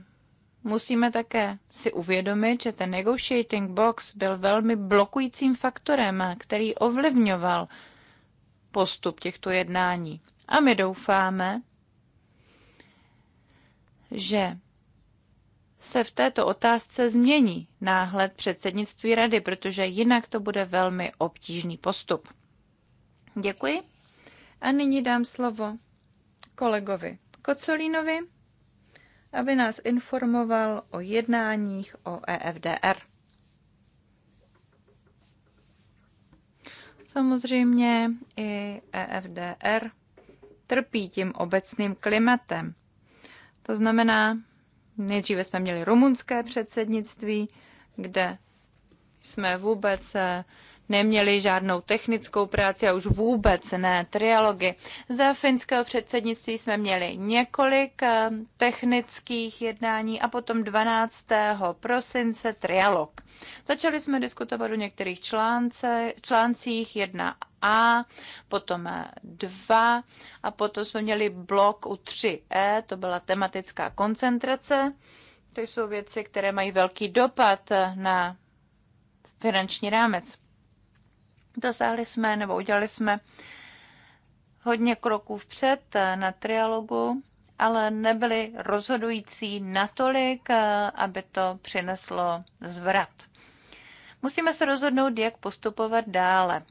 C: musíme také si uvědomit, že ten negotiating box byl velmi blokujícím faktorem, který ovlivňoval postup těchto jednání. A my doufáme, že se v této otázce změní náhled předsednictví rady, protože jinak to bude velmi obtížný postup. Děkuji. A nyní dám slovo kolegovi Kocolínovi aby nás informoval o jednáních o EFDR. Samozřejmě i EFDR trpí tím obecným klimatem. To znamená, nejdříve jsme měli rumunské předsednictví, kde jsme vůbec eh, neměli žádnou technickou práci a už vůbec ne trialogy. Za finského předsednictví jsme měli několik eh, technických jednání a potom 12. prosince trialog. Začali jsme diskutovat o některých článce, článcích 1a, potom 2 a potom jsme měli blok u 3e, to byla tematická koncentrace. To jsou věci, které mají velký dopad na finanční rámec. Dosáhli jsme nebo udělali jsme hodně kroků vpřed eh, na trialogu, ale nebyly rozhodující natolik, eh, aby to přineslo zvrat. Musíme se rozhodnout, jak postupovat dále.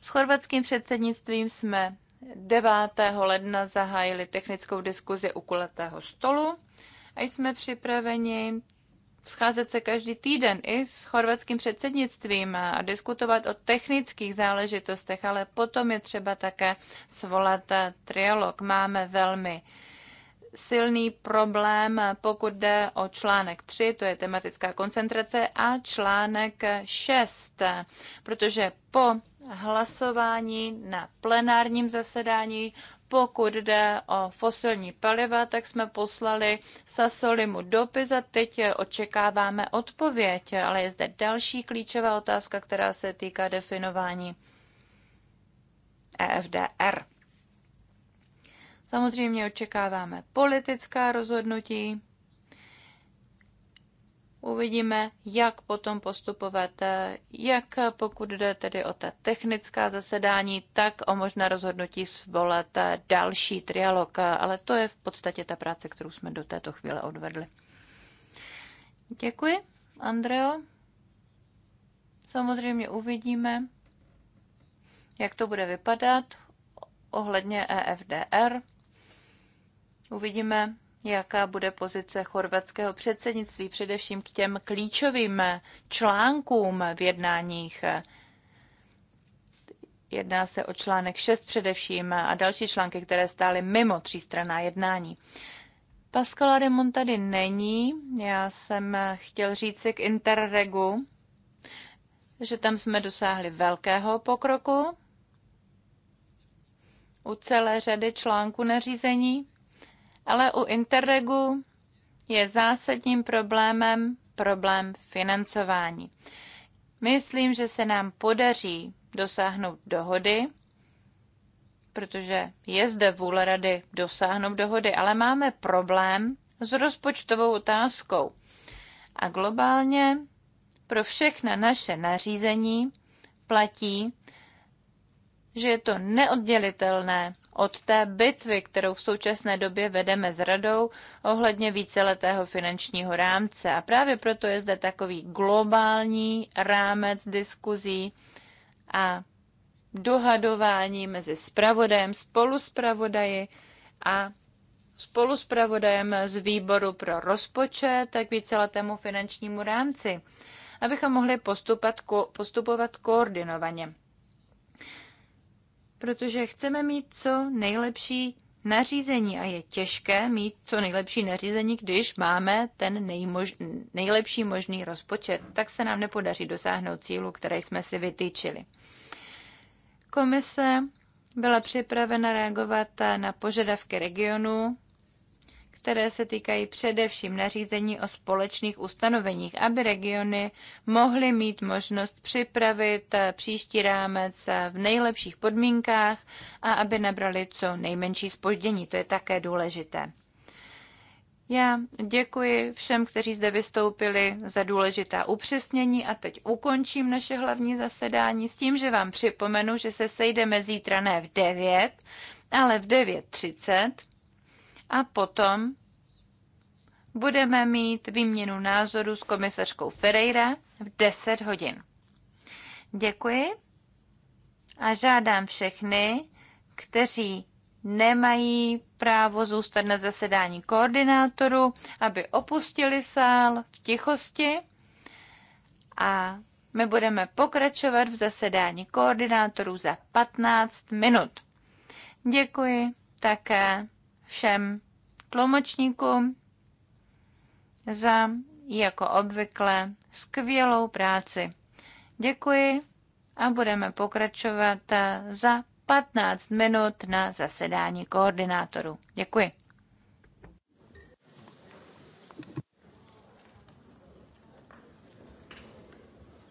C: S chorvatským předsednictvím jsme 9. ledna zahájili technickou diskuzi u kulatého stolu a jsme připraveni scházet se každý týden i s chorvatským předsednictvím a diskutovat o technických záležitostech, ale potom je třeba také svolat eh, trialog. Máme velmi silný problém, eh, pokud jde o článek 3, to je tematická koncentrace, a článek 6, eh, protože po hlasování na plenárním zasedání pokud jde o fosilní paliva, tak jsme poslali Sasolimu dopis a teď očekáváme odpověď, ale je zde další klíčová otázka, která se týká definování EFDR. Samozřejmě očekáváme politická rozhodnutí, uvidíme, jak potom postupovat, eh, jak pokud jde tedy o ta technická zasedání, tak o možná rozhodnutí svolat eh, další trialog, ale to je v podstatě ta práce, kterou jsme do této chvíle odvedli. Děkuji, Andreo. Samozřejmě uvidíme, jak to bude vypadat ohledně EFDR. Uvidíme, jaká bude pozice chorvatského předsednictví, především k těm klíčovým článkům v jednáních. Jedná se o článek 6 především a další články, které stály mimo třístraná jednání. Pascal Remon tady není. Já jsem chtěl říci k Interregu, že tam jsme dosáhli velkého pokroku u celé řady článků nařízení ale u Interregu je zásadním problémem problém financování. Myslím, že se nám podaří dosáhnout dohody, protože je zde vůle rady dosáhnout dohody, ale máme problém s rozpočtovou otázkou. A globálně pro všechna naše nařízení platí, že je to neoddělitelné od té bitvy, kterou v současné době vedeme s radou ohledně víceletého finančního rámce. A právě proto je zde takový globální rámec diskuzí a dohadování mezi spravodajem, spoluspravodaji a spoluspravodajem z výboru pro rozpočet tak víceletému finančnímu rámci, abychom mohli postupovat, postupovat koordinovaně protože chceme mít co nejlepší nařízení a je těžké mít co nejlepší nařízení, když máme ten nejmož, nejlepší možný rozpočet, tak se nám nepodaří dosáhnout cílu, které jsme si vytýčili. Komise byla připravena reagovat na požadavky regionu které se týkají především nařízení o společných ustanoveních, aby regiony mohly mít možnost připravit eh, příští rámec eh, v nejlepších podmínkách a aby nabrali co nejmenší spoždění. To je také důležité. Já děkuji všem, kteří zde vystoupili za důležitá upřesnění a teď ukončím naše hlavní zasedání s tím, že vám připomenu, že se sejdeme zítra ne v 9, ale v 9.30 a potom budeme mít výměnu názoru s komisařkou Ferreira v 10 hodin. Děkuji a žádám všechny, kteří nemají právo zůstat na zasedání koordinátoru, aby opustili sál v tichosti a my budeme pokračovat v zasedání koordinátorů za 15 minut. Děkuji také všem tlumočníkům za, jako obvykle, skvělou práci. Děkuji a budeme pokračovat za 15 minut na zasedání koordinátorů. Děkuji.